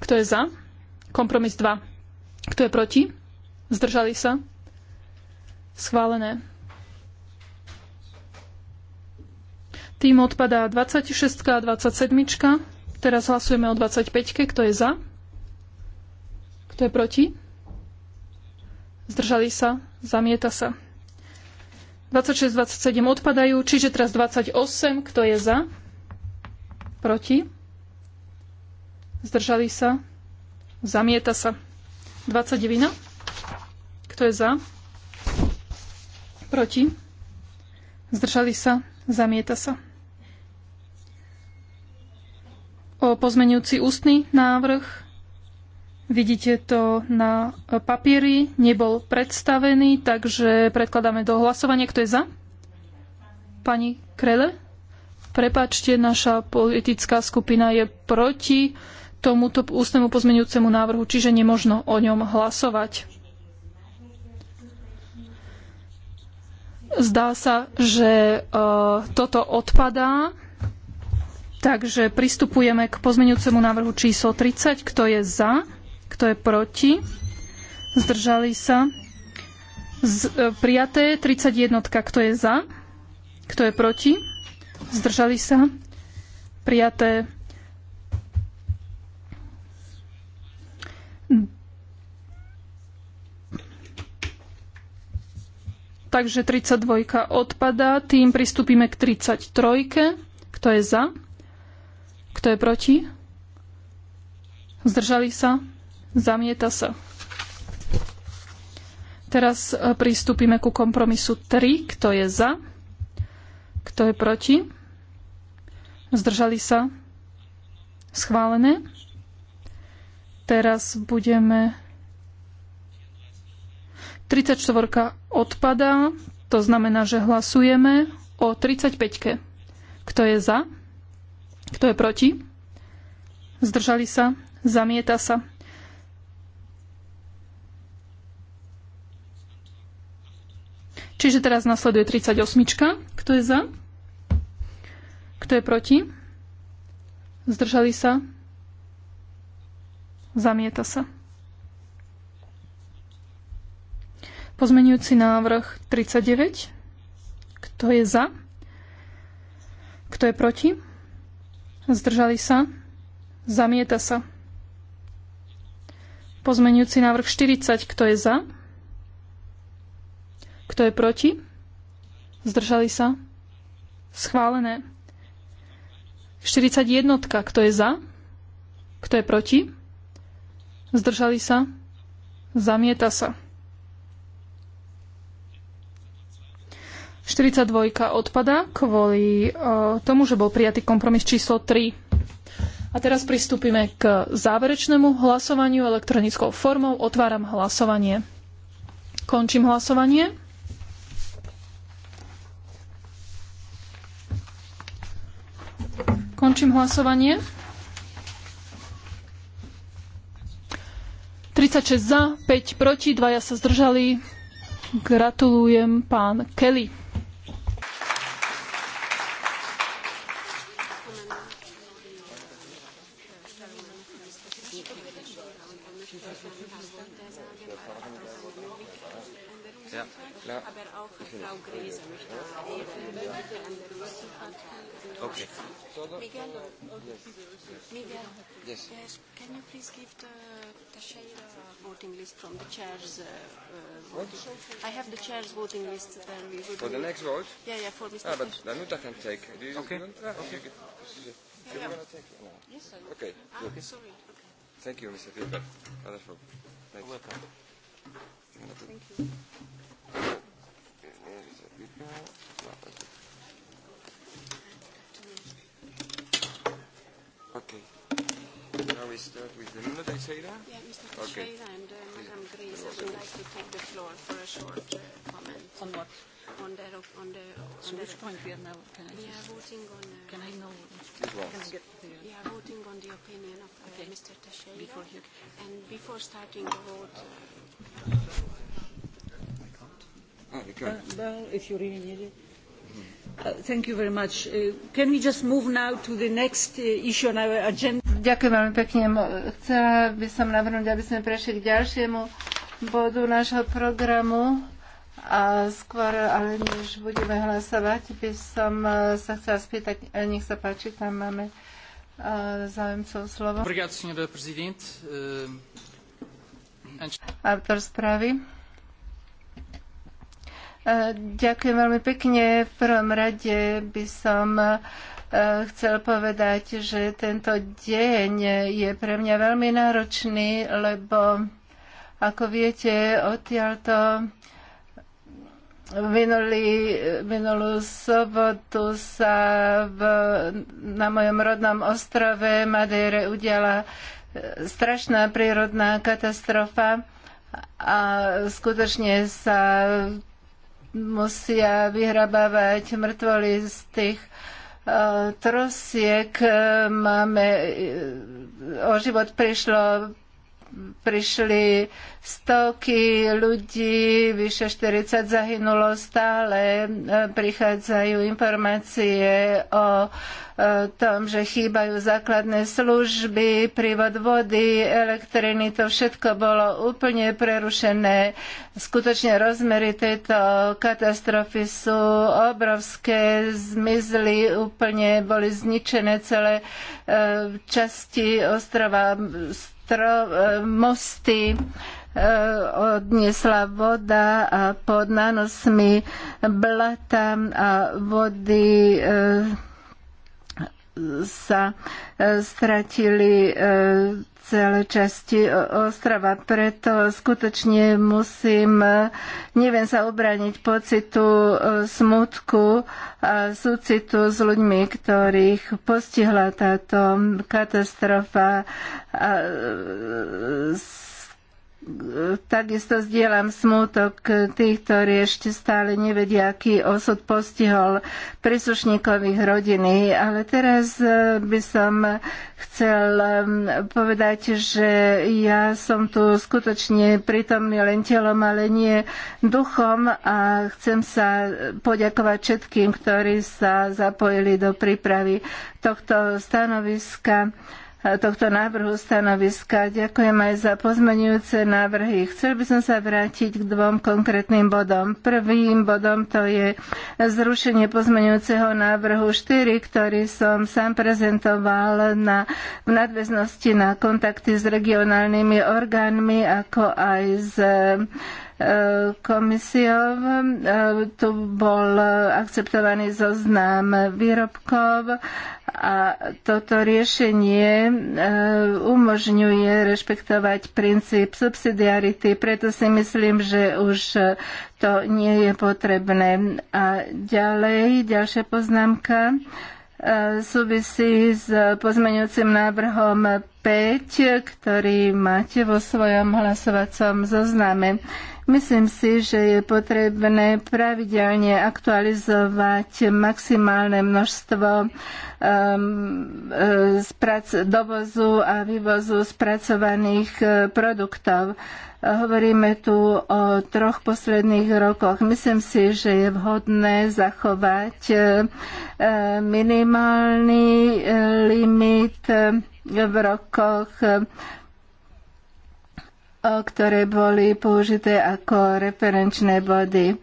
Kto je za? Kompromis 2. Kto je proti? Zdržali sa? Schválené. Tým odpadá 26 a 27. Teraz hlasujeme o 25. Kto je za? Kto je proti? Zdržali sa? Zamieta sa. 26, 27 odpadajú, čiže teraz 28. Kto je za? Proti? Zdržali sa? Zamieta sa. 29. Kto je za? Proti? Zdržali sa? Zamieta sa. pozmenujúci ústny návrh. Vidíte to na papieri, nebol predstavený, takže predkladáme do hlasovania. Kto je za? Pani Krele? Prepačte, naša politická skupina je proti tomuto ústnemu pozmenujúcemu návrhu, čiže nemožno o ňom hlasovať. Zdá sa, že e, toto odpadá. Takže pristupujeme k pozmeňujúcemu návrhu číslo 30. Kto je za? Kto je proti? Zdržali sa? Z, e, prijaté 31. Kto je za? Kto je proti? Zdržali sa? Prijaté 2. Takže 32 odpadá, tým pristúpime k 33. Kto je za? Kto je proti? Zdržali sa? Zamieta sa. Teraz e, pristúpime ku kompromisu 3. Kto je za? Kto je proti? Zdržali sa? Schválené. Teraz budeme... 34 odpadá, to znamená, že hlasujeme o 35. Kto je za? Kto je proti? Zdržali sa? Zamieta sa? Čiže teraz nasleduje 38. Kto je za? Kto je proti? Zdržali sa? Zamieta sa. Pozmenujúci návrh 39. Kto je za? Kto je proti? Zdržali sa? Zamieta sa. Pozmenujúci návrh 40. Kto je za? Kto je proti? Zdržali sa? Schválené. 41. Kto je za? Kto je proti? Zdržali sa? Zamieta sa. 42 odpada kvôli e, tomu, že bol prijatý kompromis číslo 3. A teraz pristúpime k záverečnému hlasovaniu elektronickou formou. Otváram hlasovanie. Končím hlasovanie. Končím hlasovanie. 36 za, 5 proti, dvaja sa zdržali. Gratulujem pán Kelly. yes. Miguel yes. yes. Can you please give the, the share uh, voting list from the chair's uh, uh, what? I have the chair's voting list there. We would for the next vote? Yeah, yeah, for Mr. Ah, but Danuta can take. Do you okay. Want? Ah, okay. You get, yeah, Take it? No. Yes, sir. Okay. Ah, okay. sorry. Okay. Thank you, Mr. Filber. Wonderful. Thanks. Welcome. Thank you. Thank you. Okay. Now we start with the Luna Teixeira. Yeah, Mr. Teixeira okay. and uh, Madam Grace, I would like to take the floor for a short uh, comment. On what? On the... On the on so the, which point we are now? Can I we just, are voting on... Uh, can I know? Can I get the, uh, we are voting on the opinion of uh, okay. Mr. Teixeira. Before you... And before starting the vote... Uh, I can't. Ah, you can't. Uh, well, if you really need it. Uh, uh, uh, Ďakujem veľmi pekne. Chcela by som navrhnúť, aby sme prešli k ďalšiemu bodu nášho programu. A skôr, ale než budeme hlasovať, by som sa chcela spýtať, nech sa páči, tam máme záujemcov slovo. Autor správy. Ďakujem veľmi pekne. V prvom rade by som e, chcel povedať, že tento deň je pre mňa veľmi náročný, lebo ako viete, odtiaľto Minulý, minulú sobotu sa v, na mojom rodnom ostrove Madeire udiala e, strašná prírodná katastrofa a skutočne sa musia vyhrabávať mŕtvoly z tých e, trosiek. E, máme, e, o život prišlo prišli stovky ľudí, vyše 40 zahynulo, stále e, prichádzajú informácie o e, tom, že chýbajú základné služby, prívod vody, elektriny, to všetko bolo úplne prerušené. Skutočne rozmery tejto katastrofy sú obrovské, zmizli úplne, boli zničené celé e, časti ostrova. E, mosty e, odniesla voda a pod nánosmi blata a vody e, sa stratili celé časti ostrova. Preto skutočne musím, e, neviem sa obraniť pocitu e, smutku a súcitu s ľuďmi, ktorých postihla táto katastrofa. A, e, s Takisto zdieľam smútok tých, ktorí ešte stále nevedia, aký osud postihol príslušníkov ich rodiny. Ale teraz e, by som chcel povedať, že ja som tu skutočne prítomný len telom, ale nie duchom a chcem sa poďakovať všetkým, ktorí sa zapojili do prípravy tohto stanoviska tohto návrhu stanoviska. Ďakujem aj za pozmenujúce návrhy. Chcel by som sa vrátiť k dvom konkrétnym bodom. Prvým bodom to je zrušenie pozmenujúceho návrhu 4, ktorý som sám prezentoval na, v nadväznosti na kontakty s regionálnymi orgánmi, ako aj s komisiou. E, tu bol akceptovaný zoznam výrobkov a toto riešenie e, umožňuje rešpektovať princíp subsidiarity, preto si myslím, že už to nie je potrebné. A ďalej, ďalšia poznámka e, súvisí s pozmeňujúcim návrhom 5, ktorý máte vo svojom hlasovacom zozname. Myslím si, že je potrebné pravidelne aktualizovať maximálne množstvo um, e, dovozu a vývozu spracovaných e, produktov. Hovoríme tu o troch posledných rokoch. Myslím si, že je vhodné zachovať e, minimálny limit v rokoch ktoré boli použité ako referenčné body.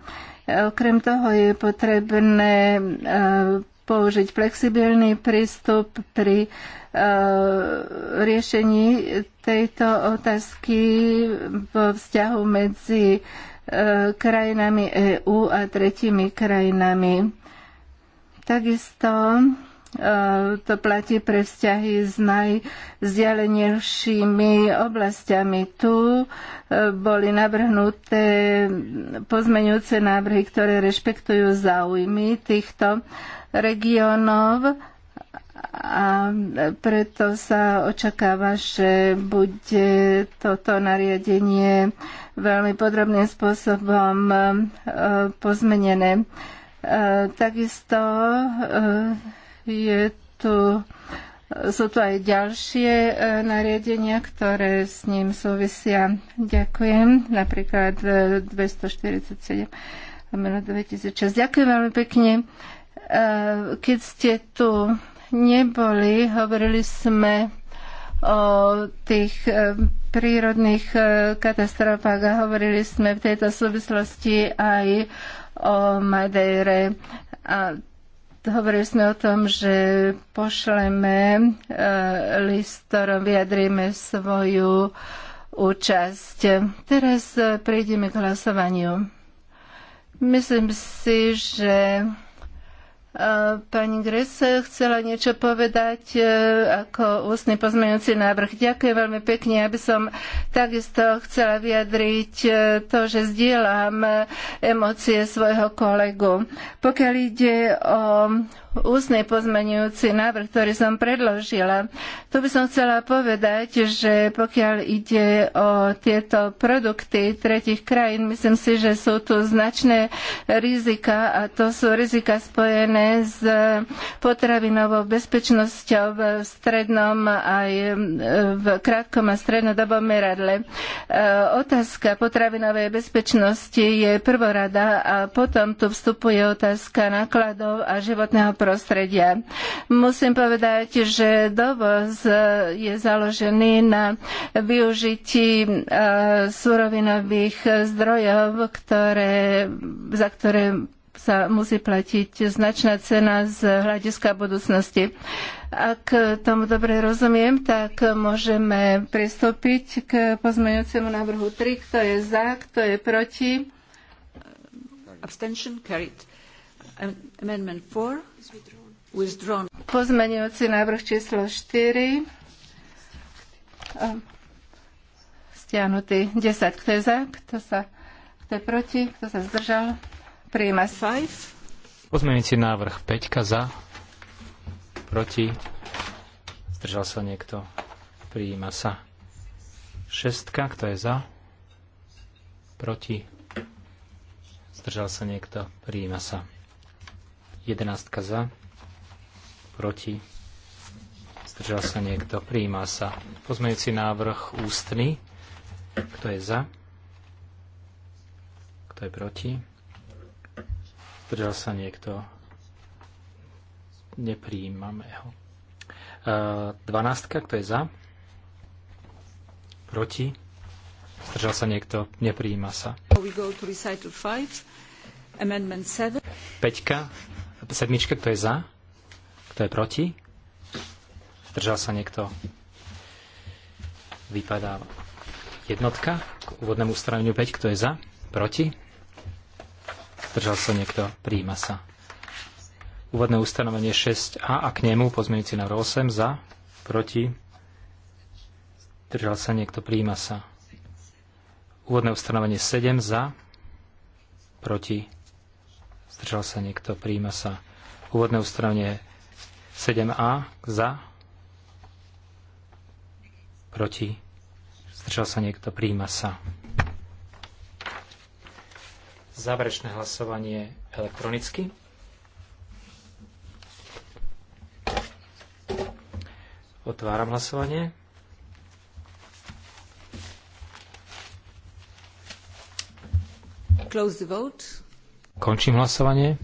Okrem toho je potrebné e, použiť flexibilný prístup pri e, riešení tejto otázky vo vzťahu medzi e, krajinami EÚ a tretími krajinami. Takisto E, to platí pre vzťahy s najzdialenejšími oblastiami. Tu e, boli navrhnuté pozmeňujúce návrhy, ktoré rešpektujú záujmy týchto regiónov a preto sa očakáva, že bude toto nariadenie veľmi podrobným spôsobom e, pozmenené. Takisto je tu, sú tu aj ďalšie e, nariadenia, ktoré s ním súvisia. Ďakujem. Napríklad 247 e, 2006. Ďakujem veľmi pekne. E, keď ste tu neboli, hovorili sme o tých prírodných katastrofách a hovorili sme v tejto súvislosti aj o Madeire. A Hovorili sme o tom, že pošleme e, list, ktorom vyjadríme svoju účasť. Teraz prejdeme k hlasovaniu. Myslím si, že E, pani Gres chcela niečo povedať e, ako ústny pozmeňujúci návrh. Ďakujem veľmi pekne. Aby som takisto chcela vyjadriť e, to, že zdieľam emócie svojho kolegu. Pokiaľ ide o ústny pozmenujúci návrh, ktorý som predložila. Tu by som chcela povedať, že pokiaľ ide o tieto produkty tretich krajín, myslím si, že sú tu značné rizika a to sú rizika spojené s potravinovou bezpečnosťou v strednom aj e, v krátkom a strednodobom meradle. E, otázka potravinovej bezpečnosti je prvorada a potom tu vstupuje otázka nákladov a životného prostredia. Musím povedať, že dovoz je založený na využití eh, surovinových zdrojov, ktoré, za ktoré sa musí platiť značná cena z hľadiska budúcnosti. Ak tomu dobre rozumiem, tak môžeme pristúpiť k pozmeňujúcemu návrhu 3. Kto je za, kto je proti? Abstention carried. Amendment 4 withdrawn. Pozmeňujúci návrh číslo 4 stiahnutý 10. Kto je za? Kto, sa, kto je proti? Kto sa zdržal? Prijíma 5. Pozmeňujúci návrh 5 za, proti, zdržal sa niekto, prijíma sa. Šestka, kto je za? Proti. Zdržal sa niekto? Prijíma sa. Jedenástka za. Proti. Zdržal sa niekto. Prijíma sa. Pozmejúci návrh ústny. Kto je za? Kto je proti? Zdržal sa niekto. Nepríjmame ho. E, Dvanáctka. Kto je za? Proti? Zdržal sa niekto? Nepríjima sa. Peťka sedmičke, kto je za, kto je proti. Zdržal sa niekto. Vypadá jednotka k úvodnému ustanoveniu 5, kto je za, proti. Zdržal sa niekto, príjima sa. Úvodné ustanovenie 6a a k nemu pozmeňujúci návrh 8 za, proti. Zdržal sa niekto, príjima sa. Úvodné ustanovenie 7 za, proti Zdržal sa niekto? Príjima sa. Úvodné ustanovenie 7a. Za? Proti? Zdržal sa niekto? Príjima sa. Záverečné hlasovanie elektronicky. Otváram hlasovanie. Close the vote. Končím hlasovanie.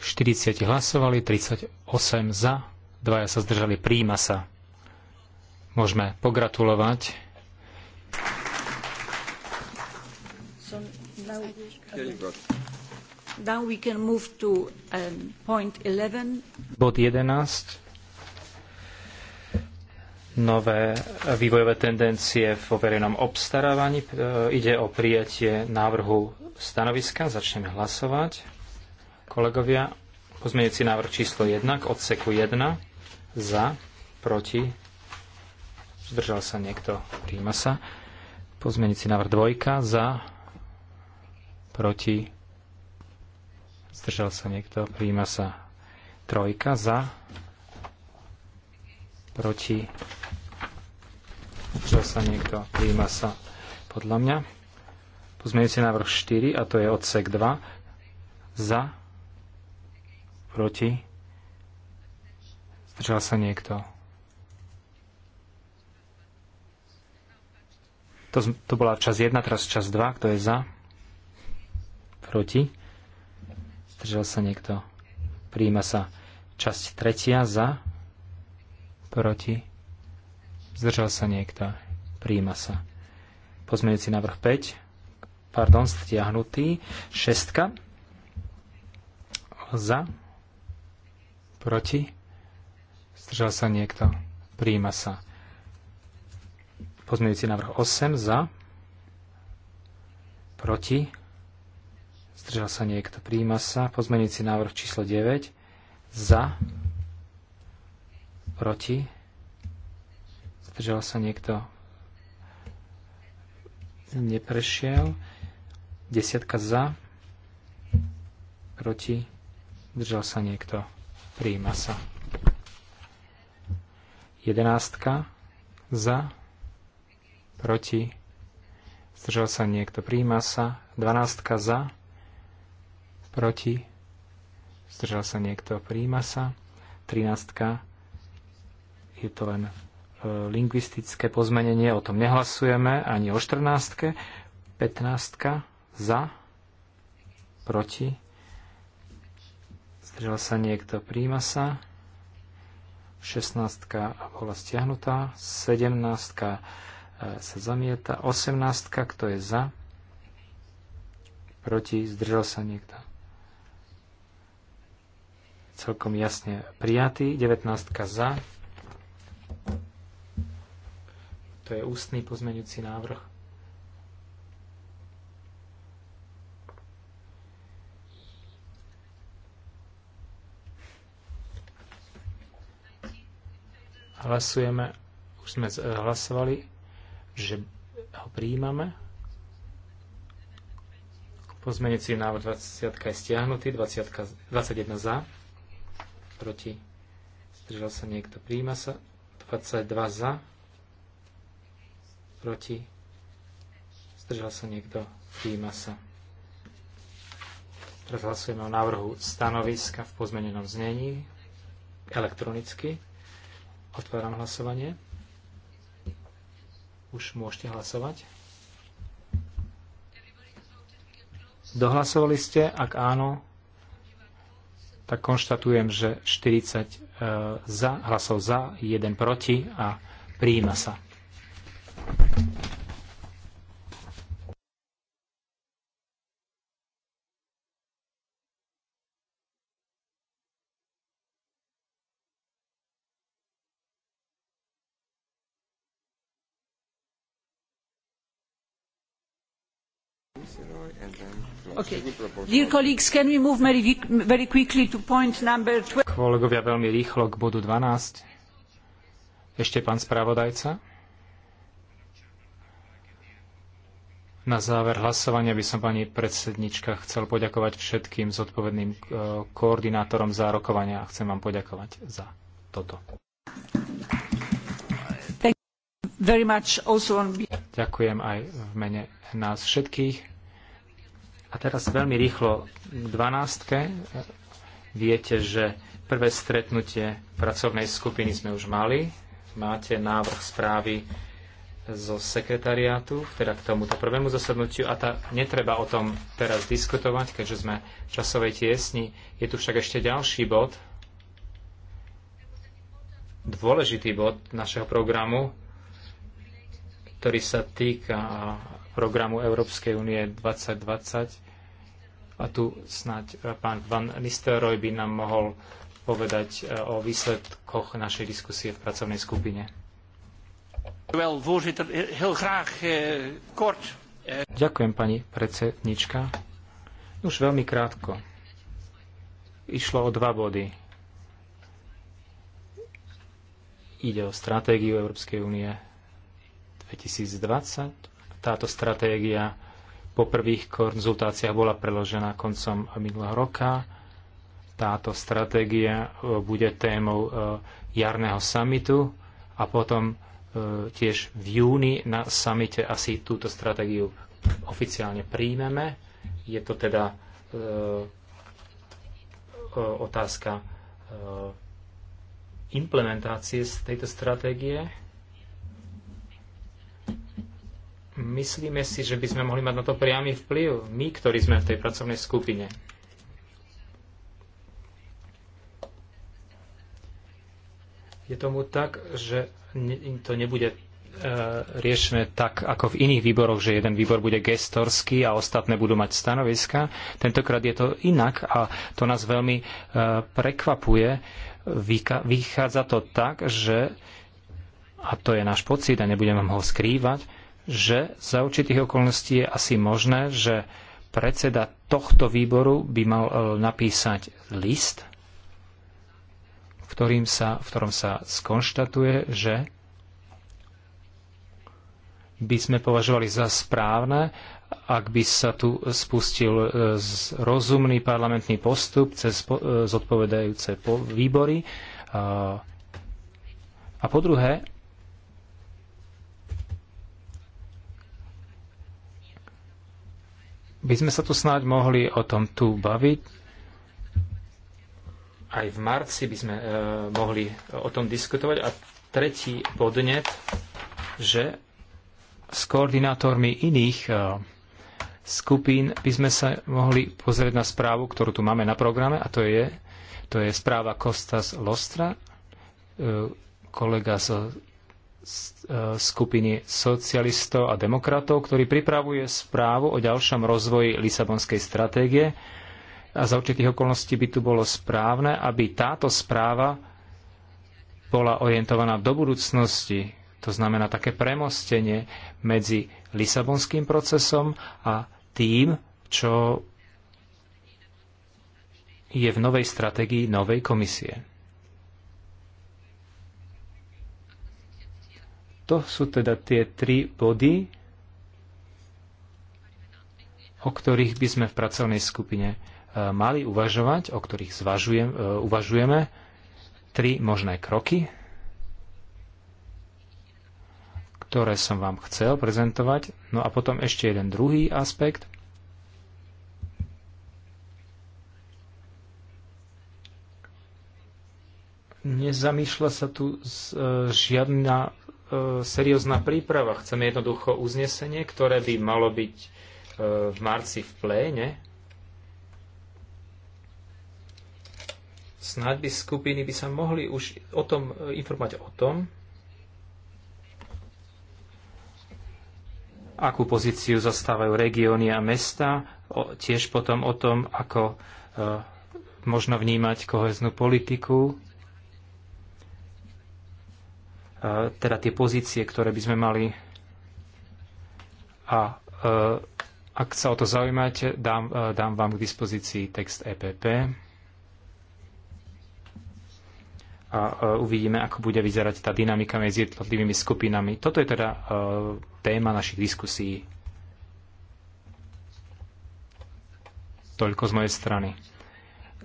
40 hlasovali, 38 za, dvaja sa zdržali, príjma sa. Môžeme pogratulovať. Um, Bod 11 nové vývojové tendencie vo verejnom obstarávaní. E, ide o prijatie návrhu stanoviska. Začneme hlasovať. Kolegovia, pozmeňujúci návrh číslo 1 k odseku 1. Za, proti, zdržal sa niekto, príjma sa. Pozmeňujúci návrh 2. Za, proti, zdržal sa niekto, príjma sa. Trojka za, proti, čo sa niekto, príjma sa podľa mňa. Pozmeňujúci návrh 4, a to je odsek 2, za, proti, zdržal sa niekto. To, to bola čas 1, teraz čas 2, kto je za, proti, zdržal sa niekto, príjma sa časť tretia za, proti, zdržal sa niekto, príjma sa. Pozmeňujúci návrh 5, pardon, stiahnutý, 6 za, proti, zdržal sa niekto, príjma sa. Pozmeňujúci návrh 8 za, proti, zdržal sa niekto, príjma sa. Pozmeňujúci návrh číslo 9 za, Proti? Zdržal sa niekto? Neprešiel. Desiatka za. Proti? Zdržal sa niekto? Príjima sa. Jedenástka za. Proti? Zdržal sa niekto? Príjima sa. Dvanástka za. Proti? Zdržal sa niekto? Príjima sa. Trinástka je to len e, lingvistické pozmenenie, o tom nehlasujeme, ani o 14. 15. za, proti, zdržal sa niekto, príjma sa, 16. bola stiahnutá, 17. E, sa zamieta, 18. kto je za, proti, zdržal sa niekto. Celkom jasne prijatý, 19. za, to je ústny pozmeňujúci návrh. Hlasujeme, už sme hlasovali, že ho príjmame. Pozmeňujúci návrh 20 je stiahnutý, 20, 21 za, proti, zdržal sa niekto, príjma sa, 22 za, proti, zdržal sa niekto, Výjima sa. Teraz hlasujeme o návrhu stanoviska v pozmenenom znení elektronicky. Otváram hlasovanie. Už môžete hlasovať. Dohlasovali ste? Ak áno, tak konštatujem, že 40 e, za, hlasov za, 1 proti a prijíma sa. Kolegovia, veľmi rýchlo k bodu 12. Ešte pán spravodajca. Na záver hlasovania by som pani predsednička chcel poďakovať všetkým zodpovedným eh, koordinátorom za rokovania a chcem vám poďakovať za toto. Ďakujem aj v mene nás všetkých. A teraz veľmi rýchlo k 12. Viete, že prvé stretnutie pracovnej skupiny sme už mali. Máte návrh správy zo sekretariátu, teda k tomuto prvému zasadnutiu a tá, netreba o tom teraz diskutovať, keďže sme v časovej tiesni. Je tu však ešte ďalší bod, dôležitý bod našeho programu, ktorý sa týka programu Európskej únie 2020. A tu snáď e, pán Van Nistelrooy by nám mohol povedať e, o výsledkoch našej diskusie v pracovnej skupine. Eh, Ďakujem, pani predsednička. Už veľmi krátko. Išlo o dva body. Ide o stratégiu Európskej únie 2020 táto stratégia po prvých konzultáciách bola preložená koncom minulého roka. Táto stratégia e, bude témou e, jarného samitu a potom e, tiež v júni na samite asi túto stratégiu oficiálne príjmeme. Je to teda otázka implementácie z tejto stratégie myslíme si, že by sme mohli mať na to priamy vplyv, my, ktorí sme v tej pracovnej skupine. Je tomu tak, že to nebude e, riešené tak, ako v iných výboroch, že jeden výbor bude gestorský a ostatné budú mať stanoviska. Tentokrát je to inak a to nás veľmi e, prekvapuje. Vychádza to tak, že, a to je náš pocit a nebudem vám ho skrývať, že za určitých okolností je asi možné, že predseda tohto výboru by mal e, napísať list, v, ktorým sa, v ktorom sa skonštatuje, že by sme považovali za správne, ak by sa tu spustil e, rozumný parlamentný postup cez e, zodpovedajúce výbory. A po druhé, by sme sa tu snáď mohli o tom tu baviť. Aj v marci by sme e, mohli o tom diskutovať. A tretí podnet, že s koordinátormi iných e, skupín by sme sa mohli pozrieť na správu, ktorú tu máme na programe, a to je, to je správa Kostas Lostra, e, kolega z skupiny socialistov a demokratov, ktorý pripravuje správu o ďalšom rozvoji Lisabonskej stratégie. A za určitých okolností by tu bolo správne, aby táto správa bola orientovaná do budúcnosti. To znamená také premostenie medzi Lisabonským procesom a tým, čo je v novej stratégii novej komisie. To sú teda tie tri body, o ktorých by sme v pracovnej skupine e, mali uvažovať, o ktorých zvažujem, e, uvažujeme. Tri možné kroky, ktoré som vám chcel prezentovať. No a potom ešte jeden druhý aspekt. Nezamýšľa sa tu e, žiadna E, seriózna príprava. Chceme jednoducho uznesenie, ktoré by malo byť e, v marci v pléne. Snáď by skupiny by sa mohli už o tom e, informovať o tom, akú pozíciu zastávajú regióny a mesta, tiež potom o tom, ako možno vnímať koheznú politiku, teda tie pozície, ktoré by sme mali. A e, ak sa o to zaujímate, dám, e, dám vám k dispozícii text EPP a e, uvidíme, ako bude vyzerať tá dynamika medzi jednotlivými skupinami. Toto je teda téma našich diskusí. Toľko z mojej strany.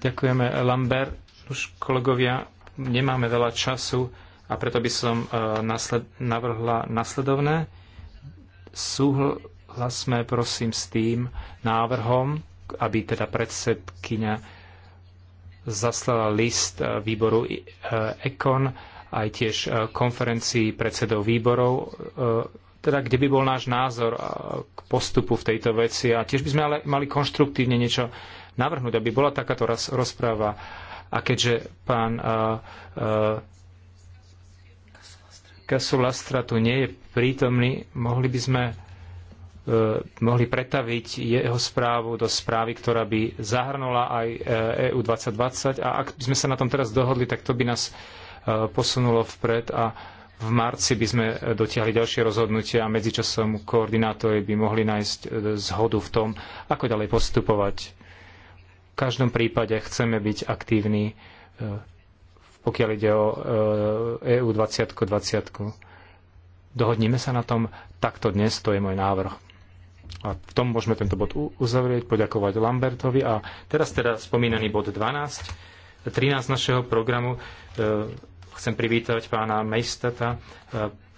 Ďakujeme, Lambert. Už kolegovia, nemáme veľa času a preto by som e, nasled, navrhla nasledovné. Súhlasme prosím s tým návrhom, aby teda predsedkynia zaslala list e, výboru ECON aj tiež e, konferencii predsedov výborov, teda kde by bol náš názor k postupu v tejto veci. A tiež by sme ale mali konštruktívne niečo navrhnúť, aby bola takáto rozpráva. A keďže pán Kasulastra tu nie je prítomný, mohli by sme e, mohli pretaviť jeho správu do správy, ktorá by zahrnula aj EU e 2020 a ak by sme sa na tom teraz dohodli, tak to by nás e, posunulo vpred a v marci by sme dotiahli ďalšie rozhodnutia a medzičasom koordinátori by mohli nájsť zhodu v tom, ako ďalej postupovať. V každom prípade chceme byť aktívni pokiaľ ide o EU 2020. -20. Dohodníme sa na tom, takto dnes to je môj návrh. A v tom môžeme tento bod uzavrieť, poďakovať Lambertovi. A teraz teda spomínaný bod 12, 13 našeho programu. E, chcem privítať pána Mejstata, e,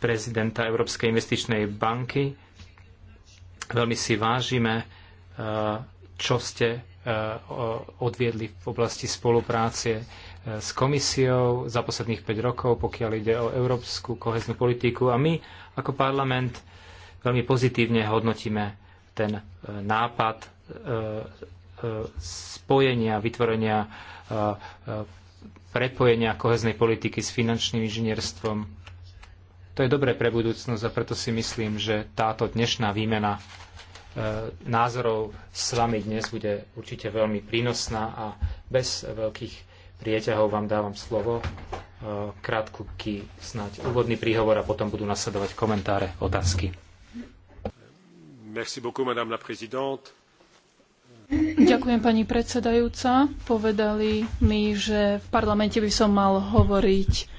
prezidenta Európskej investičnej banky. Veľmi si vážime, e, čo ste odviedli v oblasti spolupráce s komisiou za posledných 5 rokov, pokiaľ ide o európsku koheznú politiku. A my ako parlament veľmi pozitívne hodnotíme ten e, nápad e, e, spojenia, vytvorenia, prepojenia koheznej politiky s finančným inžinierstvom. To je dobré pre budúcnosť a preto si myslím, že táto dnešná výmena názorov s vami dnes bude určite veľmi prínosná a bez veľkých prieťahov vám dávam slovo. E, krátku snáď úvodný príhovor a potom budú nasledovať komentáre, otázky. Merci beaucoup, madame la présidente. Ďakujem pani predsedajúca. Povedali mi, že v parlamente by som mal hovoriť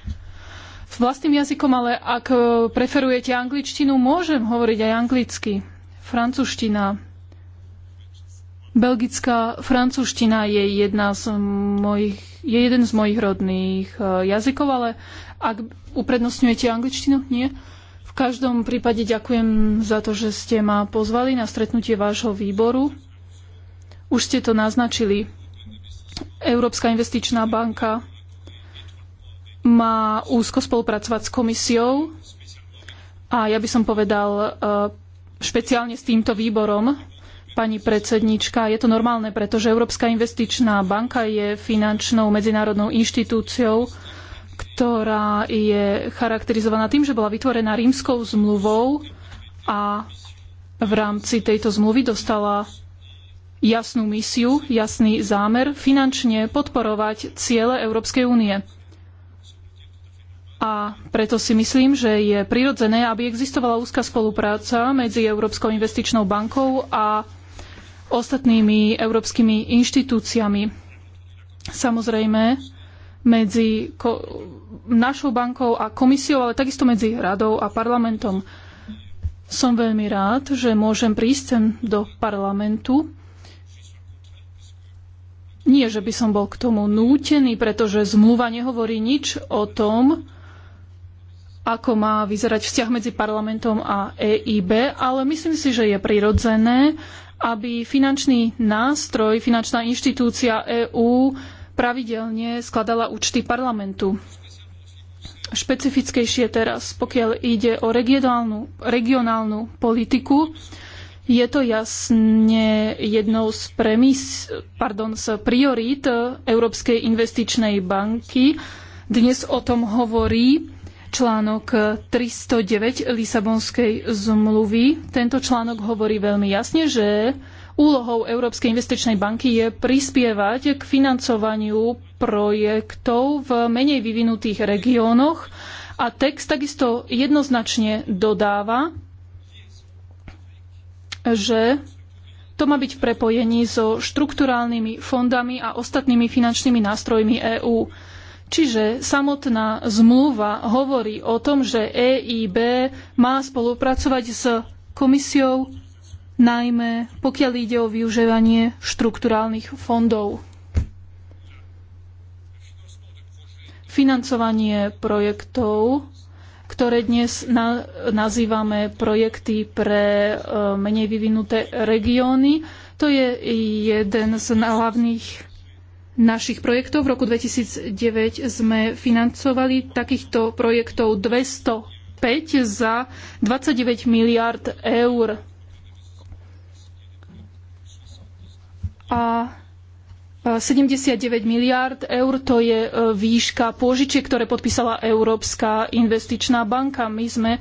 vlastným jazykom, ale ak preferujete angličtinu, môžem hovoriť aj anglicky. Francúzština Belgická francúzština je, jedna z mojich, je jeden z mojich rodných e, jazykov, ale ak uprednostňujete angličtinu, nie? V každom prípade ďakujem za to, že ste ma pozvali na stretnutie vášho výboru. Už ste to naznačili. Európska investičná banka má úzko spolupracovať s komisiou a ja by som povedal e, špeciálne s týmto výborom, pani predsednička. Je to normálne, pretože Európska investičná banka je finančnou medzinárodnou inštitúciou, ktorá je charakterizovaná tým, že bola vytvorená rímskou zmluvou a v rámci tejto zmluvy dostala jasnú misiu, jasný zámer finančne podporovať ciele Európskej únie. A preto si myslím, že je prirodzené, aby existovala úzka spolupráca medzi Európskou investičnou bankou a ostatnými európskymi inštitúciami. Samozrejme, medzi našou bankou a komisiou, ale takisto medzi radou a parlamentom. Som veľmi rád, že môžem prísť sem do parlamentu. Nie, že by som bol k tomu nútený, pretože zmluva nehovorí nič o tom, ako má vyzerať vzťah medzi parlamentom a EIB, ale myslím si, že je prirodzené, aby finančný nástroj, finančná inštitúcia EÚ pravidelne skladala účty parlamentu. Špecifickejšie teraz, pokiaľ ide o regionálnu, regionálnu politiku, je to jasne jednou z premis, pardon, z priorít Európskej investičnej banky. Dnes o tom hovorí článok 309 Lisabonskej zmluvy. Tento článok hovorí veľmi jasne, že úlohou Európskej investičnej banky je prispievať k financovaniu projektov v menej vyvinutých regiónoch a text takisto jednoznačne dodáva, že to má byť v prepojení so štrukturálnymi fondami a ostatnými finančnými nástrojmi EÚ. Čiže samotná zmluva hovorí o tom, že EIB má spolupracovať s komisiou, najmä pokiaľ ide o využívanie štrukturálnych fondov. Financovanie projektov, ktoré dnes nazývame projekty pre e, menej vyvinuté regióny, to je jeden z hlavných našich projektov. V roku 2009 sme financovali takýchto projektov 205 za 29 miliard eur. A 79 e, miliárd eur to je e, výška pôžičiek, ktoré podpísala Európska investičná banka. My sme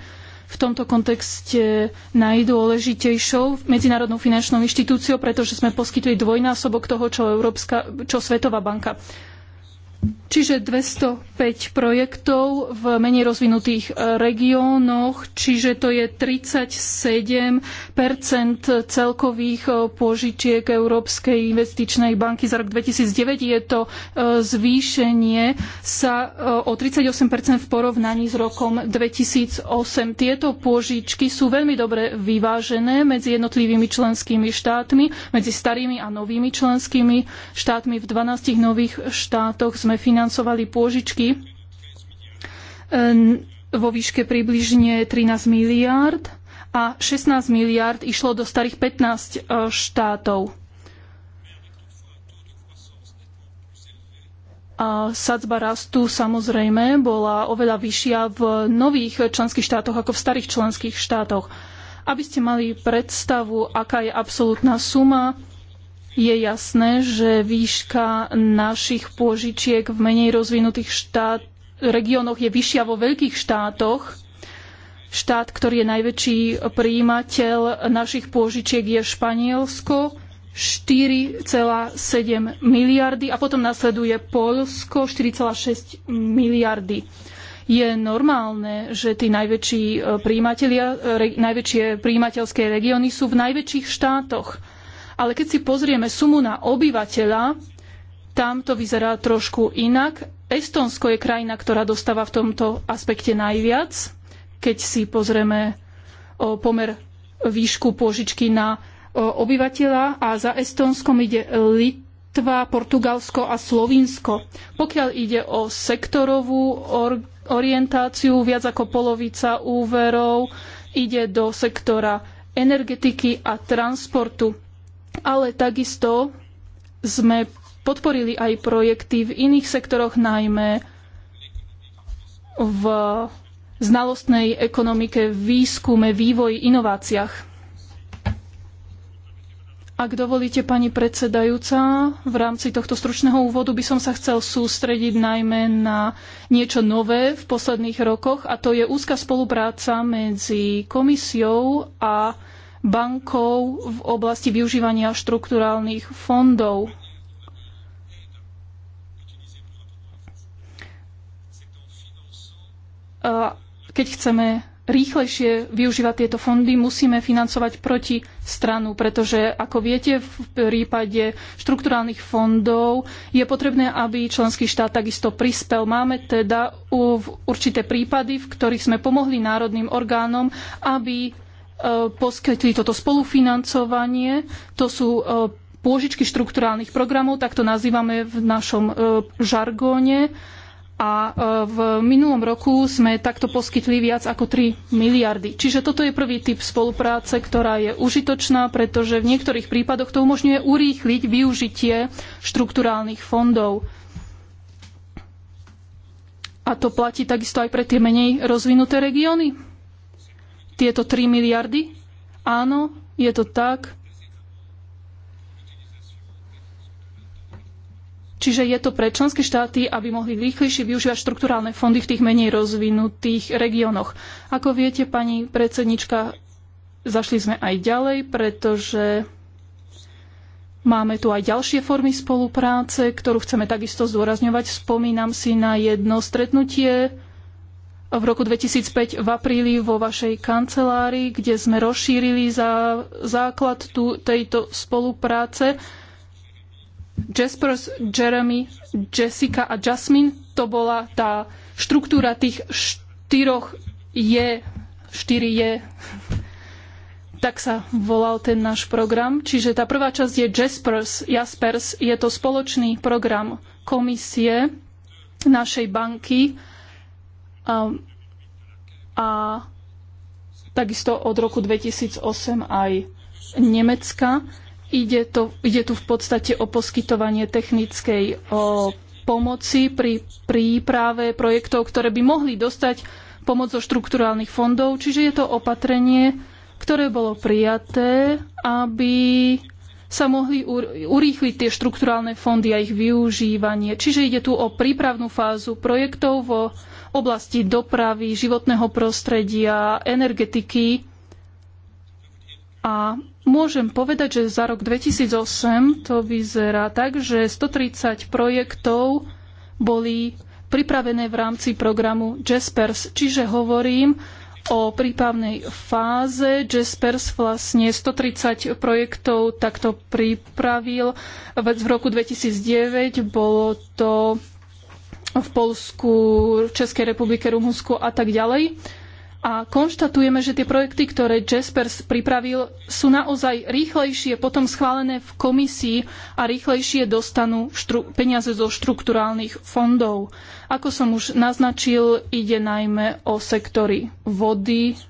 v tomto kontexte najdôležitejšou medzinárodnou finančnou inštitúciou, pretože sme poskytli dvojnásobok toho, čo, Európska, čo Svetová banka. Čiže 205 projektov v menej rozvinutých e, regiónoch, čiže to je 37 celkových e, požičiek Európskej investičnej banky za rok 2009. Je to e, zvýšenie sa o 38 v porovnaní s rokom 2008. Tieto požičky sú veľmi dobre vyvážené medzi jednotlivými členskými štátmi, medzi starými a novými členskými štátmi. V 12 nových štátoch sme financovali financovali pôžičky ehm, vo výške približne 13 miliárd a 16 miliárd išlo do starých 15 e, štátov. A sadzba rastu samozrejme bola oveľa vyššia v nových členských štátoch ako v starých členských štátoch. Aby ste mali predstavu, aká je absolútna suma, je jasné, že výška našich pôžičiek v menej rozvinutých štát, regiónoch je vyššia vo veľkých štátoch. Štát, ktorý je najväčší príjimateľ našich pôžičiek je Španielsko, 4,7 miliardy a potom nasleduje Poľsko 4,6 miliardy. Je normálne, že tí najväčší eh, príjimatelia, eh, re, najväčšie príjimateľské regióny sú v najväčších štátoch. Ale keď si pozrieme sumu na obyvateľa, tam to vyzerá trošku inak. Estónsko je krajina, ktorá dostáva v tomto aspekte najviac, keď si pozrieme pomer výšku pôžičky na obyvateľa a za Estónskom ide Litva, Portugalsko a Slovinsko. Pokiaľ ide o sektorovú orientáciu, viac ako polovica úverov ide do sektora energetiky a transportu ale takisto sme podporili aj projekty v iných sektoroch, najmä v znalostnej ekonomike, výskume, vývoji, inováciách. Ak dovolíte, pani predsedajúca, v rámci tohto stručného úvodu by som sa chcel sústrediť najmä na niečo nové v posledných rokoch, a to je úzka spolupráca medzi komisiou a bankou v oblasti využívania štrukturálnych fondov. Keď chceme rýchlejšie využívať tieto fondy, musíme financovať proti stranu, pretože, ako viete, v prípade štrukturálnych fondov je potrebné, aby členský štát takisto prispel. Máme teda určité prípady, v ktorých sme pomohli národným orgánom, aby E, poskytli toto spolufinancovanie. To sú e, pôžičky štrukturálnych programov, tak to nazývame v našom e, žargóne. A v minulom roku sme takto poskytli viac ako 3 miliardy. Čiže toto je prvý typ spolupráce, ktorá je užitočná, pretože v niektorých prípadoch to umožňuje urýchliť využitie štrukturálnych fondov. A to platí takisto aj pre tie menej rozvinuté regióny tieto 3 miliardy? Áno, je to tak. Čiže je to pre členské štáty, aby mohli rýchlejšie využívať štrukturálne fondy v tých menej rozvinutých regiónoch. Ako viete, pani predsednička, zašli sme aj ďalej, pretože máme tu aj ďalšie formy spolupráce, ktorú chceme takisto zdôrazňovať. Spomínam si na jedno stretnutie v roku 2005 v apríli vo vašej kancelárii, kde sme rozšírili za základ tu, tejto spolupráce. Jaspers, Jeremy, Jessica a Jasmine, to bola tá štruktúra tých štyroch je, štyri je, tak sa volal ten náš program. Čiže tá prvá časť je Jaspers, Jaspers, je to spoločný program komisie našej banky, a, a takisto od roku 2008 aj Nemecka. Ide, to, ide tu v podstate o poskytovanie technickej o, pomoci pri príprave projektov, ktoré by mohli dostať pomoc zo štrukturálnych fondov. Čiže je to opatrenie, ktoré bolo prijaté, aby sa mohli urýchliť tie štrukturálne fondy a ich využívanie. Čiže ide tu o prípravnú fázu projektov vo oblasti dopravy, životného prostredia, energetiky. A môžem povedať, že za rok 2008 to vyzerá tak, že 130 projektov boli pripravené v rámci programu Jaspers. Čiže hovorím o prípravnej fáze. Jaspers vlastne 130 projektov takto pripravil. V roku 2009 bolo to v Polsku, v Českej republike, Rumunsku a tak ďalej. A konštatujeme, že tie projekty, ktoré Jaspers pripravil, sú naozaj rýchlejšie potom schválené v komisii a rýchlejšie dostanú peniaze zo štrukturálnych fondov. Ako som už naznačil, ide najmä o sektory vody,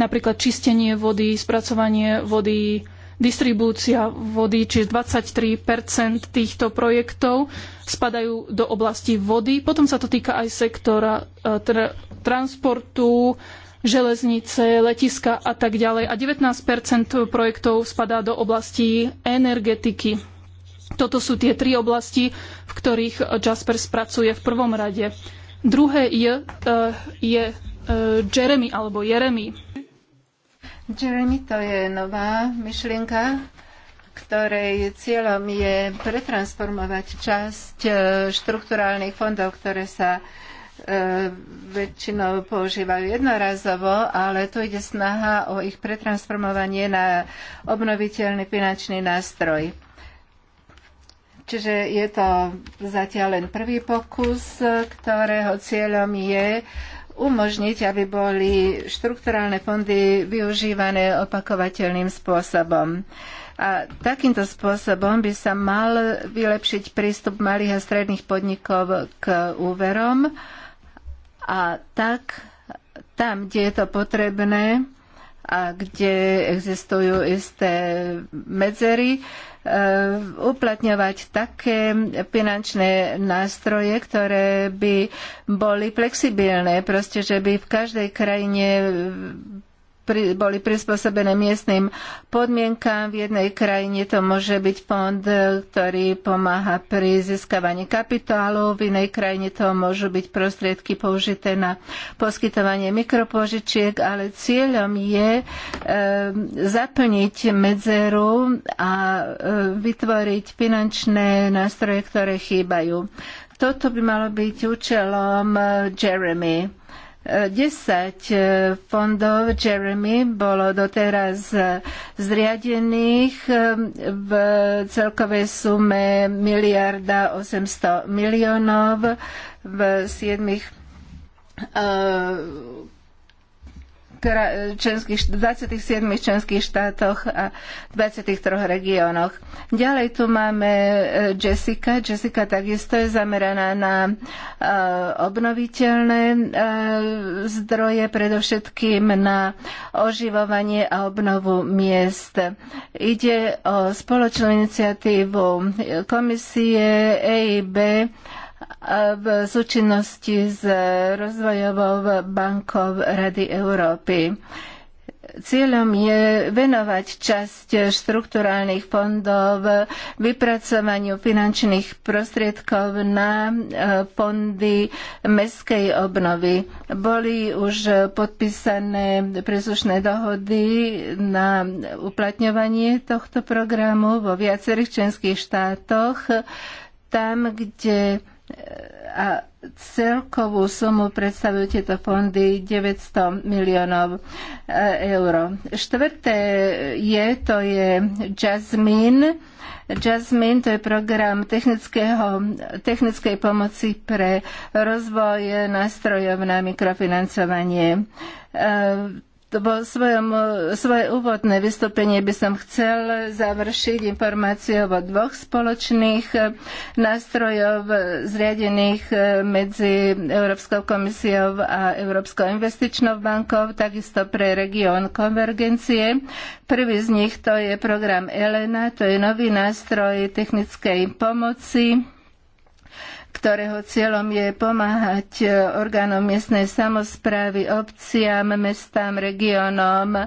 napríklad čistenie vody, spracovanie vody, distribúcia vody, čiže 23 týchto projektov spadajú do oblasti vody. Potom sa to týka aj sektora eh, transportu, železnice, letiska a tak ďalej. A 19 projektov spadá do oblasti energetiky. Toto sú tie tri oblasti, v ktorých Jasper spracuje v prvom rade. Druhé je, eh, je eh, Jeremy alebo Jeremy. Jeremy, to je nová myšlienka, ktorej cieľom je pretransformovať časť e, štruktúrálnych fondov, ktoré sa e, väčšinou používajú jednorazovo, ale tu ide snaha o ich pretransformovanie na obnoviteľný finančný nástroj. Čiže je to zatiaľ len prvý pokus, ktorého cieľom je umožniť, aby boli štrukturálne fondy využívané opakovateľným spôsobom. A takýmto spôsobom by sa mal vylepšiť prístup malých a stredných podnikov k úverom a tak tam, kde je to potrebné, a kde existujú isté medzery, e, uplatňovať také finančné nástroje, ktoré by boli flexibilné, proste, že by v každej krajine pri, boli prispôsobené miestnym podmienkám. V jednej krajine to môže byť fond, e, ktorý pomáha pri získavaní kapitálu, v inej krajine to môžu byť prostriedky použité na poskytovanie mikropožičiek, ale cieľom je e, zaplniť medzeru a e, vytvoriť finančné nástroje, ktoré chýbajú. Toto by malo byť účelom e, Jeremy 10 eh, fondov Jeremy bolo doteraz eh, zriadených eh, v celkovej sume miliarda 800 miliónov v siedmich E, členských, 27 členských štátoch a 23 regiónoch. Ďalej tu máme e, Jessica. Jessica takisto je zameraná na e, obnoviteľné zdroje, predovšetkým na oživovanie a obnovu miest. Ide o spoločnú iniciatívu komisie EIB, v súčinnosti s rozvojovou bankou Rady Európy. Cieľom je venovať časť štruktúrálnych fondov vypracovaniu finančných prostriedkov na e, fondy mestskej obnovy. Boli už podpísané príslušné dohody na uplatňovanie tohto programu vo viacerých členských štátoch, tam, kde a celkovú sumu predstavujú tieto fondy 900 miliónov e, eur. Štvrté je, to je Jasmine. Jasmine to je program technickej pomoci pre rozvoj nástrojov na mikrofinancovanie e, vo svojom, svoje úvodné vystúpenie by som chcel završiť informáciou o dvoch spoločných eh, nástrojov eh, zriadených eh, medzi Európskou komisiou a Európskou investičnou bankou, takisto pre región konvergencie. Prvý z nich to je program ELENA, to je nový nástroj technickej pomoci ktorého cieľom je pomáhať e, orgánom miestnej samozprávy, obciam, mestám, regiónom e,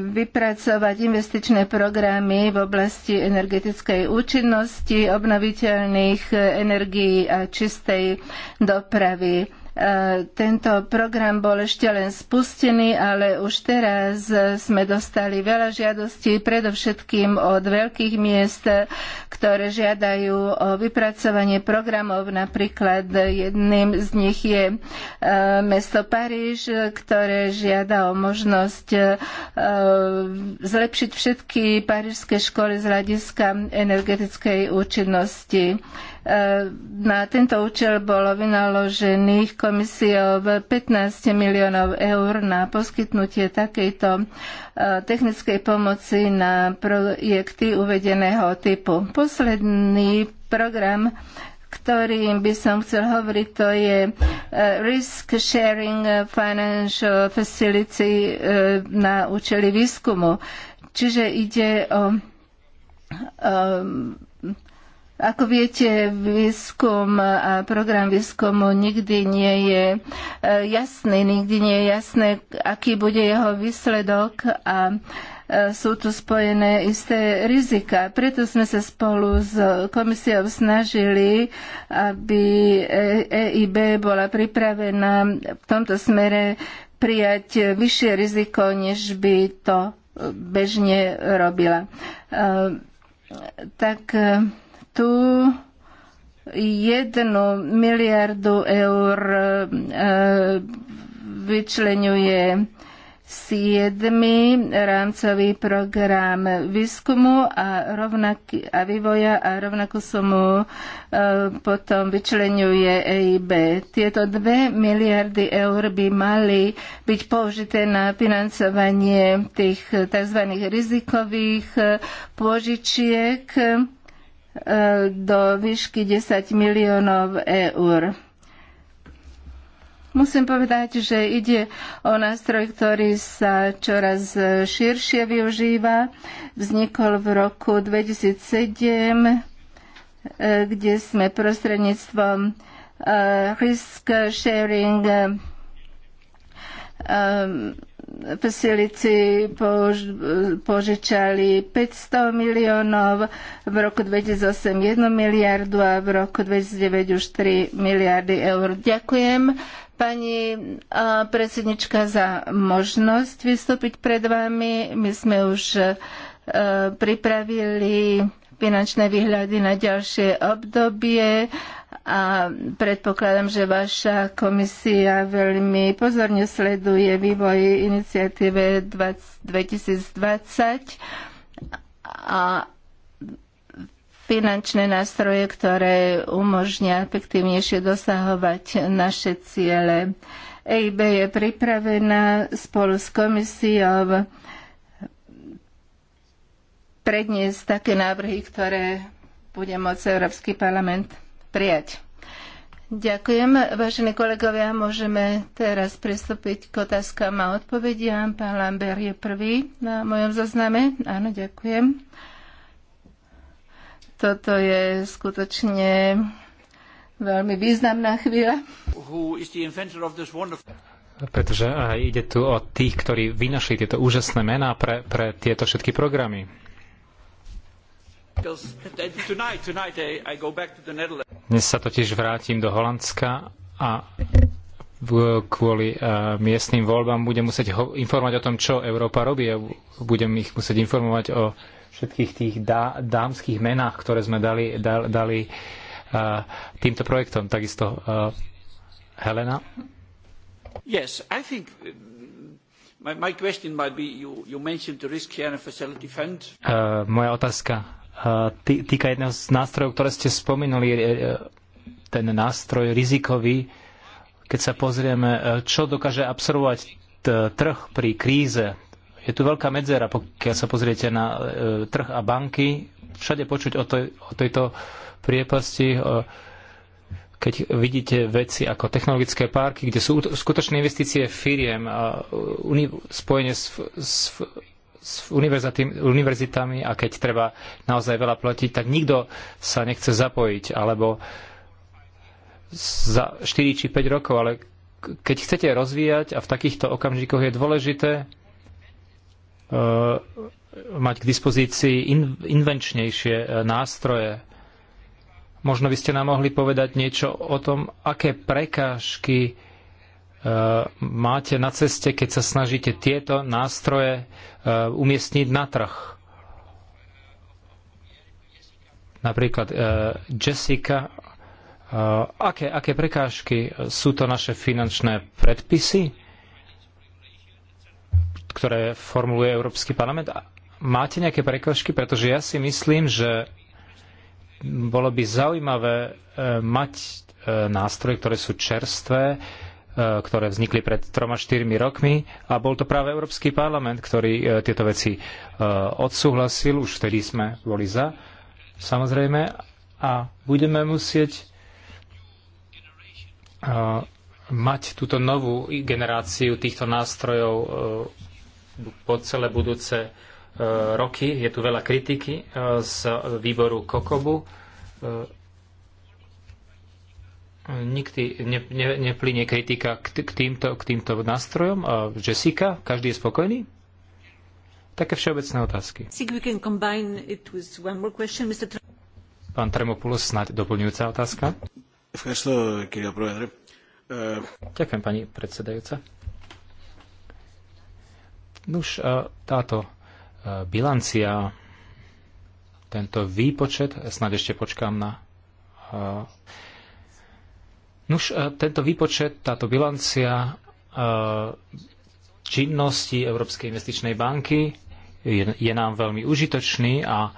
vypracovať investičné programy v oblasti energetickej účinnosti, obnoviteľných e, energií a čistej dopravy E, tento program bol ešte len spustený, ale už teraz sme dostali veľa žiadostí, predovšetkým od veľkých miest, ktoré žiadajú o vypracovanie programov. Napríklad jedným z nich je e, mesto Paríž, ktoré žiada o možnosť e, zlepšiť všetky parížske školy z hľadiska energetickej účinnosti. E, na tento účel bolo vynaložených komisiou 15 miliónov eur na poskytnutie takejto e, technickej pomoci na projekty uvedeného typu. Posledný program ktorým by som chcel hovoriť, to je e, Risk Sharing Financial Facility na účely výskumu. Čiže ide o, o ako viete, výskum a program výskumu nikdy nie je eh, jasný, nikdy nie je jasné, aký bude jeho výsledok a eh, sú tu spojené isté rizika. Preto sme sa spolu s komisiou snažili, aby EIB eh, e bola pripravená v tomto smere prijať vyššie riziko, než by to bežne robila. Tak tu jednu miliardu eur e, vyčlenuje 7. rámcový program výskumu a, rovnaký, a vývoja a rovnakú sumu e, potom vyčlenuje EIB. Tieto 2 miliardy eur by mali byť použité na financovanie tých tzv. rizikových e, pôžičiek E, do výšky 10 miliónov eur. Musím povedať, že ide o nástroj, ktorý sa čoraz širšie využíva. Vznikol v roku 2007, e, kde sme prostredníctvom e, risk sharing Pesilici požičali 500 miliónov, v roku 2008 1 miliardu a v roku 2009 už 3 miliardy eur. Ďakujem pani predsednička za možnosť vystúpiť pred vami. My sme už pripravili finančné výhľady na ďalšie obdobie a predpokladám, že vaša komisia veľmi pozorne sleduje vývoj iniciatíve 2020 a finančné nástroje, ktoré umožnia efektívnejšie dosahovať naše ciele. EIB je pripravená spolu s komisiou predniesť také návrhy, ktoré bude môcť Európsky parlament prijať. Ďakujem. Vážení kolegovia, môžeme teraz pristúpiť k otázkam a odpovediam. Pán Lambert je prvý na mojom zozname. Áno, ďakujem. Toto je skutočne veľmi významná chvíľa. Pretože ide tu o tých, ktorí vynašli tieto úžasné mená pre, pre tieto všetky programy. Dnes sa totiž vrátim do Holandska a kvôli eh, miestnym voľbám budem musieť informovať o tom, čo Európa robí. a Budem ich musieť informovať o všetkých tých dá, dámskych menách, ktoré sme dali, dali, dali uh, eh, týmto projektom. Takisto uh, Helena. Yes, I think my, my question might be you, you mentioned the risk facility fund. Uh, moja otázka týka jedného z nástrojov, ktoré ste spomenuli, e, e, ten nástroj rizikový. Keď sa pozrieme, e, čo dokáže absorbovať trh pri kríze, je tu veľká medzera, pokiaľ sa pozriete na trh a banky. Všade počuť o, toj, o tejto priepasti. Keď vidíte veci ako technologické parky, kde sú skutočné investície firiem a spojenie s, s s univerzitami a keď treba naozaj veľa platiť, tak nikto sa nechce zapojiť, alebo za 4 či 5 rokov, ale keď chcete rozvíjať a v takýchto okamžikoch je dôležité uh, mať k dispozícii in, invenčnejšie e, nástroje. Možno by ste nám mohli povedať niečo o tom, aké prekážky Eh, máte na ceste, keď sa snažíte tieto nástroje eh, umiestniť na trh. Napríklad eh, Jessica, aké, aké prekážky sú to naše finančné predpisy, ktoré formuluje Európsky parlament? Máte nejaké prekážky? Pretože ja si myslím, že bolo by zaujímavé mať nástroje, ktoré sú čerstvé, E, ktoré vznikli pred troma, štyrmi rokmi a bol to práve Európsky parlament, ktorý e, tieto veci e, odsúhlasil, už vtedy sme boli za, samozrejme, a budeme musieť mať túto novú generáciu týchto nástrojov po celé budúce roky. Je tu veľa kritiky z výboru Kokobu nikdy ne, ne, neplynie kritika k, k, týmto, k týmto nástrojom. Jessica, každý je spokojný? Také všeobecné otázky. Pán Tremopoulos, snáď doplňujúca otázka. Ďakujem, pani predsedajúca. Nuž, e, táto e, bilancia, tento výpočet, snáď ešte počkám na e, Nuž, e, tento výpočet, táto bilancia e, činnosti Európskej investičnej banky je, je nám veľmi užitočný a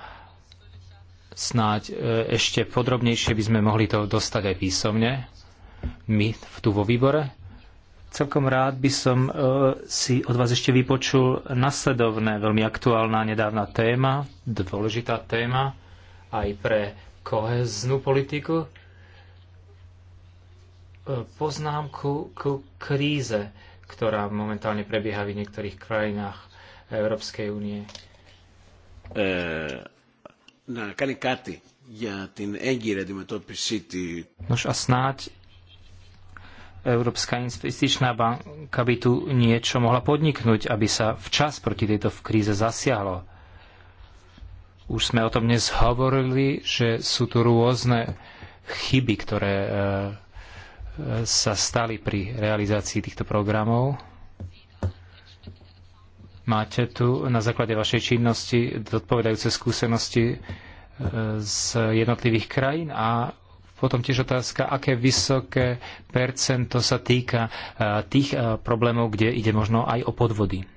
snáď e, ešte podrobnejšie by sme mohli to dostať aj písomne, my tu vo výbore. Celkom rád by som si od vás ešte vypočul nasledovné, veľmi aktuálna nedávna téma, dôležitá téma aj pre koheznú politiku E, poznámku ku kríze, ktorá momentálne prebieha v niektorých krajinách Európskej únie. Nož a snáď Európska investičná banka by tu niečo mohla podniknúť, aby sa včas proti tejto kríze zasiahlo. Už sme o tom dnes hovorili, že sú tu rôzne chyby, ktoré e, sa stali pri realizácii týchto programov? Máte tu na základe vašej činnosti zodpovedajúce skúsenosti e, z jednotlivých krajín a potom tiež otázka, aké vysoké percento sa týka e, tých e, problémov, kde ide možno aj o podvody.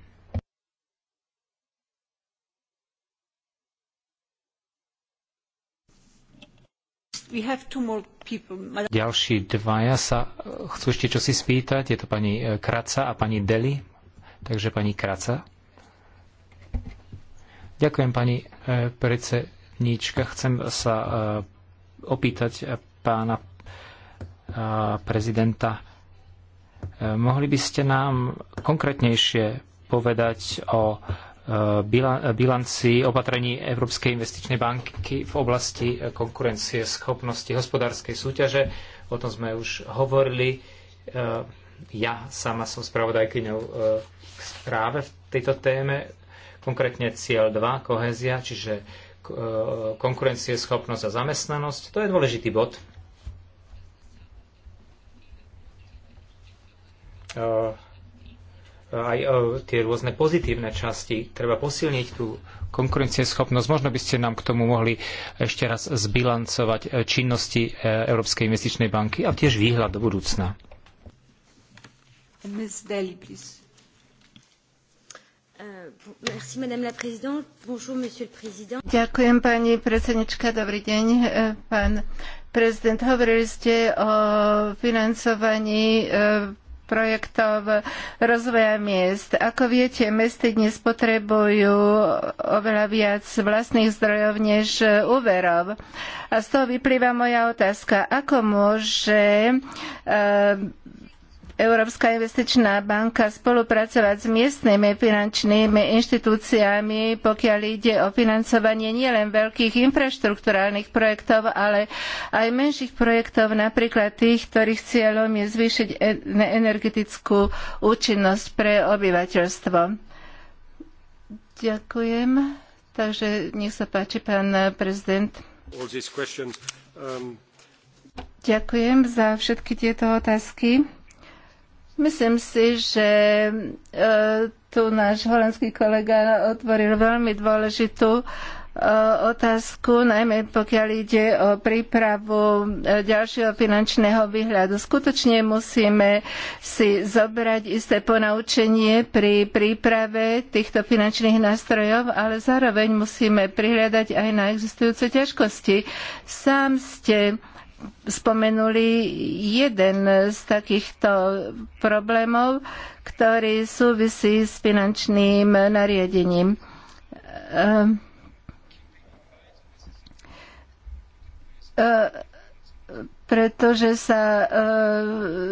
Ďalší dvaja sa eh, chcú ešte čosi spýtať. Je to pani eh, Kraca a pani Deli. Takže pani Kraca. Ďakujem, pani eh, predsedníčka. Chcem sa opýtať pána prezidenta. Mohli by ste nám konkrétnejšie povedať o Eh, eh, bilanci opatrení Európskej investičnej banky v oblasti eh, konkurencie, schopnosti hospodárskej súťaže. O tom sme už hovorili. Ja sama som spravodajkyňou k správe v tejto téme, konkrétne cieľ 2, kohézia, čiže konkurencie, schopnosť a zamestnanosť. To je dôležitý bod. Uh, aj o, e, tie rôzne pozitívne časti. Treba posilniť tú konkurencieschopnosť. Možno by ste nám k tomu mohli ešte raz zbilancovať e, činnosti e, Európskej investičnej banky a tiež výhľad do budúcna. Ďakujem, pani predsednička. Dobrý deň, pán prezident. Hovorili ste o financovaní projektov rozvoja miest. Ako viete, mesty dnes potrebujú oveľa viac vlastných zdrojov než úverov. A z toho vyplýva moja otázka, ako môže Európska investičná banka spolupracovať s miestnymi finančnými inštitúciami, pokiaľ ide o financovanie nielen veľkých infraštruktúrálnych projektov, ale aj menších projektov, napríklad tých, ktorých cieľom je zvýšiť energetickú účinnosť pre obyvateľstvo. Ďakujem. Takže nech sa páči, pán prezident. Um, Ďakujem za všetky tieto otázky. Myslím si, že e, tu náš holandský kolega otvoril veľmi dôležitú e, otázku, najmä pokiaľ ide o prípravu e, ďalšieho finančného výhľadu. Skutočne musíme si zobrať isté ponaučenie pri príprave týchto finančných nástrojov, ale zároveň musíme prihľadať aj na existujúce ťažkosti. Sám ste spomenuli jeden z takýchto problémov, ktorý súvisí s finančným nariadením. E, e, pretože sa e,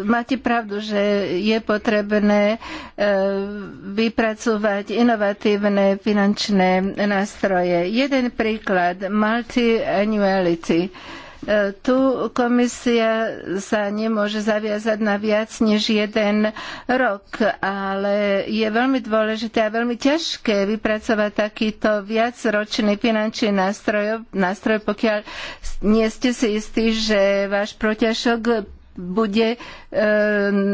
máte pravdu, že je potrebné e, vypracovať inovatívne finančné nástroje. Jeden príklad, multi-annuality. E, tu komisia sa nemôže zaviazať na viac než jeden rok, ale je veľmi dôležité a veľmi ťažké vypracovať takýto viacročný finančný nástroj, nástroj pokiaľ nie ste si istí, že váš protiažok bude e,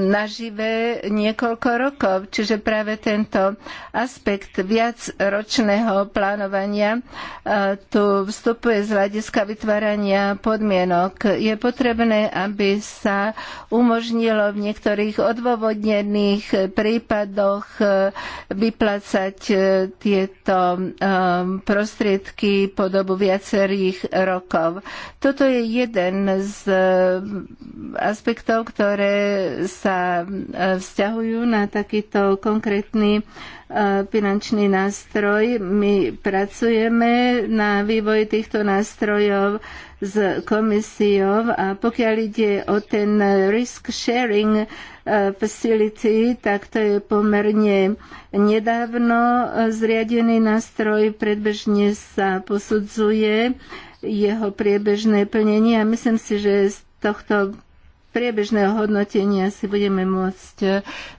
nažive niekoľko rokov. Čiže práve tento aspekt viacročného plánovania e, tu vstupuje z hľadiska vytvárania podmienok. Je potrebné, aby sa umožnilo v niektorých odôvodnených prípadoch e, vyplácať e, tieto e, prostriedky po dobu viacerých rokov. Toto je jeden z e, aspektov, ktoré sa e, vzťahujú na takýto konkrétny e, finančný nástroj. My pracujeme na vývoji týchto nástrojov s komisiou a pokiaľ ide o ten risk sharing e, facility, tak to je pomerne nedávno zriadený nástroj, predbežne sa posudzuje jeho priebežné plnenie a myslím si, že z tohto priebežného hodnotenia si budeme môcť eh,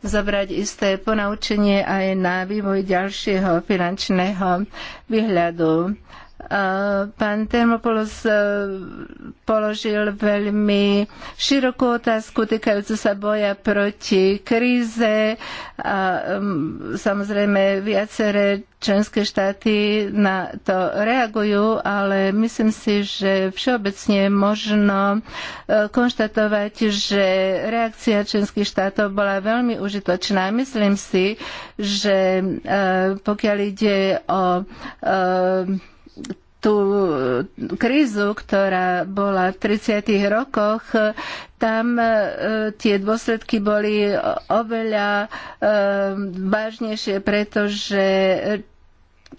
zobrať isté ponaučenie aj na vývoj ďalšieho finančného výhľadu. Pán Termopoulos e, položil veľmi širokú otázku týkajúcu sa boja proti kríze a samozrejme viaceré členské štáty na to reagujú, ale myslím si, že všeobecne možno e, konštatovať, že reakcia členských štátov bola veľmi užitočná. Myslím si, že e, pokiaľ ide o tú e, krízu, ktorá bola v 30. rokoch, e, tam e, tie dôsledky boli oveľa vážnejšie, pretože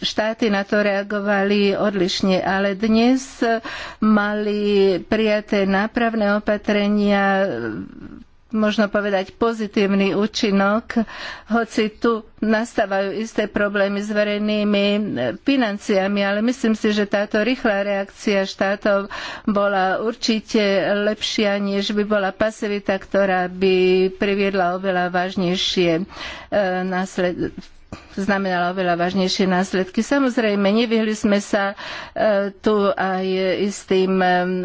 štáty na to reagovali odlišne, ale dnes mali prijaté nápravné opatrenia možno povedať, pozitívny účinok, hoci tu nastávajú isté problémy s verejnými eh, financiami, ale myslím si, že táto rýchla reakcia štátov bola určite lepšia, než by bola pasivita, ktorá by priviedla oveľa vážnejšie e, znamenala oveľa vážnejšie následky. Samozrejme, nevyhli sme sa e, tu aj s e,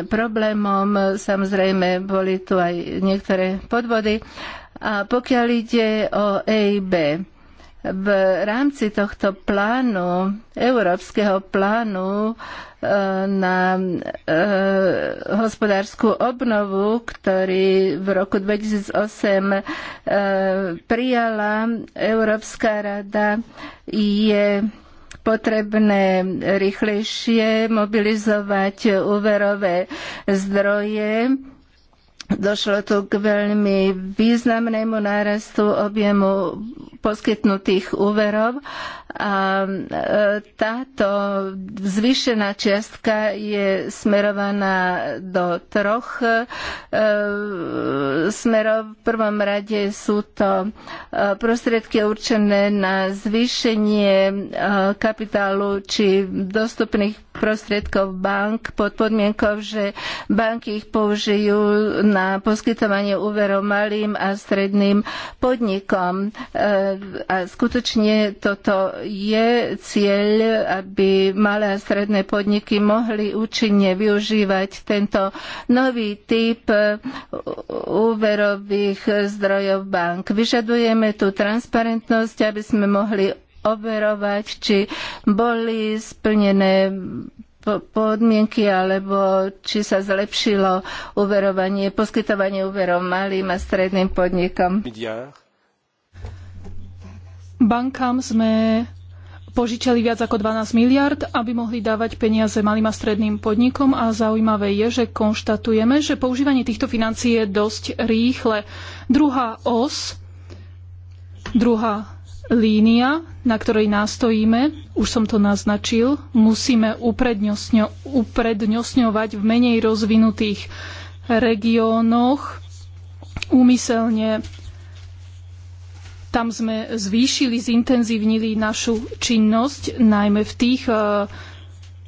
problémom, samozrejme, boli tu aj niektoré podvody. A pokiaľ ide o EIB, v rámci tohto plánu, európskeho plánu, na eh, hospodárskú obnovu, ktorý v roku 2008 eh, prijala Európska rada, je potrebné rýchlejšie mobilizovať úverové zdroje Došlo tu k veľmi významnému nárastu objemu poskytnutých úverov a e, táto zvýšená čiastka je smerovaná do troch e, smerov. V prvom rade sú to e, prostriedky určené na zvýšenie kapitálu či dostupných prostriedkov bank pod podmienkou, že banky ich použijú na na poskytovanie úverov malým a stredným podnikom. E, a skutočne toto je cieľ, aby malé a stredné podniky mohli účinne využívať tento nový typ úverových zdrojov bank. Vyžadujeme tú transparentnosť, aby sme mohli overovať, či boli splnené podmienky alebo či sa zlepšilo uverovanie, poskytovanie úverov malým a stredným podnikom? Bankám sme požičali viac ako 12 miliard, aby mohli dávať peniaze malým a stredným podnikom a zaujímavé je, že konštatujeme, že používanie týchto financií je dosť rýchle. Druhá os, druhá línia, na ktorej nástojíme, už som to naznačil, musíme uprednostňo, uprednostňovať v menej rozvinutých regiónoch úmyselne. Tam sme zvýšili, zintenzívnili našu činnosť, najmä v tých e,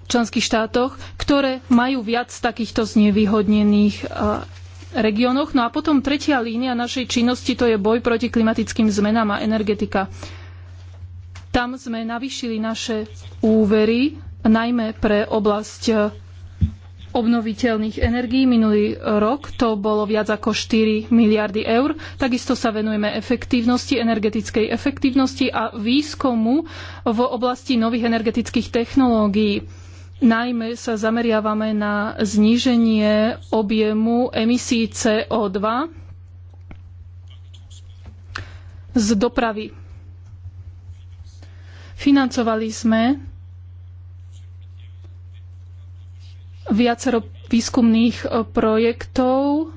členských štátoch, ktoré majú viac takýchto znevýhodnených e, regiónoch. No a potom tretia línia našej činnosti to je boj proti klimatickým zmenám a energetika. Tam sme navýšili naše úvery, najmä pre oblasť eh, obnoviteľných energií. Minulý rok to bolo viac ako 4 miliardy eur. Takisto sa venujeme efektívnosti, energetickej efektívnosti a výskumu v oblasti nových energetických technológií. Najmä sa zameriavame na zníženie objemu emisí CO2 z dopravy. Financovali sme viacero výskumných projektov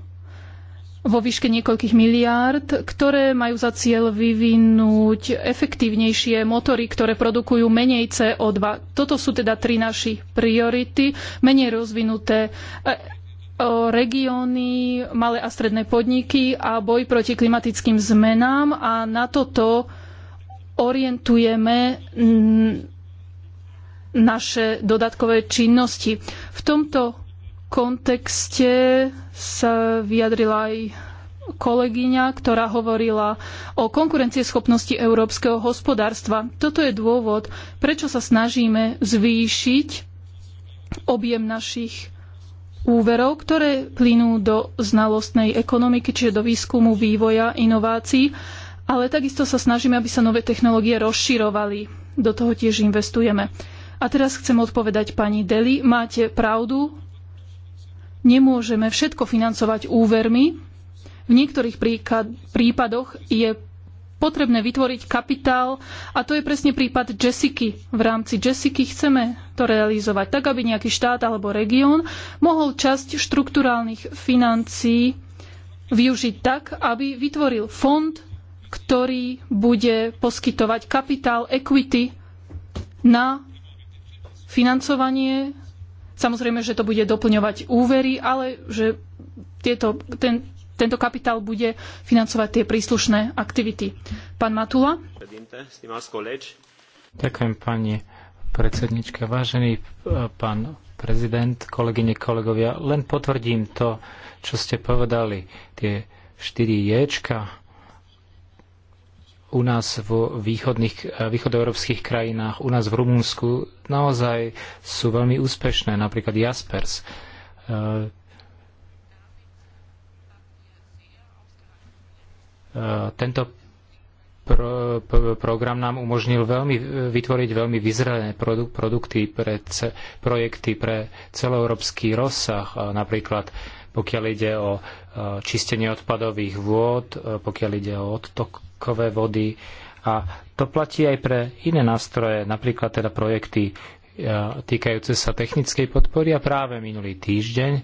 vo výške niekoľkých miliárd, ktoré majú za cieľ vyvinúť efektívnejšie motory, ktoré produkujú menej CO2. Toto sú teda tri naše priority. Menej rozvinuté e, regióny, malé a stredné podniky a boj proti klimatickým zmenám a na toto orientujeme naše dodatkové činnosti. V tomto kontexte sa vyjadrila aj kolegyňa, ktorá hovorila o konkurencieschopnosti európskeho hospodárstva. Toto je dôvod, prečo sa snažíme zvýšiť objem našich úverov, ktoré plynú do znalostnej ekonomiky, čiže do výskumu, vývoja, inovácií, ale takisto sa snažíme, aby sa nové technológie rozširovali. Do toho tiež investujeme. A teraz chcem odpovedať pani Deli. Máte pravdu, nemôžeme všetko financovať úvermi. V niektorých prípadoch je potrebné vytvoriť kapitál a to je presne prípad Jessiky. V rámci Jessiky chceme to realizovať tak, aby nejaký štát alebo región mohol časť štrukturálnych financií využiť tak, aby vytvoril fond, ktorý bude poskytovať kapitál equity na financovanie Samozrejme, že to bude doplňovať úvery, ale že tieto, ten, tento kapitál bude financovať tie príslušné aktivity. Pán Matula. Ďakujem pani predsednička. Vážený e, pán prezident, kolegyne, kolegovia, len potvrdím to, čo ste povedali. Tie štyri ječka u nás v východných, eh, východoeurópskych krajinách, u nás v Rumunsku, naozaj sú veľmi úspešné, napríklad Jaspers. Eh, eh, tento pro, program nám umožnil veľmi, vytvoriť veľmi vyzrelé produk, produkty pre ce, projekty pre celoeurópsky rozsah, napríklad pokiaľ ide o čistenie odpadových vôd, pokiaľ ide o odtok kvapkové vody a to platí aj pre iné nástroje, napríklad teda projekty e, týkajúce sa technickej podpory a práve minulý týždeň e,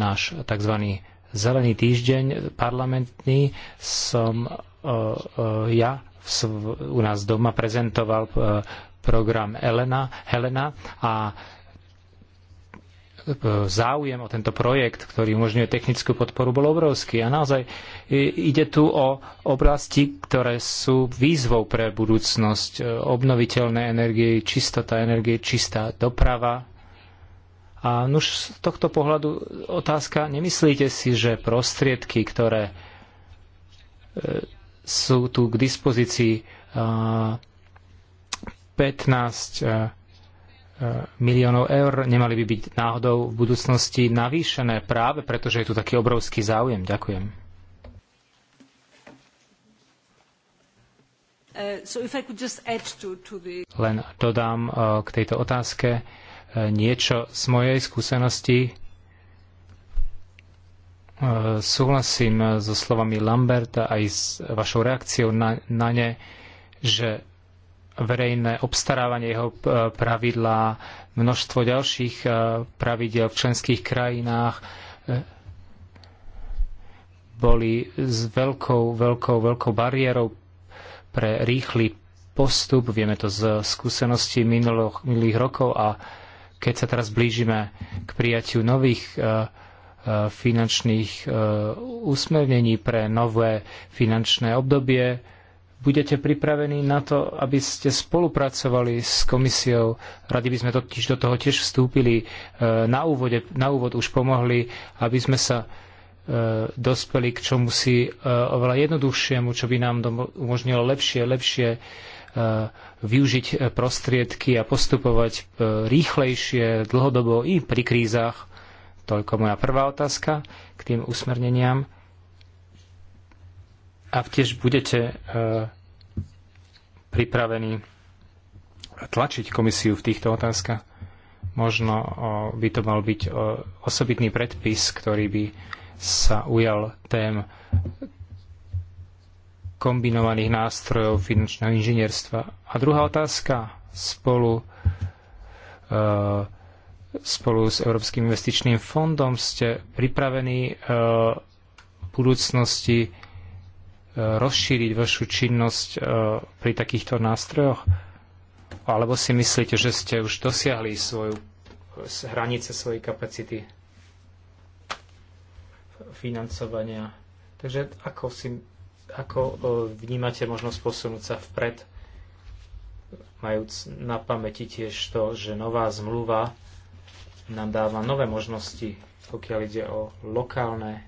náš tzv. zelený týždeň parlamentný som e, ja u nás doma prezentoval program Elena, Helena a záujem o tento projekt, ktorý umožňuje technickú podporu, bol obrovský. A naozaj ide tu o oblasti, ktoré sú výzvou pre budúcnosť. E, obnoviteľné energie, čistota energie, čistá doprava. A už z tohto pohľadu otázka, nemyslíte si, že prostriedky, ktoré e, sú tu k dispozícii 15 miliónov eur nemali by byť náhodou v budúcnosti navýšené práve preto, že je tu taký obrovský záujem. Ďakujem. Uh, Len dodám uh, k tejto otázke uh, niečo z mojej skúsenosti. Súhlasím so slovami Lamberta aj s vašou reakciou na, na ne, že verejné obstarávanie jeho e, pravidlá, množstvo ďalších e, pravidel v členských krajinách e, boli s veľkou, veľkou, veľkou bariérou pre rýchly postup. Vieme to z skúseností minulých, minulých rokov a keď sa teraz blížime k prijatiu nových finančných usmernení pre nové finančné obdobie, budete pripravení na to, aby ste spolupracovali s komisiou. Radi by sme totiž do toho tiež vstúpili e, na, úvode, na úvod už pomohli, aby sme sa e, dospeli k čomu si e, oveľa jednoduchšiemu, čo by nám umožnilo lepšie, lepšie využiť prostriedky a postupovať rýchlejšie, dlhodobo i pri krízach. Toľko moja prvá otázka k tým usmerneniam ak tiež budete e, pripravení tlačiť komisiu v týchto otázkach, možno by to mal byť osobitný predpis, ktorý by sa ujal tém kombinovaných nástrojov finančného inžinierstva. A druhá otázka spolu, e, spolu s Európskym investičným fondom ste pripravení e, v budúcnosti rozšíriť vašu činnosť e, pri takýchto nástrojoch? Alebo si myslíte, že ste už dosiahli svoju hranice svojej kapacity financovania? Takže ako, si, ako e, vnímate možnosť posunúť sa vpred, majúc na pamäti tiež to, že nová zmluva nám dáva nové možnosti, pokiaľ ide o lokálne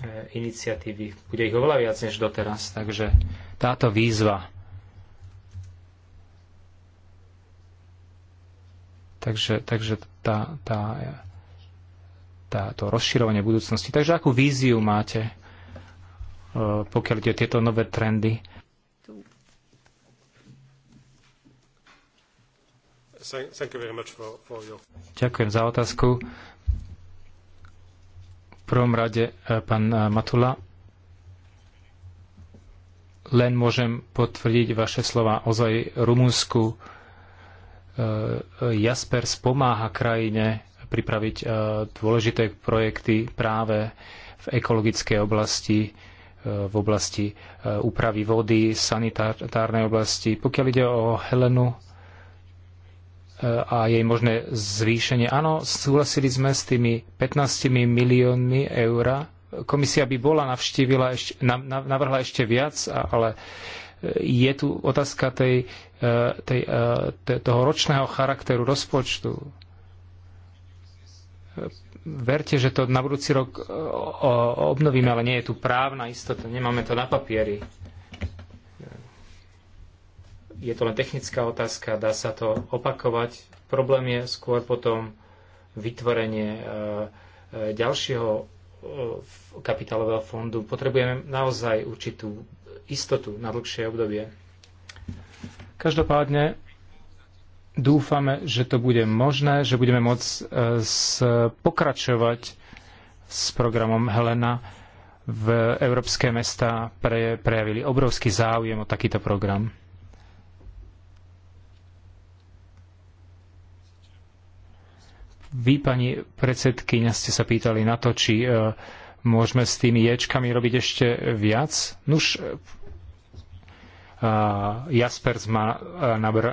E, iniciatívy. Bude ich oveľa viac než doteraz, takže táto výzva. Takže, takže tá, tá, tá, to rozširovanie budúcnosti. Takže akú víziu máte, e, pokiaľ ide tieto nové trendy? Ďakujem za otázku prvom rade, e, pán e, Matula, len môžem potvrdiť vaše slova. Ozaj Rumunsku e, Jasper spomáha krajine pripraviť dôležité projekty práve v ekologickej oblasti, v oblasti úpravy vody, sanitárnej oblasti. Pokiaľ ide o Helenu, a jej možné zvýšenie. Áno, súhlasili sme s tými 15 miliónmi eur. Komisia by bola navštívila, ešte, navrhla ešte viac, ale e, je tu otázka tej, e, tej, e, toho ročného charakteru rozpočtu. Verte, že to na budúci rok obnovíme, ale nie je tu právna istota, nemáme to na papieri je to len technická otázka, dá sa to opakovať. Problém je skôr potom vytvorenie e, e, ďalšieho e, kapitálového fondu. Potrebujeme naozaj určitú istotu na dlhšie obdobie. Každopádne dúfame, že to bude možné, že budeme môcť pokračovať s programom Helena. V európske mesta prejavili obrovský záujem o takýto program. Vy, pani predsedkyňa, ste sa pýtali na to, či e, môžeme s tými ječkami robiť ešte viac. Nuž, e, Jaspers ma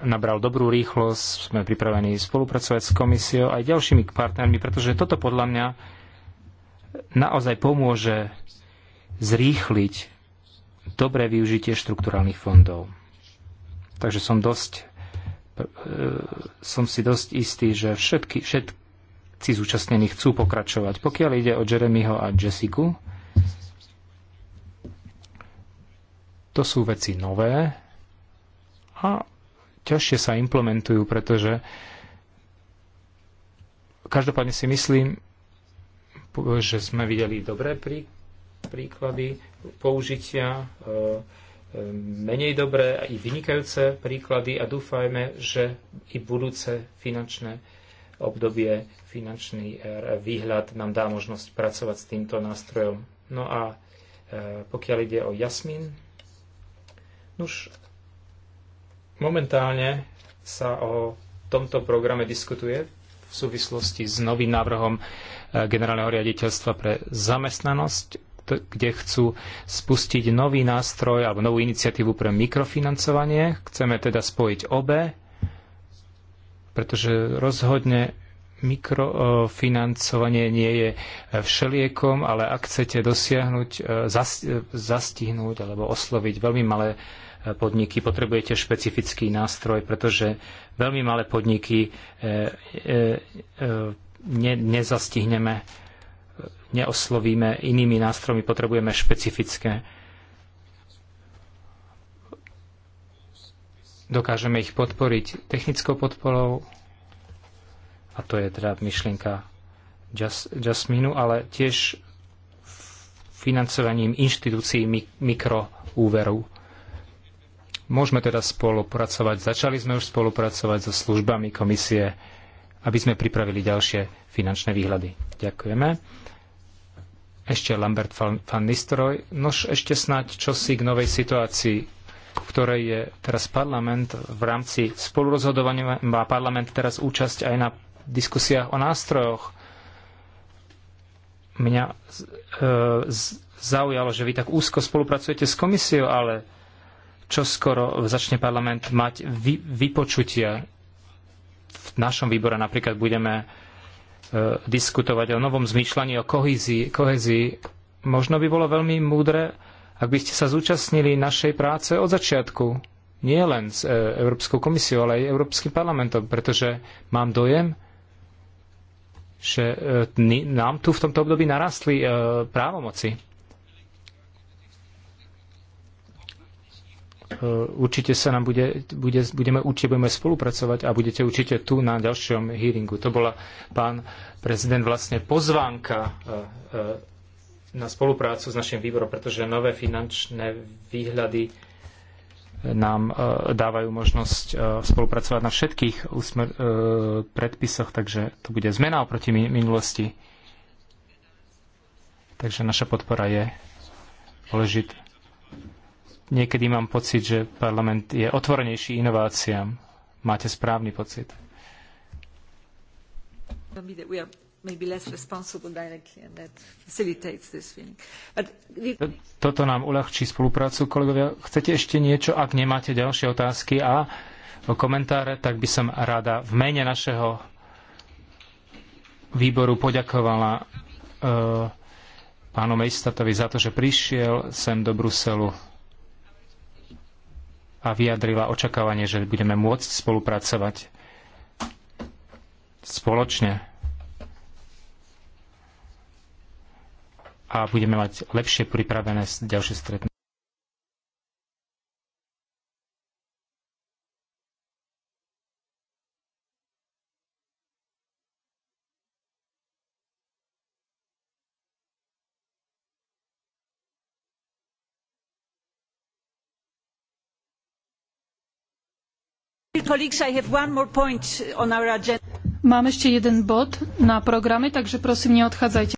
nabral dobrú rýchlosť, sme pripravení spolupracovať s komisiou aj ďalšími partnermi, pretože toto podľa mňa naozaj pomôže zrýchliť dobré využitie štrukturálnych fondov. Takže som dosť e, som si dosť istý, že všetky, všetky si zúčastnení chcú pokračovať. Pokiaľ ide o Jeremyho a Jessiku, to sú veci nové a ťažšie sa implementujú, pretože každopádne si myslím, že sme videli dobré prí, príklady použitia, e, e, menej dobré i vynikajúce príklady a dúfajme, že i budúce finančné obdobie, finančný eh, výhľad nám dá možnosť pracovať s týmto nástrojom. No a eh, pokiaľ ide o jasmín, nuž, momentálne sa o tomto programe diskutuje v súvislosti s novým návrhom eh, generálneho riaditeľstva pre zamestnanosť, kde chcú spustiť nový nástroj alebo novú iniciatívu pre mikrofinancovanie. Chceme teda spojiť obe pretože rozhodne mikrofinancovanie nie je eh, všeliekom, ale ak chcete dosiahnuť, eh, eh, zastihnúť alebo osloviť veľmi malé podniky, potrebujete špecifický nástroj, pretože veľmi malé podniky ne, nezastihneme, neoslovíme inými nástrojmi, potrebujeme špecifické Dokážeme ich podporiť technickou podporou, a to je teda myšlienka Jasminu, ale tiež financovaním inštitúcií mikroúverov. Môžeme teda spolupracovať, začali sme už spolupracovať so službami komisie, aby sme pripravili ďalšie finančné výhľady. Ďakujeme. Ešte Lambert van Nistelrooy. Nož ešte snáď čosi k novej situácii v ktorej je teraz parlament v rámci spolurozhodovania, má parlament teraz účasť aj na diskusiách o nástrojoch. Mňa e, zaujalo, že vy tak úzko spolupracujete s komisiou, ale čo skoro začne parlament mať vy, vypočutia. V našom výbore napríklad budeme e, diskutovať o novom zmýšľaní, o kohízii, kohezii. Možno by bolo veľmi múdre ak by ste sa zúčastnili našej práce od začiatku, nie len s e, Európskou komisiou, ale aj Európskym parlamentom, pretože mám dojem, že e, nám tu v tomto období narastli e, právomoci. Určite sa nám bude, bude, budeme, určite budeme spolupracovať a budete určite tu na ďalšom hearingu. To bola pán prezident vlastne pozvánka na spoluprácu s našim výborom, pretože nové finančné výhľady nám e, dávajú možnosť e, spolupracovať na všetkých e, predpisoch, takže to bude zmena oproti minulosti. Takže naša podpora je dôležitá. Niekedy mám pocit, že parlament je otvorenejší inováciám. Máte správny pocit maybe less responsible directly and that facilitates this feeling. But Toto nám uľahčí spoluprácu, kolegovia. Chcete ešte niečo? Ak nemáte ďalšie otázky a komentáre, tak by som rada v mene našeho výboru poďakovala e, pánu Mejstatovi za to, že prišiel sem do Bruselu a vyjadrila očakávanie, že budeme môcť spolupracovať spoločne a budeme mať lepšie pripravené ďalšie stretnutie. Mám ešte jeden bod na programe, takže prosím, neodchádzajte.